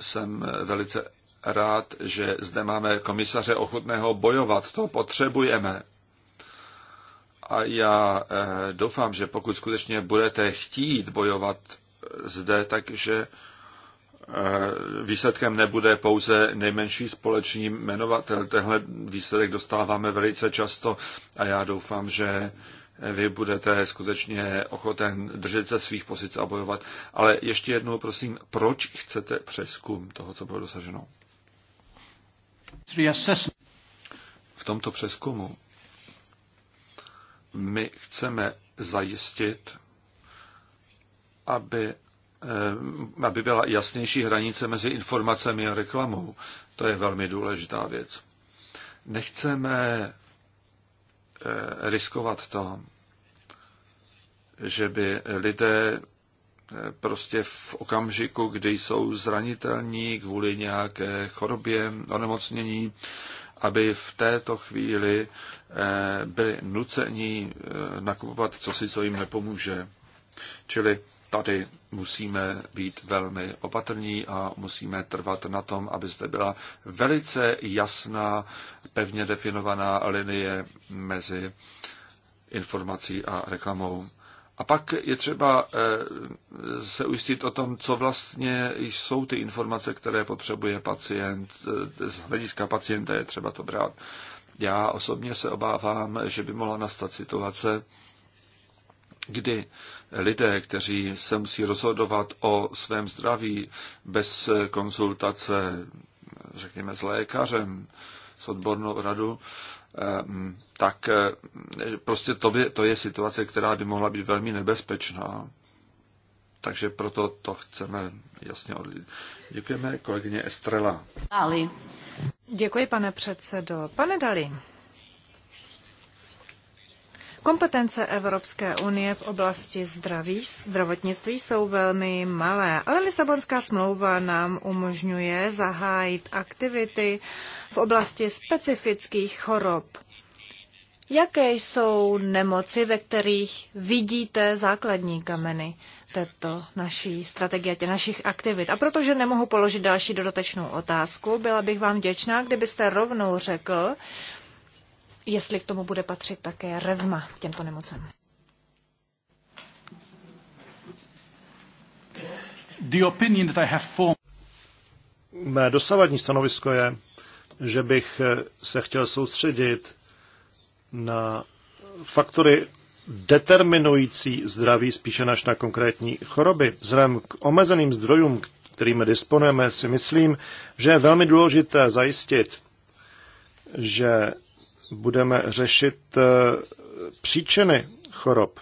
jsem velice rád, že zde máme komisaře ochotného bojovat. To potřebujeme. A já eh, doufám, že pokud skutečně budete chtít bojovat zde, takže eh, výsledkem nebude pouze nejmenší společný jmenovatel. Tenhle výsledek dostáváme velice často a já doufám, že vy budete skutečně ochoten držet se svých pozic a bojovat. Ale ještě jednou, prosím, proč chcete přeskum toho, co bylo dosaženo? V tomto přeskumu my chceme zajistit, aby, eh, aby byla jasnější hranice mezi informacemi a reklamou. To je velmi důležitá věc. Nechceme Eh, riskovat to, že by lidé eh, prostě v okamžiku, kdy jsou zranitelní kvůli nějaké chorobě, onemocnění, aby v této chvíli eh, byli nuceni nakupovat co si, co jim nepomůže. Čili tady musíme být velmi opatrní a musíme trvat na tom, aby zde byla velice jasná, pevně definovaná linie mezi informací a reklamou. A pak je třeba eh, se ujistit o tom, co vlastně jsou ty informace, které potřebuje pacient. Eh, z hlediska pacienta je třeba to brát. Já osobně se obávám, že by mohla nastat situace, kdy lidé, kteří se musí rozhodovat o svém zdraví bez konzultace, řekněme, s lékařem, s odbornou radu, ehm, tak eh, prostě to, by, to je situace, která by mohla být velmi nebezpečná. Takže proto to chceme jasně odlít. Děkujeme kolegyně Estrela. Dali. Děkuji, pane předsedo. Pane Dali, Kompetence Evropské unie v oblasti zdraví, zdravotnictví jsou velmi malé, ale Lisabonská smlouva nám umožňuje zahájit aktivity v oblasti specifických chorob. Jaké jsou nemoci, ve kterých vidíte základní kameny této naší strategie, těch našich aktivit? A protože nemohu položit další dodatečnou otázku, byla bych vám vděčná, kdybyste rovnou řekl, jestli k tomu bude patřit také revma těmto nemocem. The opinion that I have formed... Mé dosavadní stanovisko je, že bych se chtěl soustředit na faktory determinující zdraví spíše než na konkrétní choroby. Vzhledem k omezeným zdrojům, kterými disponujeme, si myslím, že je velmi důležité zajistit, že budeme řešit eh, příčiny chorob.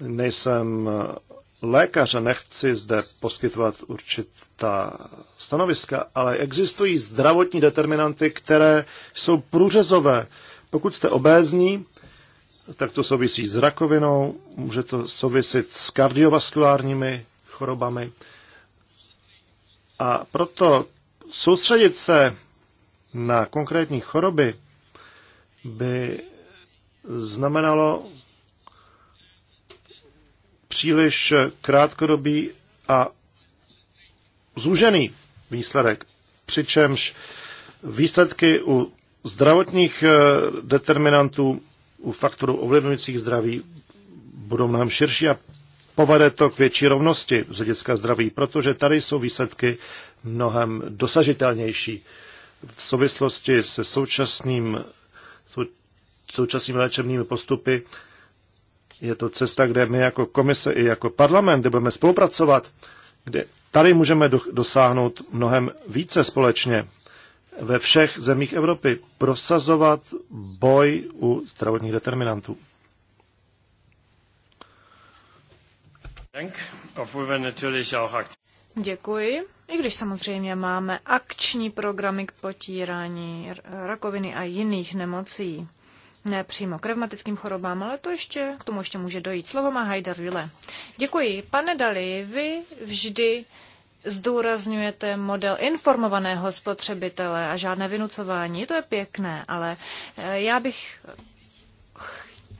Nejsem eh, lékař a nechci zde poskytovat určitá stanoviska, ale existují zdravotní determinanty, které jsou průřezové. Pokud jste obézní, tak to souvisí s rakovinou, může to souvisit s kardiovaskulárními chorobami. A proto soustředit se na konkrétní choroby by znamenalo příliš krátkodobý a zúžený výsledek. Přičemž výsledky u zdravotních eh, determinantů, u faktorů ovlivňujících zdraví, budou mnohem širší a povede to k větší rovnosti z hlediska zdraví, protože tady jsou výsledky mnohem dosažitelnější v souvislosti se současným, současným léčebnými postupy je to cesta, kde my jako komise i jako parlament, kde budeme spolupracovat, kde tady můžeme dosáhnout mnohem více společně ve všech zemích Evropy, prosazovat boj u zdravotních determinantů. Děkuji. I když samozřejmě máme akční programy k potírání rakoviny a jiných nemocí, ne přímo k revmatickým chorobám, ale to ještě, k tomu ještě může dojít. Slovo má Hajdar Vile. Děkuji. Pane Dali, vy vždy zdůrazňujete model informovaného spotřebitele a žádné vynucování. To je pěkné, ale eh, já bych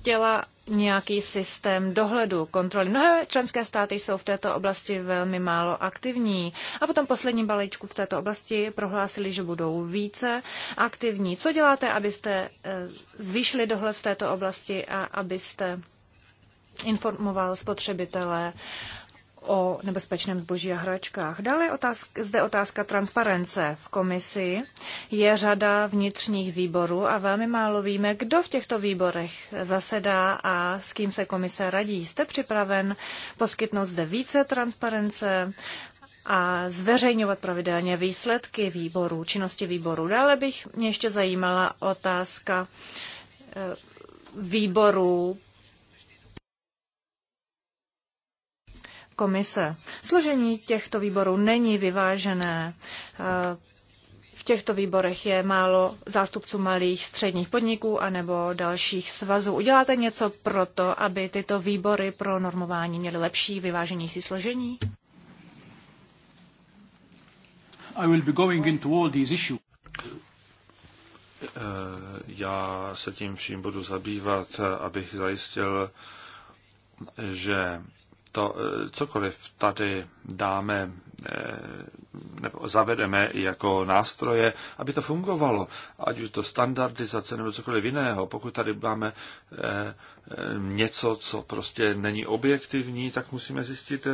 chtěla nějaký systém dohledu, kontroly. Mnohé členské státy jsou v této oblasti velmi málo aktivní a potom poslední balíčku v této oblasti prohlásili, že budou více aktivní. Co děláte, abyste eh, zvýšili dohled v této oblasti a abyste informoval spotřebitele o nebezpečném zboží a hračkách. Dále je otázka, zde otázka transparence. V komisi je řada vnitřních výborů a velmi málo víme, kdo v těchto výborech zasedá a s kým se komise radí. Jste připraven poskytnout zde více transparence a zveřejňovat pravidelně výsledky výborů, činnosti výborů. Dále bych mě ještě zajímala otázka eh, výborů komise. Složení těchto výborů není vyvážené. Eh, v těchto výborech je málo zástupců malých středních podniků anebo dalších svazů. Uděláte něco pro to, aby tyto výbory pro normování měly lepší vyváženější složení? I will be going into all these issues. Eh, já se tím vším budu zabývat, eh, abych zajistil, že to eh, cokoliv tady dáme eh, nebo zavedeme jako nástroje, aby to fungovalo, ať už to standardizace nebo cokoliv jiného. Pokud tady máme eh, něco, co prostě není objektivní, tak musíme zjistit,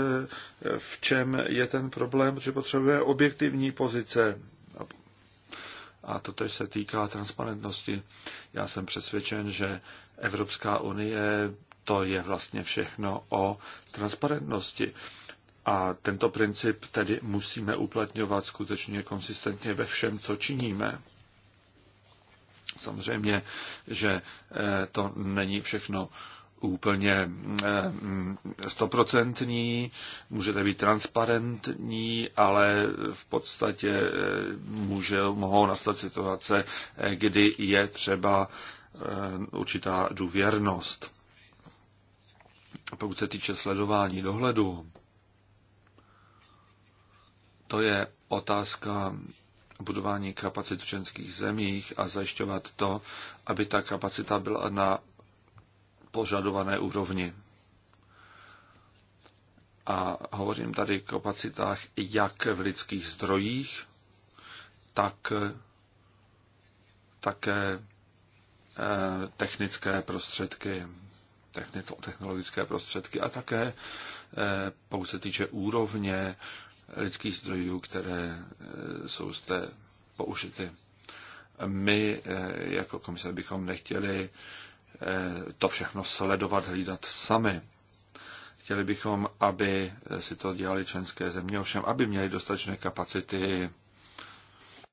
v čem je ten problém, protože potřebuje objektivní pozice. A to tež se týká transparentnosti. Já jsem přesvědčen, že Evropská unie to je vlastně všechno o transparentnosti. A tento princip tedy musíme uplatňovat skutečně konsistentně ve všem, co činíme. Samozřejmě, že eh, to není všechno úplně eh, stoprocentní, můžete být transparentní, ale v podstatě eh, může, mohou nastat situace, kdy je třeba určitá důvěrnost pokud se týče sledování dohledu, to je otázka budování kapacit v členských zemích a zajišťovat to, aby ta kapacita byla na požadované úrovni. A hovořím tady o kapacitách jak v lidských zdrojích, tak také eh, technické prostředky technologické prostředky a také eh, pouze týče úrovně lidských zdrojů, které eh, jsou zde použity. My eh, jako komise bychom nechtěli to všechno sledovat, hlídat sami. Chtěli bychom, aby si to dělali členské země, ovšem, aby měli dostatečné kapacity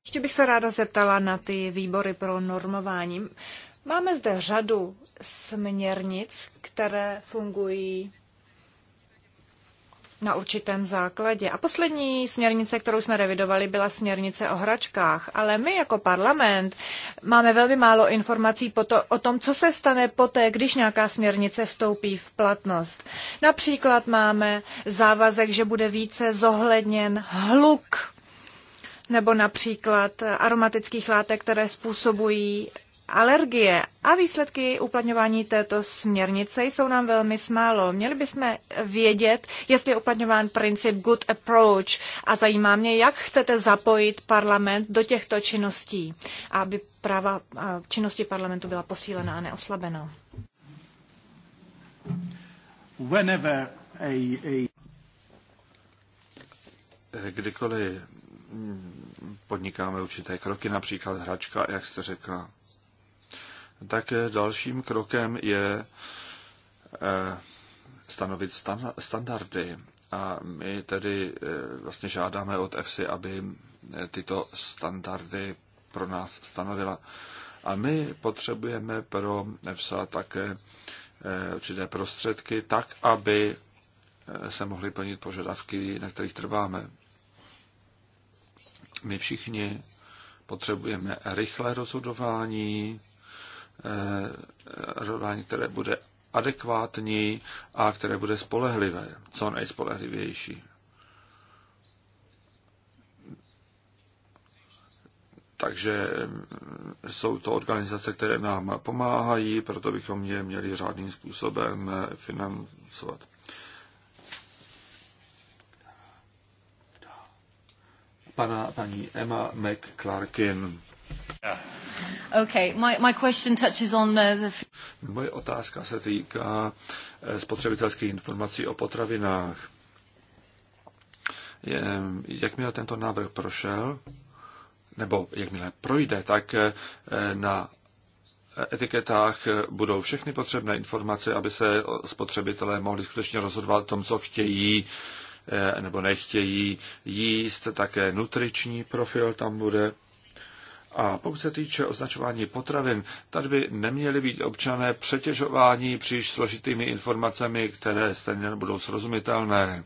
ještě bych se ráda zeptala na ty výbory pro normování. Máme zde řadu směrnic, které fungují na určitém základě. A poslední směrnice, kterou jsme revidovali, byla směrnice o hračkách. Ale my jako parlament máme velmi málo informací po to, o tom, co se stane poté, když nějaká směrnice vstoupí v platnost. Například máme závazek, že bude více zohledněn hluk nebo například aromatických látek, které způsobují alergie a výsledky uplatňování této směrnice jsou nám velmi smálo. Měli bychom vědět, jestli je uplatňován princip good approach a zajímá mě, jak chcete zapojit parlament do těchto činností, aby práva činnosti parlamentu byla posílena a neoslabena. Whenever a, a... Kdykoliv podnikáme určité kroky, například hračka, jak jste řekla, také dalším krokem je eh, stanovit standardy. A my tedy eh, vlastně žádáme od EFSI, aby eh, tyto standardy pro nás stanovila. A my potřebujeme pro EFSA také určité prostředky, tak, aby se mohly plnit požadavky, na kterých trváme. My všichni potřebujeme rychlé rozhodování, Eh, rozhodování, které bude adekvátní a které bude spolehlivé, co nejspolehlivější. Takže mm, jsou to organizace, které nám pomáhají, proto bychom je měli řádným způsobem eh, financovat. Pana, paní Emma McClarkin. Yeah. Okay, my, my question touches on the... Moje otázka se týká eh, spotřebitelských informací o potravinách. Jakmile tento návrh prošel, nebo jakmile projde, tak eh, na etiketách budou všechny potřebné informace, aby se spotřebitelé mohli skutečně rozhodovat o tom, co chtějí eh, nebo nechtějí jíst. Také nutriční profil tam bude. A pokud se týče označování potravin, tady by neměli být občané přetěžováni příliš složitými informacemi, které stejně nebudou srozumitelné.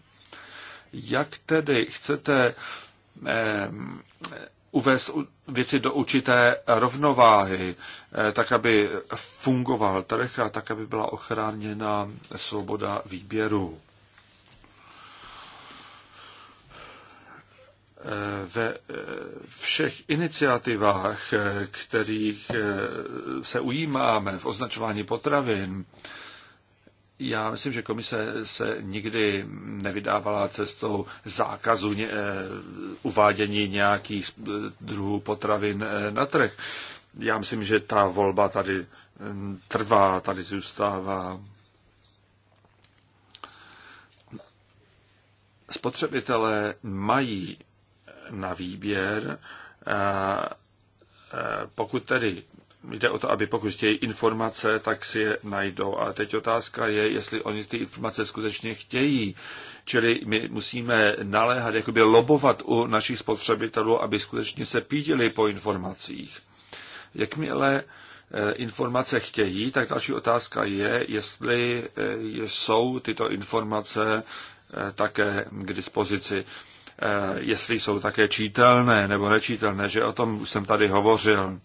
Jak tedy chcete eh, uvést věci do určité rovnováhy, eh, tak aby fungoval trh a tak, aby byla ochráněna svoboda výběru? ve všech iniciativách, kterých eh, se ujímáme v označování potravin, já myslím, že komise se nikdy nevydávala cestou zákazu eh, uvádění nějakých druhů potravin eh, na trh. Já myslím, že ta volba tady hm, trvá, tady zůstává. Spotřebitelé mají na výběr. Pokud tedy jde o to, aby pokud chtějí informace, tak si je najdou. A teď otázka je, jestli oni ty informace skutečně chtějí. Čili my musíme naléhat, jakoby lobovat u našich spotřebitelů, aby skutečně se pídili po informacích. Jakmile e, informace chtějí, tak další otázka je, jestli e, jsou tyto informace e, také k dispozici. Eh, jestli jsou také čítelné nebo nečítelné, že o tom jsem tady hovořil.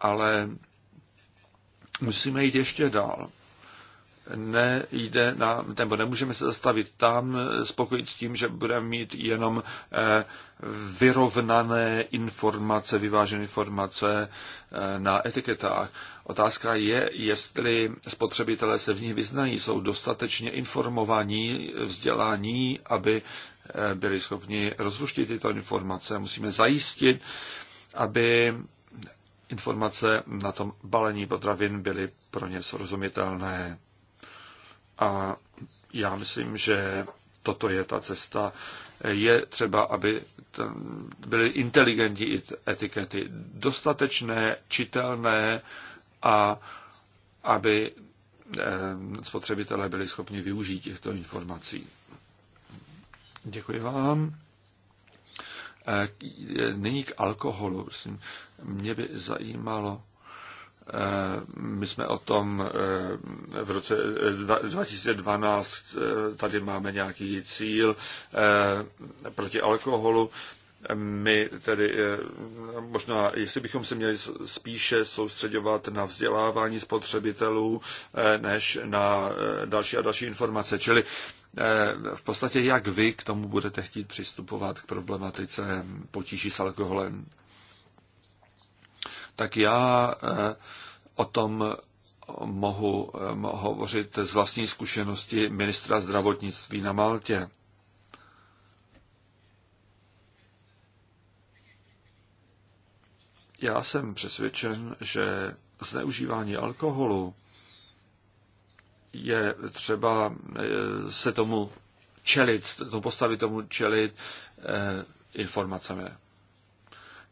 Ale musíme jít ještě dál. Nejde na, nebo nemůžeme se zastavit tam, spokojit s tím, že budeme mít jenom eh, vyrovnané informace, vyvážené informace eh, na etiketách. Otázka je, jestli spotřebitelé se v nich vyznají, jsou dostatečně informovaní, vzdělaní, aby Eh, byli schopni rozluštit tyto informace. Musíme zajistit, aby informace na tom balení potravin byly pro ně srozumitelné. A já myslím, že toto je ta cesta. Je třeba, aby byly inteligentní etikety, dostatečné, čitelné a aby eh, spotřebitelé byli schopni využít těchto informací. Děkuji vám. E, e, nyní k alkoholu. Prosím. Mě by zajímalo, e, my jsme o tom v roce 2012, tady máme nějaký cíl proti alkoholu. My tedy možná, jestli bychom se měli spíše soustředovat na vzdělávání spotřebitelů, než na další a další informace. Čili Eh, v podstatě jak vy k tomu budete chtít přistupovat k problematice potíží s alkoholem. Tak já eh, o tom mohu eh, hovořit z vlastní zkušenosti ministra zdravotnictví na Maltě. Já jsem přesvědčen, že zneužívání alkoholu je třeba eh, se tomu čelit, to postavit tomu čelit eh, informacemi.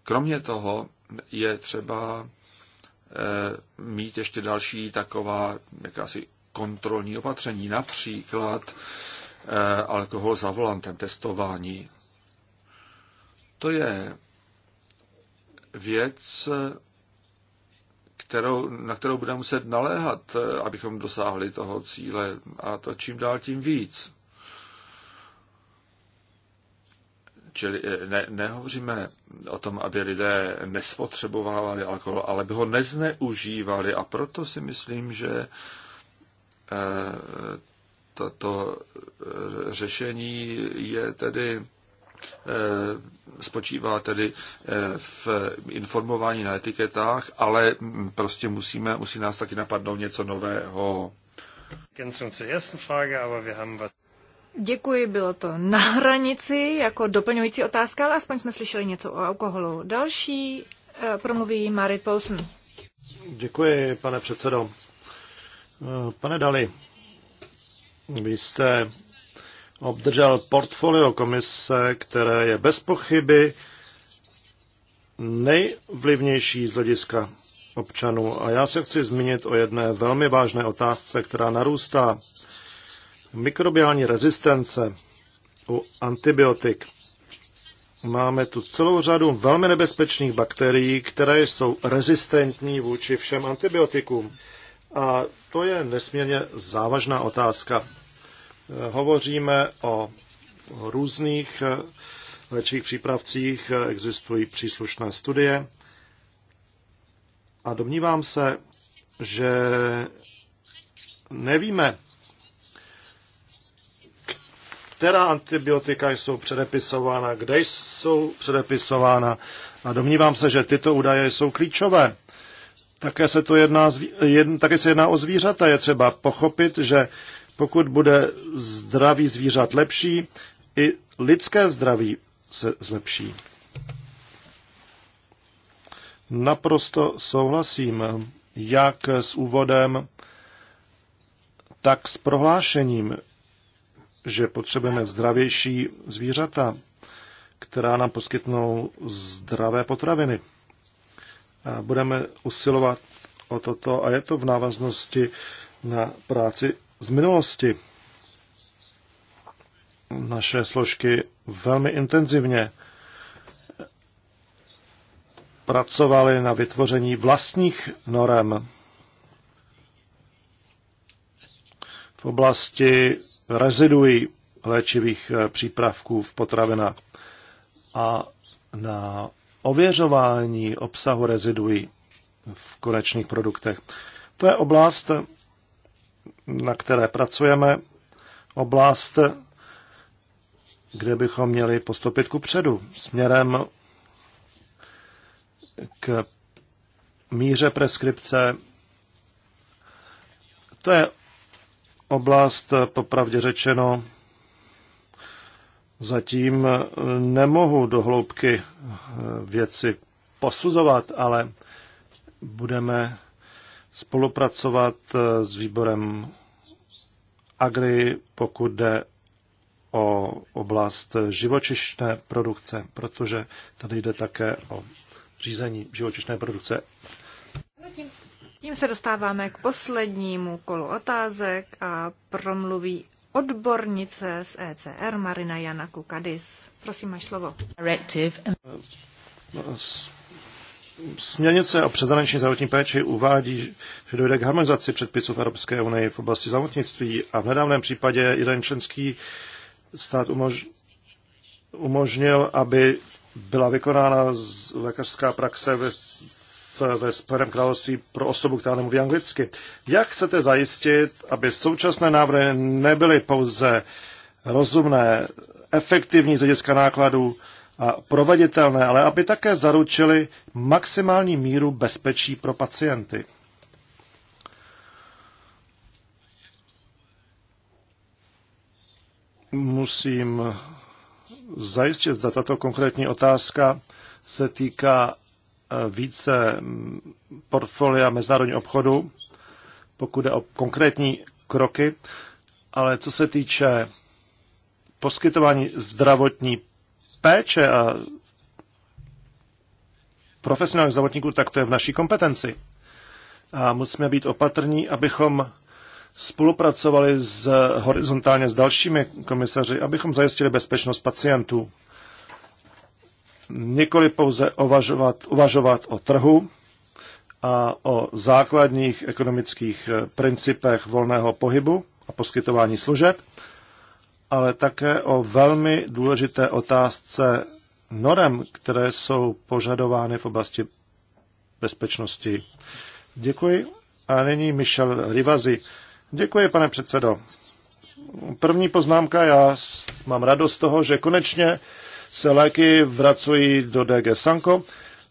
Kromě toho je třeba eh, mít ještě další taková jakási kontrolní opatření, například alkohol za volantem, testování. To je věc, kterou, na kterou budeme muset naléhat, eh, abychom dosáhli toho cíle a to čím dál tím víc. Čili eh, ne, nehovoříme o tom, aby lidé nespotřebovávali alkohol, ale by ho nezneužívali. A proto si myslím, že eh, toto řešení je tedy Eh, spočívá tedy eh, v informování na etiketách, ale mm, prostě musíme, musí nás taky napadnout něco nového. Děkuji, bylo to na hranici jako doplňující otázka, ale aspoň jsme slyšeli něco o alkoholu. Další eh, promluví Marit Paulsen. Děkuji, pane předsedo. Pane Dali, vy jste obdržel portfolio komise, které je bez pochyby nejvlivnější z hlediska občanů. A já se chci zmínit o jedné velmi vážné otázce, která narůstá. Mikrobiální rezistence u antibiotik. Máme tu celou řadu velmi nebezpečných bakterií, které jsou rezistentní vůči všem antibiotikům. A to je nesmírně závažná otázka. Hovoříme o různých léčivých přípravcích, existují příslušné studie a domnívám se, že nevíme, která antibiotika jsou předepisována, kde jsou předepisována. A domnívám se, že tyto údaje jsou klíčové. Také se, to jedná, také se jedná o zvířata. Je třeba pochopit, že pokud bude zdraví zvířat lepší, i lidské zdraví se zlepší. Naprosto souhlasím jak s úvodem, tak s prohlášením, že potřebujeme zdravější zvířata, která nám poskytnou zdravé potraviny. A budeme usilovat o toto a je to v návaznosti na práci z minulosti naše složky velmi intenzivně pracovaly na vytvoření vlastních norem v oblasti reziduí léčivých eh, přípravků v potravinách a na ověřování obsahu reziduí v konečných produktech. To je oblast, na které pracujeme, oblast, kde bychom měli postupit ku předu směrem k míře preskripce. To je oblast, popravdě řečeno, zatím nemohu do hloubky věci posuzovat, ale budeme spolupracovat eh, s výborem Agri, pokud jde o oblast živočišné produkce, protože tady jde také o řízení živočišné produkce. No, tím, se dostáváme k poslednímu kolu otázek a promluví odbornice z ECR Marina Jana Kukadis. Prosím, máš slovo. Směrnice o přezaneční zdravotní péči uvádí, že dojde k harmonizaci předpisů v Evropské unii v oblasti zdravotnictví a v nedávném případě jeden členský stát umož, umožnil, aby byla vykonána lékařská praxe ve, ve Spojeném království pro osobu, která nemluví anglicky. Jak chcete zajistit, aby současné návrhy nebyly pouze rozumné, efektivní z hlediska nákladů, a proveditelné, ale aby také zaručili maximální míru bezpečí pro pacienty. Musím zajistit, zda tato konkrétní otázka se týká eh, více mm, portfolia mezinárodního obchodu, pokud jde o konkrétní kroky, ale co se týče poskytování zdravotní péče a profesionálních zdravotníků, tak to je v naší kompetenci. A musíme být opatrní, abychom spolupracovali s, horizontálně s dalšími komisaři, abychom zajistili bezpečnost pacientů. Nikoli pouze uvažovat, uvažovat o trhu a o základních ekonomických eh, principech volného pohybu a poskytování služeb, ale také o velmi důležité otázce norem, které jsou požadovány v oblasti bezpečnosti. Děkuji. A nyní Michel Rivazi. Děkuji, pane předsedo. První poznámka, já mám radost z toho, že konečně se léky vracují do DG Sanko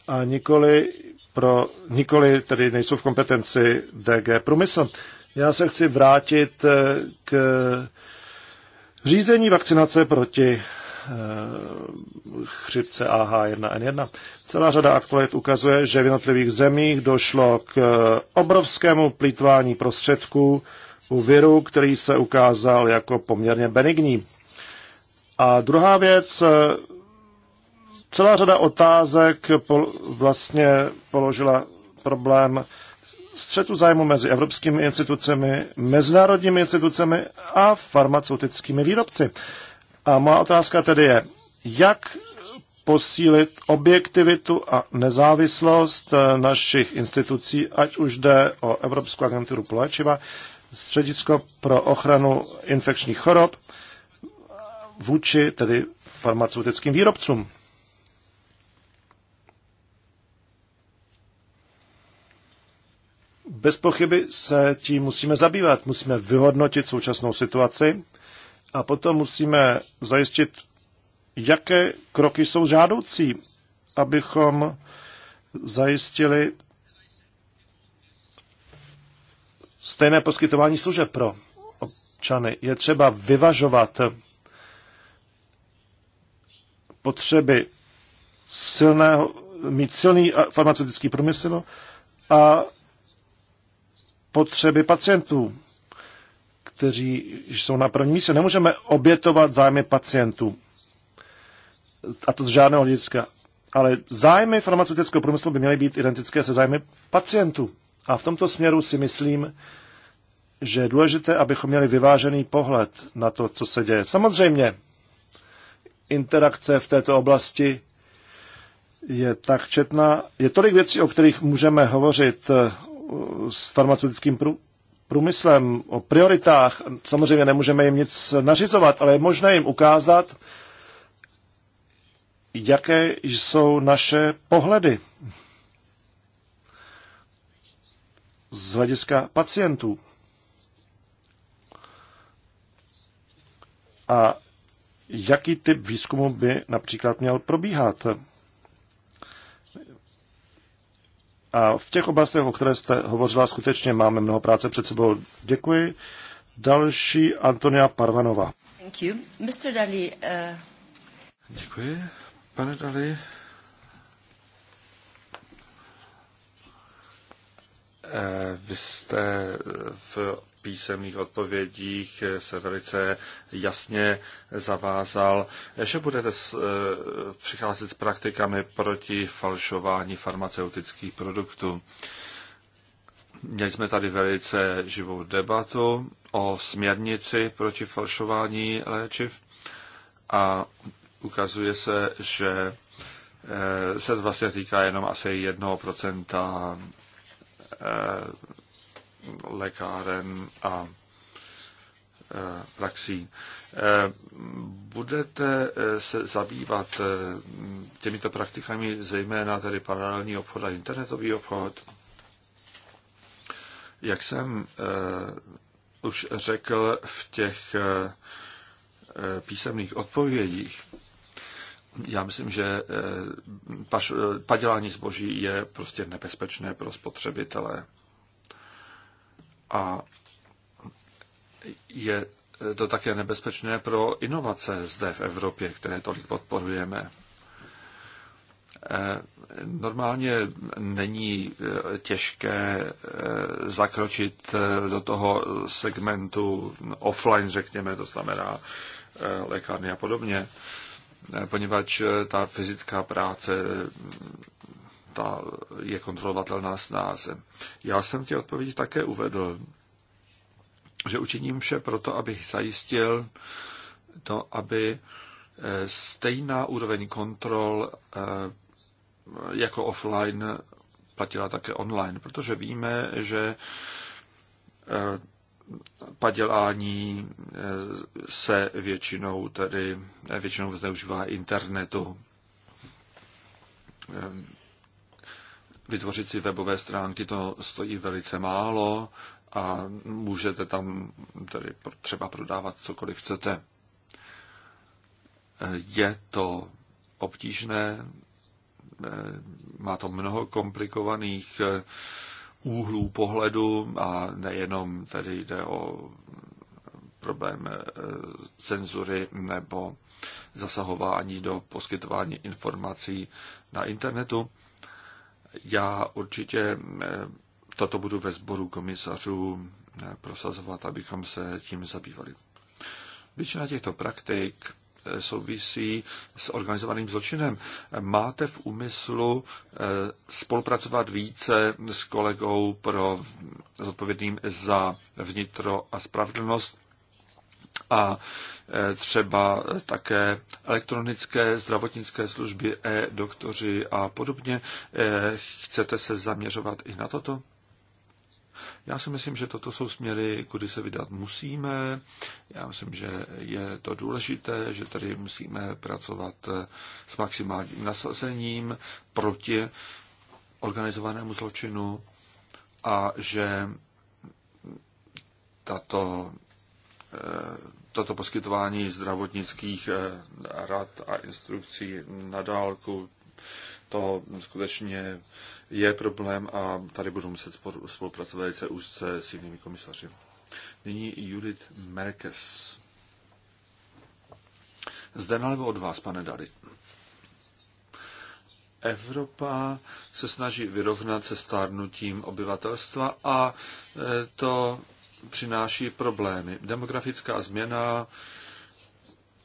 a nikoli, pro, nikoli tedy nejsou v kompetenci DG Průmysl. Já se chci vrátit eh, k Řízení vakcinace proti eh, chřipce AH1N1. Celá řada aktualit ukazuje, že v jednotlivých zemích došlo k eh, obrovskému plítvání prostředků u viru, který se ukázal jako poměrně benigní. A druhá věc, eh, celá řada otázek vlastně položila problém střetu zájmu mezi evropskými institucemi, mezinárodními institucemi a farmaceutickými výrobci. A má otázka tedy je, jak posílit objektivitu a nezávislost eh, našich institucí, ať už jde o Evropskou agenturu pro Středisko pro ochranu infekčních chorob, vůči tedy farmaceutickým výrobcům. Bez pochyby se tím musíme zabývat. Musíme vyhodnotit současnou situaci a potom musíme zajistit, jaké kroky jsou žádoucí, abychom zajistili stejné poskytování služeb pro občany. Je třeba vyvažovat potřeby silného, mít silný farmaceutický průmysl a potřeby pacientů, kteří jsou na první místě. Nemůžeme obětovat zájmy pacientů. A to z žádného hlediska. Ale zájmy farmaceutického průmyslu by měly být identické se zájmy pacientů. A v tomto směru si myslím, že je důležité, abychom měli vyvážený pohled na to, co se děje. Samozřejmě, interakce v této oblasti je tak četná. Je tolik věcí, o kterých můžeme hovořit s farmaceutickým průmyslem, o prioritách. Samozřejmě nemůžeme jim nic nařizovat, ale je možné jim ukázat, jaké jsou naše pohledy z hlediska pacientů. A jaký typ výzkumu by například měl probíhat? A v těch oblastech, o které jste hovořila, skutečně máme mnoho práce před sebou. Děkuji. Další Antonia Parvanova. Thank you. Mr. Dali, uh... Děkuji. Pane Dali, eh, Vy jste v písemných odpovědích eh, se velice jasně zavázal, že budete eh, přicházet s praktikami proti falšování farmaceutických produktů. Měli jsme tady velice živou debatu o směrnici proti falšování léčiv a ukazuje se, že eh, se vlastně týká jenom asi 1% lékáren a e, praxí. E, budete e, se zabývat těmito praktikami, zejména tedy paralelní obchod a internetový obchod? Jak jsem už řekl v těch písemných odpovědích, já myslím, že padělání zboží je prostě nebezpečné pro spotřebitele. A je to také nebezpečné pro inovace zde v Evropě, které tolik podporujeme. Eh, normálně není eh, těžké eh, zakročit do toho segmentu offline, řekněme, to znamená lékárny a podobně, poněvadž ta fyzická práce ta je kontrolovatelná snáze. Já jsem ti odpověď odpovědi také uvedl, že učiním vše proto, abych zajistil to, aby eh, stejná úroveň kontrol eh, jako offline platila také online, protože víme, že eh, padělání se většinou tedy většinou zneužívá internetu. Vytvořit si webové stránky to stojí velice málo a můžete tam tedy třeba prodávat cokoliv chcete. Je to obtížné, eh, má to mnoho komplikovaných eh, úhlů pohledu a nejenom tedy jde o problém eh, cenzury nebo zasahování do poskytování informací na internetu. Já určitě eh, toto budu ve sboru komisařů eh, prosazovat, abychom se tím zabývali. Většina těchto praktik eh, souvisí s organizovaným zločinem. Máte v úmyslu spolupracovat více s kolegou pro zodpovědným za vnitro a spravedlnost, a e, třeba také elektronické zdravotnické služby, e-doktoři a podobně. E, chcete se zaměřovat i na toto? Já si myslím, že toto jsou směry, kudy se vydat musíme. Já myslím, že je to důležité, že tady musíme pracovat e, s maximálním nasazením proti organizovanému zločinu a že tato toto poskytování zdravotnických eh, rad a instrukcí na dálku, to skutečně je problém a tady budu muset spolupracovat velice úzce s jinými komisaři. Nyní Judith Merkes. Zde nalevo od vás, pane Dali. Evropa se snaží vyrovnat se stárnutím obyvatelstva a eh, to přináší problémy. Demografická změna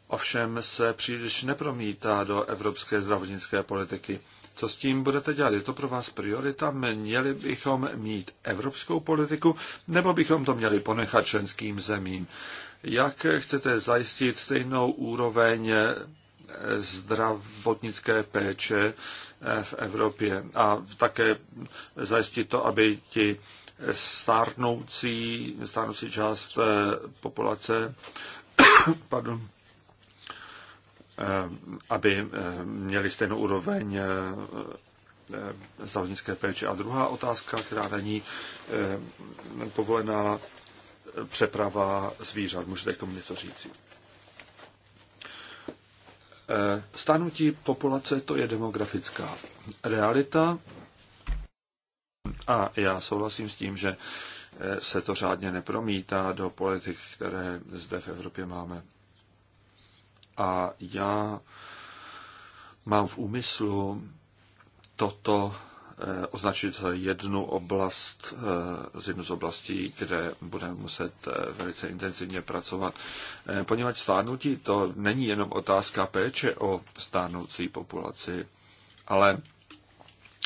ovšem se příliš nepromítá do evropské zdravotnické politiky. Co s tím budete dělat? Je to pro vás priorita? Měli bychom mít evropskou politiku, nebo bychom to měli ponechat členským zemím? Jak chcete zajistit stejnou úroveň zdravotnické péče v Evropě a také zajistit to, aby ti stárnoucí, stárnoucí část populace, [coughs] pardon, eh, aby eh, měli stejnou úroveň eh, zdravotnické péče. A druhá otázka, která není povolená, přeprava zvířat. Můžete k tomu něco říct? Stanutí populace to je demografická realita a já souhlasím s tím, že eh, se to řádně nepromítá do politik, které zde v Evropě máme. A já mám v úmyslu toto eh, označit jednu oblast eh, z jednu z oblastí, kde budeme muset velice intenzivně pracovat. Poněvadž stárnutí to není jenom otázka péče o stárnoucí populaci, ale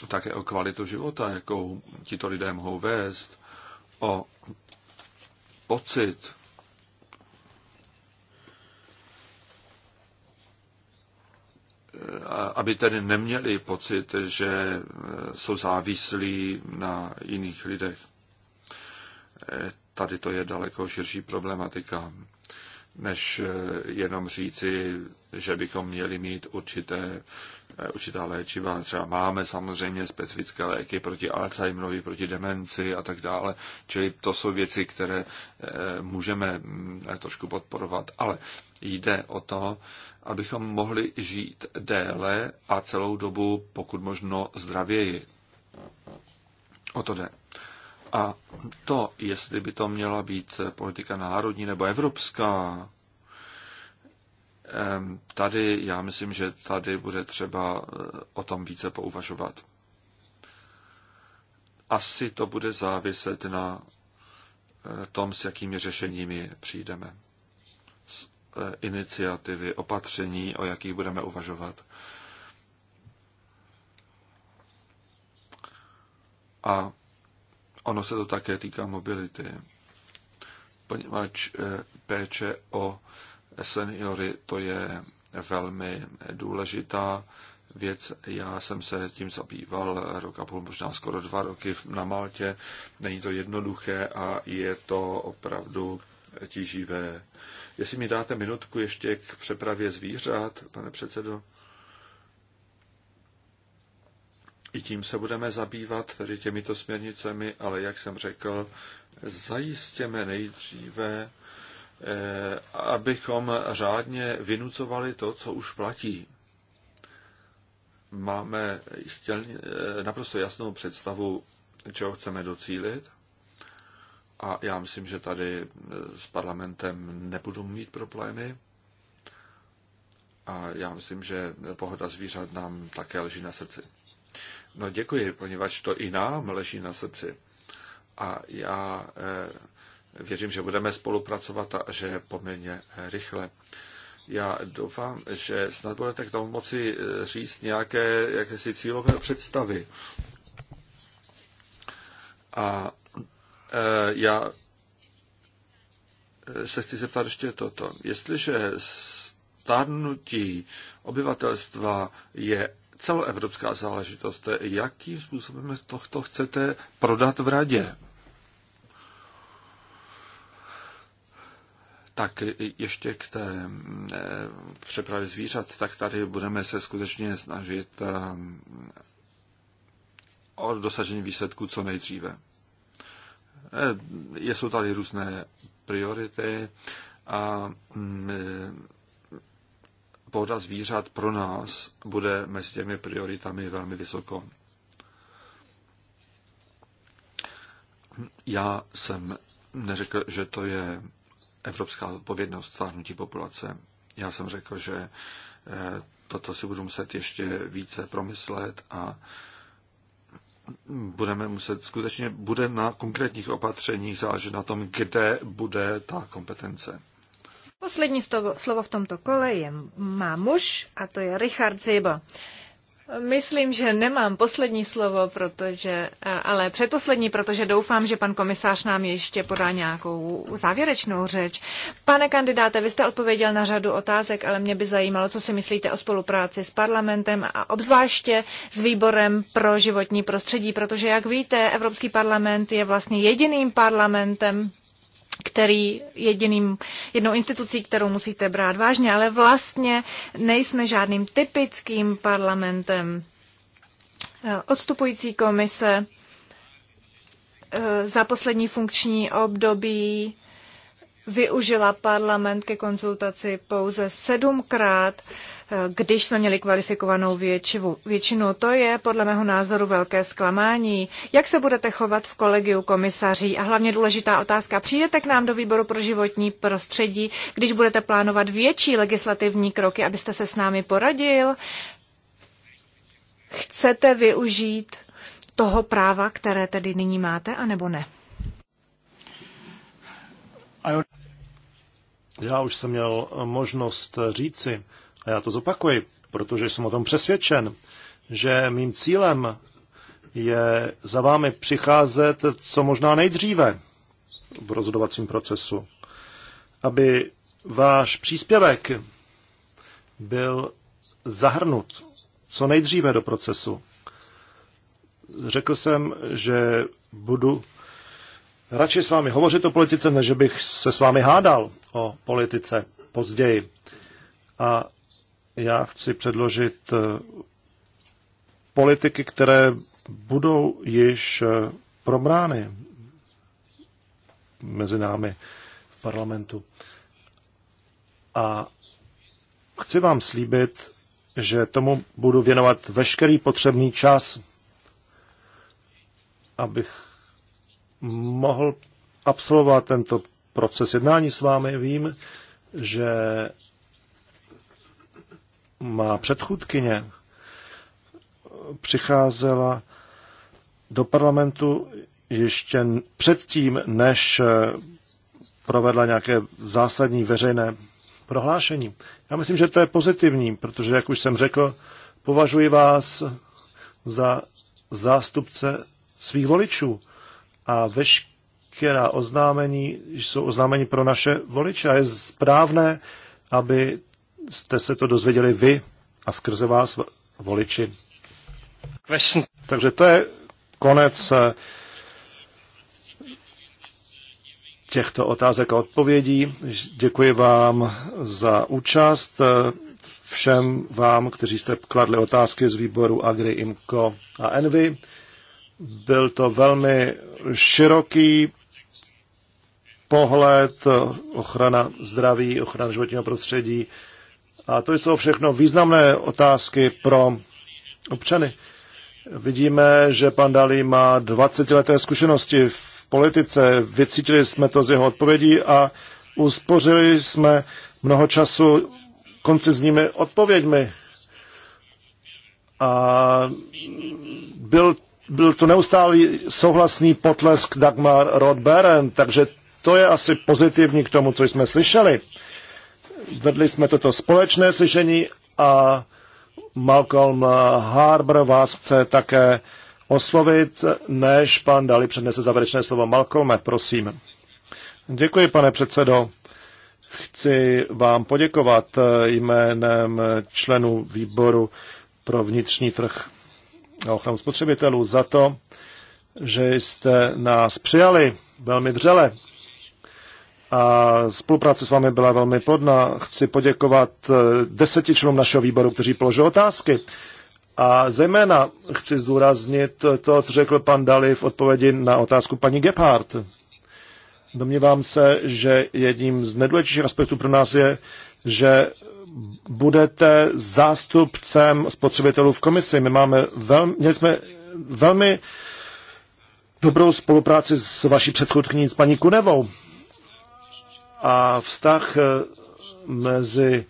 také o kvalitu života, jakou tito lidé mohou vést, o pocit, aby tedy neměli pocit, že eh, jsou závislí na jiných lidech. Eh, tady to je daleko širší problematika, než eh, jenom říci, že bychom měli mít určité Eh, určitá léčiva. Třeba máme samozřejmě specifické léky proti Alzheimerovi, proti demenci a tak dále. Čili to jsou věci, které eh, můžeme mm, trošku podporovat. Ale jde o to, abychom mohli žít déle a celou dobu, pokud možno, zdravěji. O to jde. A to, jestli by to měla být politika národní nebo evropská, Tady, já myslím, že tady bude třeba eh, o tom více pouvažovat. Asi to bude záviset na eh, tom, s jakými řešeními přijdeme. Z eh, iniciativy, opatření, o jakých budeme uvažovat. A ono se to také týká mobility, poněvadž péče o seniory, to je velmi důležitá věc. Já jsem se tím zabýval rok a půl, možná skoro dva roky na Maltě. Není to jednoduché a je to opravdu tíživé. Jestli mi dáte minutku ještě k přepravě zvířat, pane předsedo. I tím se budeme zabývat, tedy těmito směrnicemi, ale jak jsem řekl, zajistěme nejdříve Eh, abychom řádně vynucovali to, co už platí. Máme jistě, eh, naprosto jasnou představu, čeho chceme docílit. A já myslím, že tady eh, s parlamentem nebudou mít problémy. A já myslím, že pohoda zvířat nám také leží na srdci. No děkuji, poněvadž to i nám leží na srdci. A já Věřím, že budeme spolupracovat a že poměrně rychle. Já doufám, že snad budete k tomu moci eh, říct nějaké jakési cílové představy. A e, já eh, se chci zeptat ještě toto. Jestliže stárnutí obyvatelstva je celoevropská záležitost, jakým způsobem to, to chcete prodat v radě? Tak ještě k té eh, přepravě zvířat, tak tady budeme se skutečně snažit eh, o dosažení výsledku co nejdříve. Eh, jsou tady různé priority a mm, pohoda zvířat pro nás bude mezi těmi prioritami velmi vysoko. Já jsem neřekl, že to je evropská odpovědnost stárnutí populace. Já jsem řekl, že eh, toto si budu muset ještě více promyslet a budeme muset, skutečně bude na konkrétních opatřeních záležet na tom, kde bude ta kompetence. Poslední slovo, v tomto kole je, má muž a to je Richard Zibel. Myslím, že nemám poslední slovo, protože, ale předposlední, protože doufám, že pan komisář nám ještě podá nějakou závěrečnou řeč. Pane kandidáte, vy jste odpověděl na řadu otázek, ale mě by zajímalo, co si myslíte o spolupráci s parlamentem a obzvláště s výborem pro životní prostředí, protože, jak víte, Evropský parlament je vlastně jediným parlamentem, který jediným, jednou institucí, kterou musíte brát vážně, ale vlastně nejsme žádným typickým parlamentem. Eh, odstupující komise eh, za poslední funkční období využila parlament ke konzultaci pouze sedmkrát, eh, když jsme měli kvalifikovanou většivu. většinu. To je podle mého názoru velké zklamání. Jak se budete chovat v kolegiu komisaří? A hlavně důležitá otázka. Přijdete k nám do výboru pro životní prostředí, když budete plánovat větší legislativní kroky, abyste se s námi poradil? Chcete využít toho práva, které tedy nyní máte, anebo ne? Já už jsem měl možnost říci, a já to zopakuji, protože jsem o tom přesvědčen, že mým cílem je za vámi přicházet co možná nejdříve v rozhodovacím procesu, aby váš příspěvek byl zahrnut co nejdříve do procesu. Řekl jsem, že budu radši s vámi hovořit o politice, než bych se s vámi hádal o politice později. A já chci předložit eh, politiky, které budou již eh, probrány mezi námi v parlamentu. A chci vám slíbit, že tomu budu věnovat veškerý potřebný čas, abych mohl absolvovat tento proces jednání s vámi. Vím, že má předchůdkyně přicházela do parlamentu ještě předtím, než provedla nějaké zásadní veřejné prohlášení. Já myslím, že to je pozitivní, protože, jak už jsem řekl, považuji vás za zástupce svých voličů a veškerá oznámení jsou oznámení pro naše voliče a je správné, aby jste se to dozvěděli vy a skrze vás voliči. Takže to je konec eh, těchto otázek a odpovědí. Děkuji vám za účast. Eh, všem vám, kteří jste kladli otázky z výboru Agri, Imko a Envy. Byl to velmi široký pohled, ochrana zdraví, ochrana životního prostředí. A to jsou všechno významné otázky pro občany. Vidíme, že pan Dalí má 20-leté zkušenosti v politice, vycítili jsme to z jeho odpovědí a uspořili jsme mnoho času koncizními odpověďmi. A byl byl to neustálý souhlasný potlesk Dagmar Rodberen, takže to je asi pozitivní k tomu, co jsme slyšeli. Vedli jsme toto společné slyšení a Malcolm Harbour vás chce také oslovit, než pan Dali přednese závěrečné slovo. Malcolme, prosím. Děkuji, pane předsedo. Chci vám poděkovat jménem členů výboru pro vnitřní trh na ochranu spotřebitelů za to, že jste nás přijali velmi vřele. A spolupráce s vámi byla velmi plodná. Chci poděkovat eh, deseti členům našeho výboru, kteří položili otázky. A zejména chci zdůraznit to, co řekl pan Dali v odpovědi na otázku paní Gebhardt. Domnívám se, že jedním z nejdůležitějších aspektů pro nás je, že budete zástupcem spotřebitelů v komisi. My máme velmi, měli jsme velmi dobrou spolupráci s vaší předchůdkyní, s paní Kunevou. A vztah eh, mezi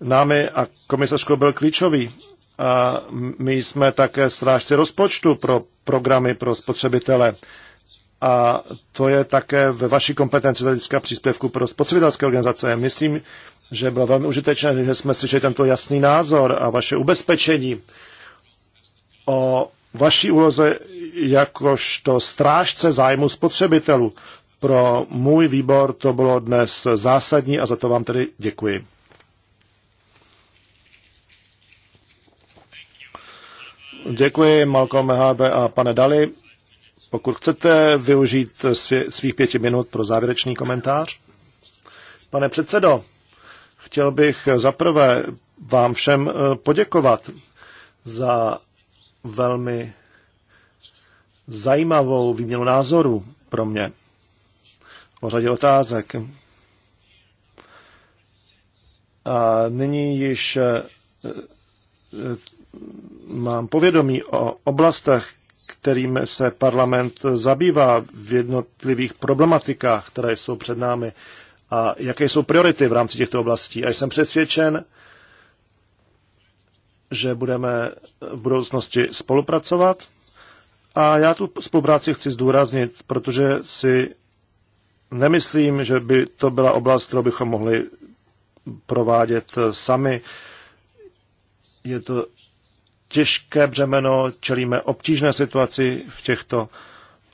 námi a komisařkou byl klíčový. A my jsme také strážci rozpočtu pro programy pro spotřebitele. A to je také ve vaší kompetenci z hlediska příspěvku pro spotřebitelské organizace. Myslím, že bylo velmi užitečné, že jsme slyšeli tento jasný názor a vaše ubezpečení o vaší úloze jakožto strážce zájmu spotřebitelů. Pro můj výbor to bylo dnes zásadní a za to vám tedy děkuji. Děkuji, Malcolm Mehabe a pane Dali. Pokud chcete využít svě, svých pěti minut pro závěrečný komentář. Pane předsedo, Chtěl bych eh, zaprvé vám všem eh, poděkovat za velmi zajímavou výměnu názorů pro mě o řadě otázek. A nyní již eh, mám povědomí o oblastech, kterým se parlament zabývá v jednotlivých problematikách, které jsou před námi a jaké jsou priority v rámci těchto oblastí. A jsem přesvědčen, že budeme v budoucnosti spolupracovat. A já tu spolupráci chci zdůraznit, protože si nemyslím, že by to byla oblast, kterou bychom mohli provádět sami. Je to těžké břemeno, čelíme obtížné situaci v těchto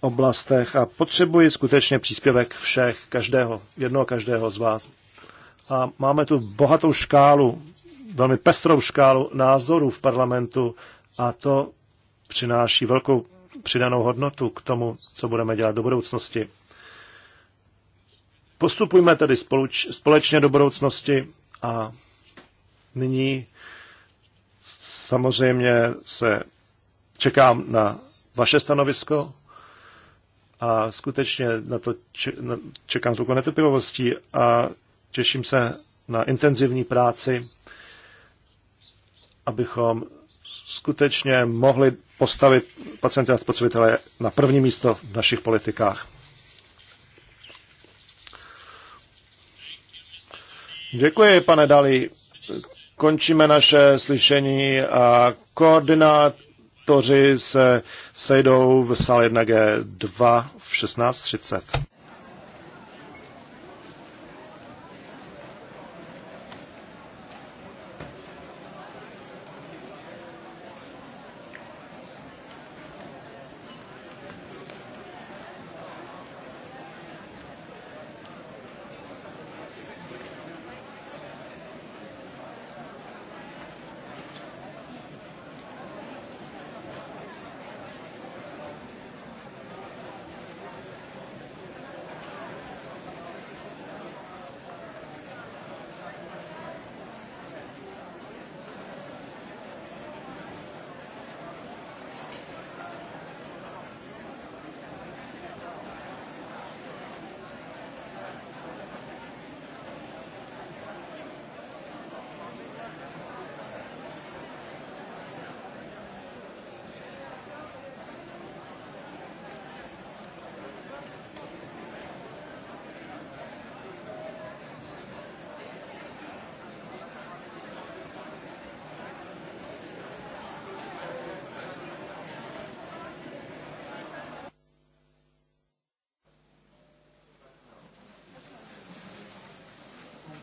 oblastech a potřebuji skutečně příspěvek všech, každého, jednoho každého z vás. A máme tu bohatou škálu, velmi pestrou škálu názorů v parlamentu a to přináší velkou přidanou hodnotu k tomu, co budeme dělat do budoucnosti. Postupujme tedy spoluč, společně do budoucnosti a nyní samozřejmě se čekám na vaše stanovisko a skutečně na to čekám s velkou netrpělivostí a těším se na intenzivní práci, abychom skutečně mohli postavit pacienty a spotřebitele na první místo v našich politikách. Děkuji, pane Dali. Končíme naše slyšení a koordinát koordinátoři se sejdou v sále 1G2 v 16.30.